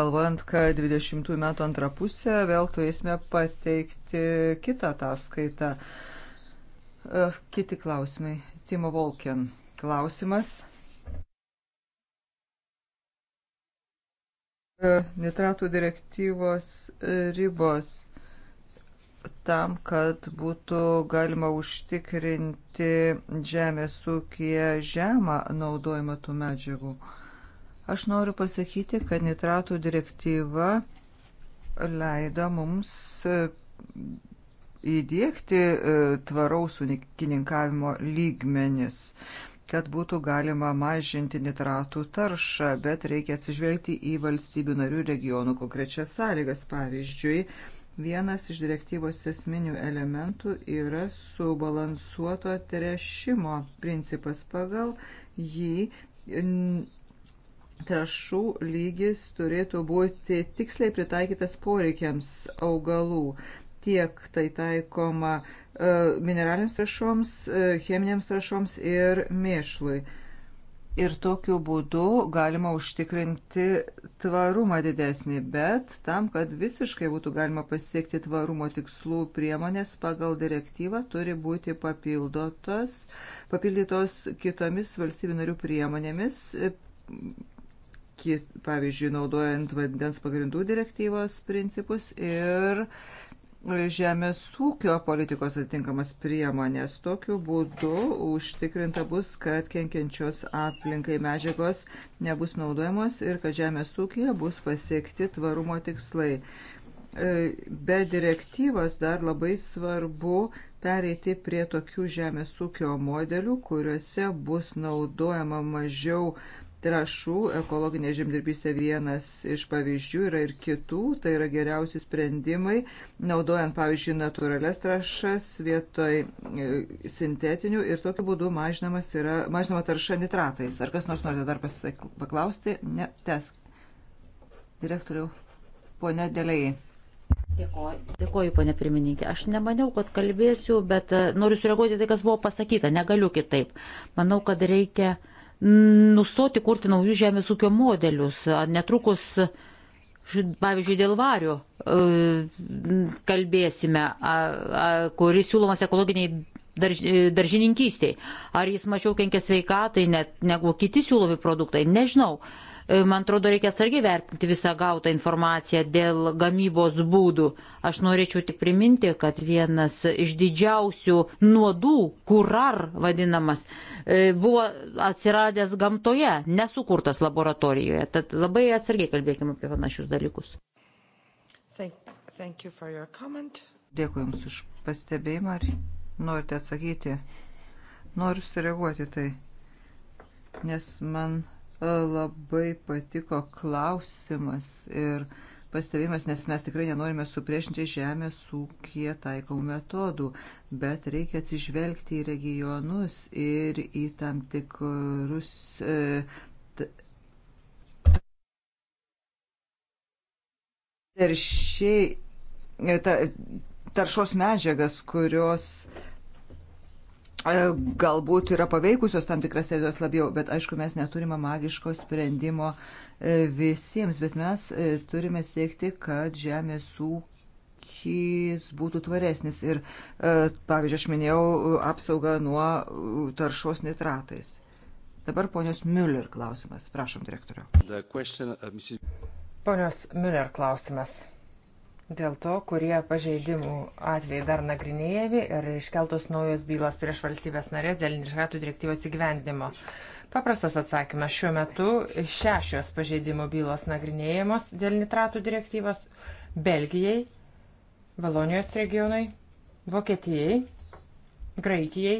Galvojant, kad 20 metų antrą pusę vėl turėsime pateikti kitą ataskaitą. E, kiti klausimai. Timo Volken klausimas. E, nitratų direktyvos e, ribos tam, kad būtų galima užtikrinti žemės ūkiją žemą naudojimą tų medžiagų. Aš noriu pasakyti, kad nitratų direktyva leido mums įdėkti e, tvaraus unikininkavimo lygmenis kad būtų galima mažinti nitratų taršą, bet reikia atsižvelgti į valstybių narių regionų konkrečias sąlygas. Pavyzdžiui, vienas iš direktyvos esminių elementų yra subalansuoto trešimo principas. Pagal jį trašų lygis turėtų būti tiksliai pritaikytas poreikiams augalų tiek tai taikoma e, mineraliniams trašoms, e, cheminiams trašoms ir mėšlui. Ir tokiu būdu galima užtikrinti tvarumą didesnį, bet tam, kad visiškai būtų galima pasiekti tvarumo tikslų priemonės pagal direktyvą, turi būti papildytos kitomis valstybių narių priemonėmis, e, pavyzdžiui, naudojant vandens pagrindų direktyvos principus ir žemės ūkio politikos atitinkamas priemonės. Tokiu būdu užtikrinta bus, kad kenkiančios aplinkai medžiagos nebus naudojamos ir kad žemės ūkija bus pasiekti tvarumo tikslai. E, be direktyvos dar labai svarbu pereiti prie tokių žemės ūkio modelių, kuriuose bus naudojama mažiau uh, trašų, ekologinė žemdirbystė vienas iš pavyzdžių, yra ir kitų, tai yra geriausi sprendimai, naudojant, pavyzdžiui, natūrales trašas vietoj e, sintetinių ir tokiu būdu mažinamas yra, mažinama tarša nitratais. Ar kas nors norite dar pasisak, paklausti? Ne, tesk. Direktoriau, ponia Dėlėjai. Dėkoju, dėkoju ponė pirmininkė. Aš nemaniau, kad kalbėsiu, bet e, noriu sureaguoti tai, kas buvo pasakyta. Negaliu kitaip. Manau, kad reikia uh, nustoti kurti naujus žemės ūkio modelius. Netrukus, pavyzdžiui, dėl vario e, kalbėsime, kuris siūlomas ekologiniai darž, e, daržininkystiai. Ar jis mažiau kenkia sveikatai net negu kiti siūlomi produktai, nežinau. E, man atrodo, reikia atsargiai vertinti visą gautą informaciją dėl gamybos būdų. Aš norėčiau tik priminti, kad vienas iš didžiausių nuodų, kurar vadinamas, e, buvo atsiradęs gamtoje, nesukurtas laboratorijoje. Tad labai atsargiai kalbėkime apie panašius dalykus. Thank, thank you Dėkui Jums už pastebėjimą. Ar norite atsakyti? Noriu sureaguoti tai, nes man labai patiko klausimas ir pastebimas, nes mes tikrai nenorime supriešinti žemės ūkie taikomų metodų, bet reikia atsižvelgti į regionus ir į tam tikrus. E, t, teršiai, e, ta, taršos medžiagas, kurios e, E, galbūt yra paveikusios tam tikras teritorijos labiau, bet aišku, mes neturime magiško sprendimo e, visiems, bet mes e, turime siekti, kad žemės ūkis būtų tvaresnis ir, pavyzdžiui, aš minėjau apsaugą nuo taršos nitratais. Dabar ponios Müller klausimas. Prašom, direktoriu. Uh, ponios Müller klausimas dėl to, kurie pažeidimų atvejai dar nagrinėjami ir iškeltos naujos bylos prieš valstybės narės dėl nitratų direktyvos įgyvendimo. Paprastas atsakymas. Šiuo metu šešios pažeidimų bylos nagrinėjamos dėl nitratų direktyvos Belgijai, Valonijos regionui, Vokietijai, Graikijai,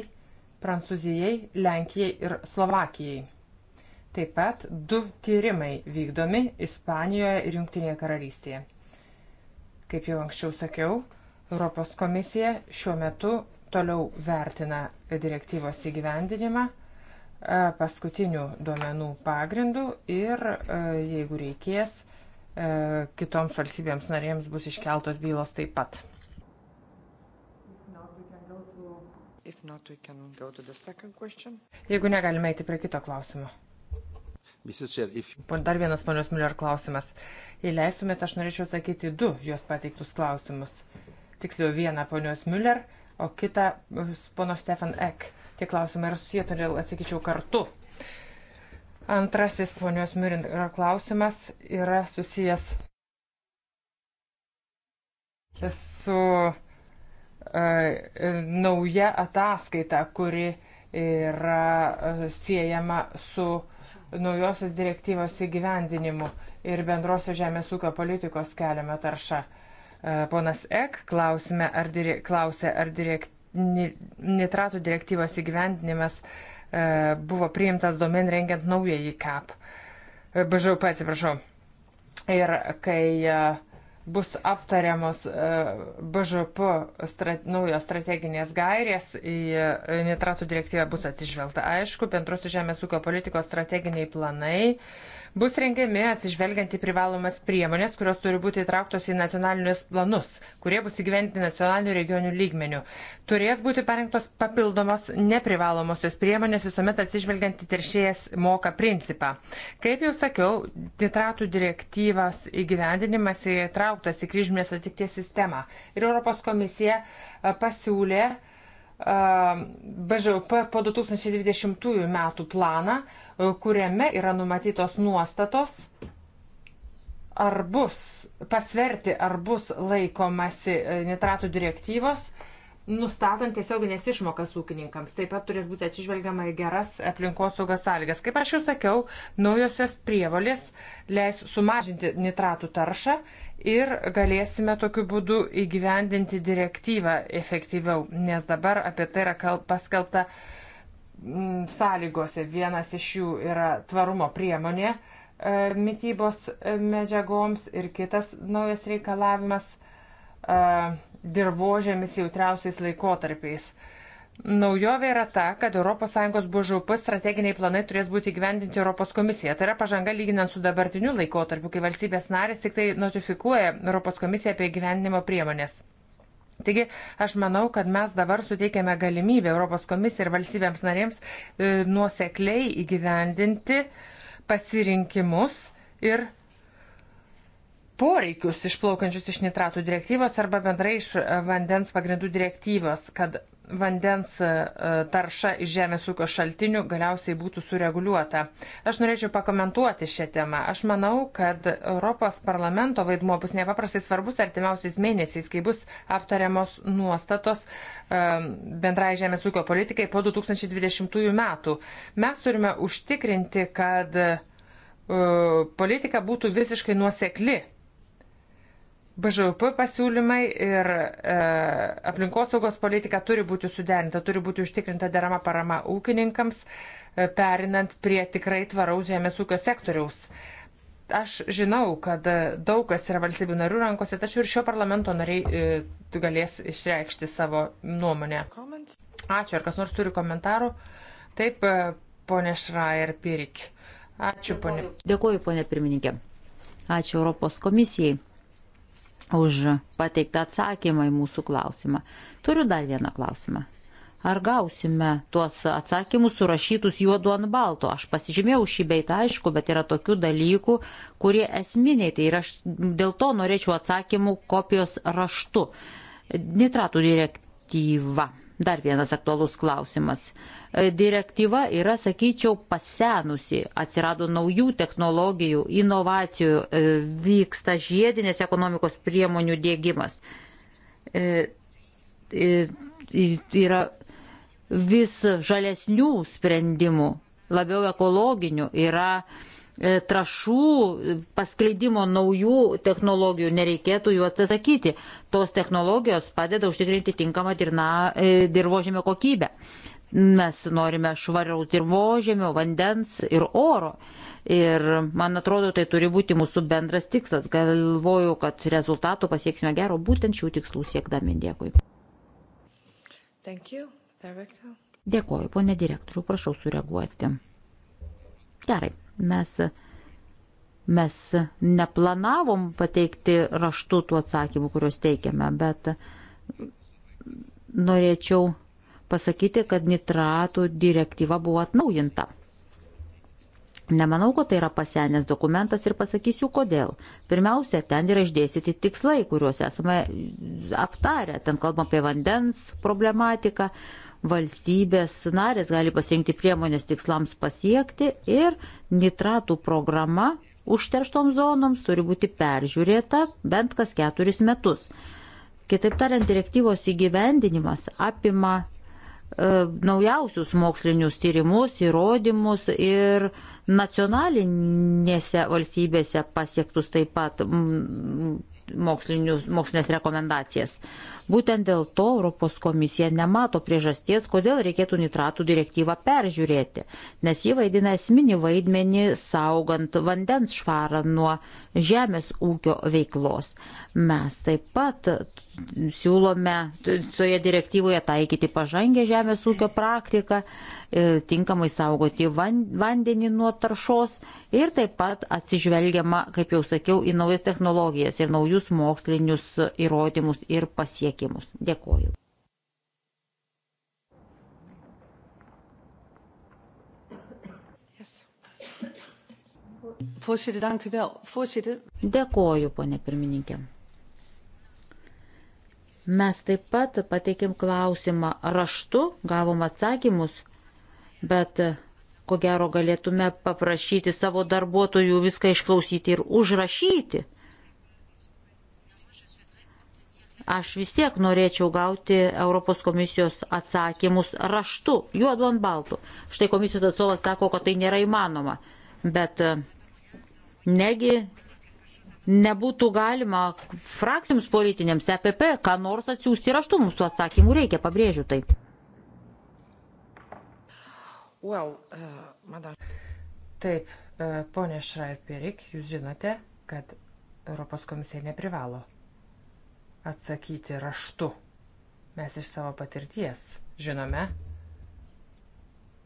Prancūzijai, Lenkijai ir Slovakijai. Taip pat du tyrimai vykdomi Ispanijoje ir Junktinėje karalystėje. Kaip jau anksčiau sakiau, Europos komisija šiuo metu toliau vertina direktyvos įgyvendinimą e, paskutinių duomenų pagrindų ir, e, jeigu reikės, e, kitoms valstybėms narėms bus iškeltos bylos taip pat. Jeigu negalime eiti prie kito klausimo. Dar vienas ponios Miller klausimas. Jei leistumėte, aš norėčiau atsakyti du jos pateiktus klausimus. Tiksliau vieną ponios Miller, o kitą uh, pono Stefan Eck. Tie klausimai yra susiję, todėl atsakyčiau kartu. Antrasis ponios Miller klausimas yra susijęs su uh, nauja ataskaita, kuri yra uh, siejama su uh, naujosios direktyvos įgyvendinimu ir bendrosios žemės ūkio politikos keliama tarša. E, ponas Ek klausime, ar dire, klausė, ar direk, nitratų direktyvos įgyvendinimas e, buvo priimtas domen rengiant naująjį CAP. E, BŽP, atsiprašau. Ir kai uh, bus aptariamos e, BŽP strat, naujos strateginės gairės, į e, nitratų direktyvą bus atsižvelgta. Aišku, bendrosios žemės ūkio politikos strateginiai planai bus rengiami atsižvelgiant į privalomas priemonės, kurios turi būti įtrauktos į nacionalinius planus, kurie bus įgyventi nacionalinių regionių lygmenių. Turės būti parengtos papildomos neprivalomosios priemonės, visuomet atsižvelgiant į teršėjas moka principą. Kaip jau sakiau, nitratų direktyvos įgyvendinimas įtrauktas į kryžminės atikties sistemą. Ir Europos komisija e, pasiūlė, BŽP po 2020 metų planą, kuriame yra numatytos nuostatos, ar bus pasverti, ar bus laikomasi nitratų direktyvos, nustatant tiesioginės išmokas ūkininkams. Taip pat turės būti atsižvelgiama į geras aplinkosaugos sąlygas. Kaip aš jau sakiau, naujosios prievolės leis sumažinti nitratų taršą ir galėsime tokiu būdu įgyvendinti direktyvą efektyviau, nes dabar apie tai yra paskelbta m, mm, sąlygose. Vienas iš jų yra tvarumo priemonė e, mytybos e, medžiagoms ir kitas naujas reikalavimas e, dirbožėmis jautriausiais laikotarpiais. E, Naujovė yra ta, kad ES BŽP strateginiai planai turės būti gyvendinti Europos komisija. Tai yra pažanga lyginant su dabartiniu laikotarpiu, kai valstybės narės tik tai notifikuoja Europos komisiją apie gyvendinimo priemonės. Taigi aš manau, kad mes dabar suteikėme galimybę Europos komisijai ir valstybėms narėms e, nuosekliai įgyvendinti pasirinkimus ir poreikius išplaukiančius iš nitratų direktyvos arba bendrai iš vandens pagrindų direktyvos, kad vandens e, tarša iš žemės ūkio šaltinių galiausiai būtų sureguliuota. Aš norėčiau pakomentuoti šią temą. Aš manau, kad Europos parlamento vaidmuo bus nepaprastai svarbus artimiausiais mėnesiais, kai bus aptariamos nuostatos e, bendrai žemės ūkio politikai po 2020 metų. Mes turime užtikrinti, kad e, politika būtų visiškai nuosekli BŽP pasiūlymai ir e, aplinkosaugos politika turi būti suderinta, turi būti užtikrinta derama parama ūkininkams, e, perinant prie tikrai tvaraus žemės ūkio sektoriaus. Aš žinau, kad e, daug kas yra valstybių narių rankose, tačiau ir šio parlamento nariai e, galės išreikšti savo nuomonę. Ačiū, ar kas nors turi komentarų? Taip, e, ponė Šrajer Pirik. Ačiū, ponė. Dėkuoju, ponė pirmininkė. Ačiū Europos komisijai už pateiktą atsakymą į mūsų klausimą. Turiu dar vieną klausimą. Ar gausime tuos atsakymus surašytus juodu ant balto? Aš pasižymėjau šį beitą, aišku, bet yra tokių dalykų, kurie esminiai. Tai ir aš dėl to norėčiau atsakymų kopijos raštu. Nitratų direktyva. Dar vienas aktualus klausimas. Uh, direktyva yra, sakyčiau, pasenusi. Atsirado naujų technologijų, inovacijų, e, vyksta žiedinės ekonomikos priemonių dėgymas. E, e, yra vis žalesnių sprendimų, labiau ekologinių, yra trašų paskleidimo naujų technologijų, nereikėtų jų atsisakyti. Tos technologijos padeda užtikrinti tinkamą dirna, dirbožėmio kokybę. E, Mes norime švaraus dirbožėmio, vandens ir oro. Ir man atrodo, tai turi būti mūsų bendras tikslas. Galvoju, kad rezultatų pasieksime gero būtent šių tikslų siekdami. Dėkui. Dėkoju, ponė direktorių, prašau sureaguoti. Gerai, mes mes neplanavom pateikti raštų tų atsakymų, kuriuos teikiame, bet norėčiau pasakyti, kad nitratų direktyva buvo atnaujinta. Nemanau, kad tai yra pasenęs dokumentas ir pasakysiu kodėl. Pirmiausia, ten yra išdėstyti tikslai, kuriuos esame aptarę. Ten kalbam apie vandens problematiką, valstybės narės gali pasirinkti priemonės tikslams pasiekti ir nitratų programa užterštoms zonoms turi būti peržiūrėta bent kas keturis metus. Kitaip tariant, direktyvos įgyvendinimas apima E, naujausius mokslinius tyrimus, įrodymus ir nacionalinėse valstybėse pasiektus taip pat mokslinės rekomendacijas. Būtent dėl to Europos komisija nemato priežasties, kodėl reikėtų nitratų direktyvą peržiūrėti, nes ji vaidina esminį vaidmenį saugant vandens švarą nuo žemės ūkio veiklos. Mes taip pat siūlome toje direktyvoje taikyti pažangę žemės ūkio praktiką, e, tinkamai saugoti vandenį nuo taršos ir taip pat atsižvelgiama, kaip jau sakiau, į naujas technologijas ir naujus mokslinius įrodymus ir pasiekimus pasiekimus. Dėkoju. Yes. Voorzitter, dank u wel. Voorzitter. Dėkoju, ponė pirmininkė. Mes taip pat pateikėm klausimą raštu, gavom atsakymus, bet ko gero galėtume paprašyti savo darbuotojų viską išklausyti ir užrašyti. aš vis tiek norėčiau gauti Europos komisijos atsakymus raštu, juodu ant baltų. Štai komisijos atstovas sako, kad tai nėra įmanoma, bet e, negi nebūtų galima frakcijoms politinėms EPP, ką nors atsiųsti raštu, mums tų atsakymų reikia, pabrėžiu tai. Well, uh, Taip, uh, ponė Šrairpirik, jūs žinote, kad Europos komisija neprivalo uh, atsakyti raštu. Mes iš savo patirties žinome,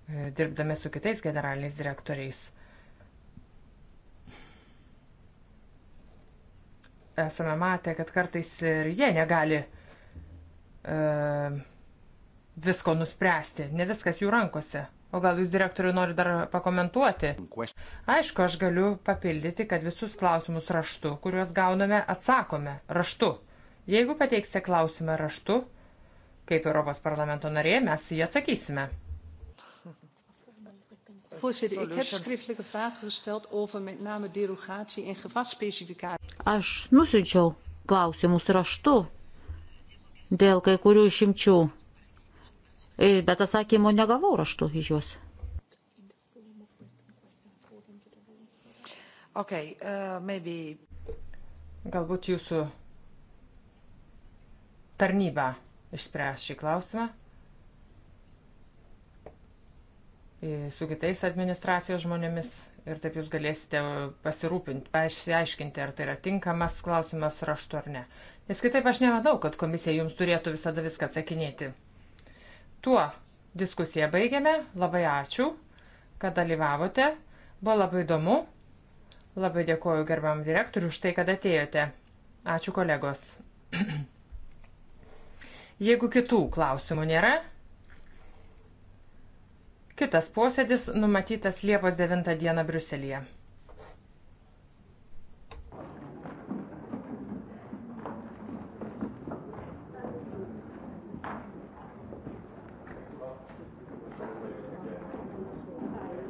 dirbdami su kitais generaliniais direktoriais, esame matę, kad kartais ir jie negali uh, visko nuspręsti, ne viskas jų rankose. O gal jūs direktoriui nori dar pakomentuoti? Aišku, aš galiu papildyti, kad visus klausimus raštu, kuriuos gauname, atsakome raštu. Jeigu pateiksite klausimą raštu, kaip Europos parlamento narė, mes jį atsakysime. Voorzitter, ik heb schriftelijke vragen gesteld over met name derogatie en gewasspecificatie. Aš nusinčiau klausimus raštu dėl kai kurių išimčių, e, bet atsakymo negavau raštu iš juos. Okay, uh, maybe... Galbūt jūsų tarnyba išspręs šį klausimą e, su kitais administracijos žmonėmis ir taip jūs galėsite pasirūpinti, paaiškinti, ar tai yra tinkamas klausimas raštu ar ne. Nes kitaip aš nemanau, kad komisija jums turėtų visada viską atsakinėti. Tuo diskusiją baigiame. Labai ačiū, kad dalyvavote. Buvo labai įdomu. Labai dėkoju gerbam direktoriui už tai, kad atėjote. Ačiū kolegos. Jeigu kitų klausimų nėra, kitas posėdis numatytas Liepos 9 dieną Briuselėje.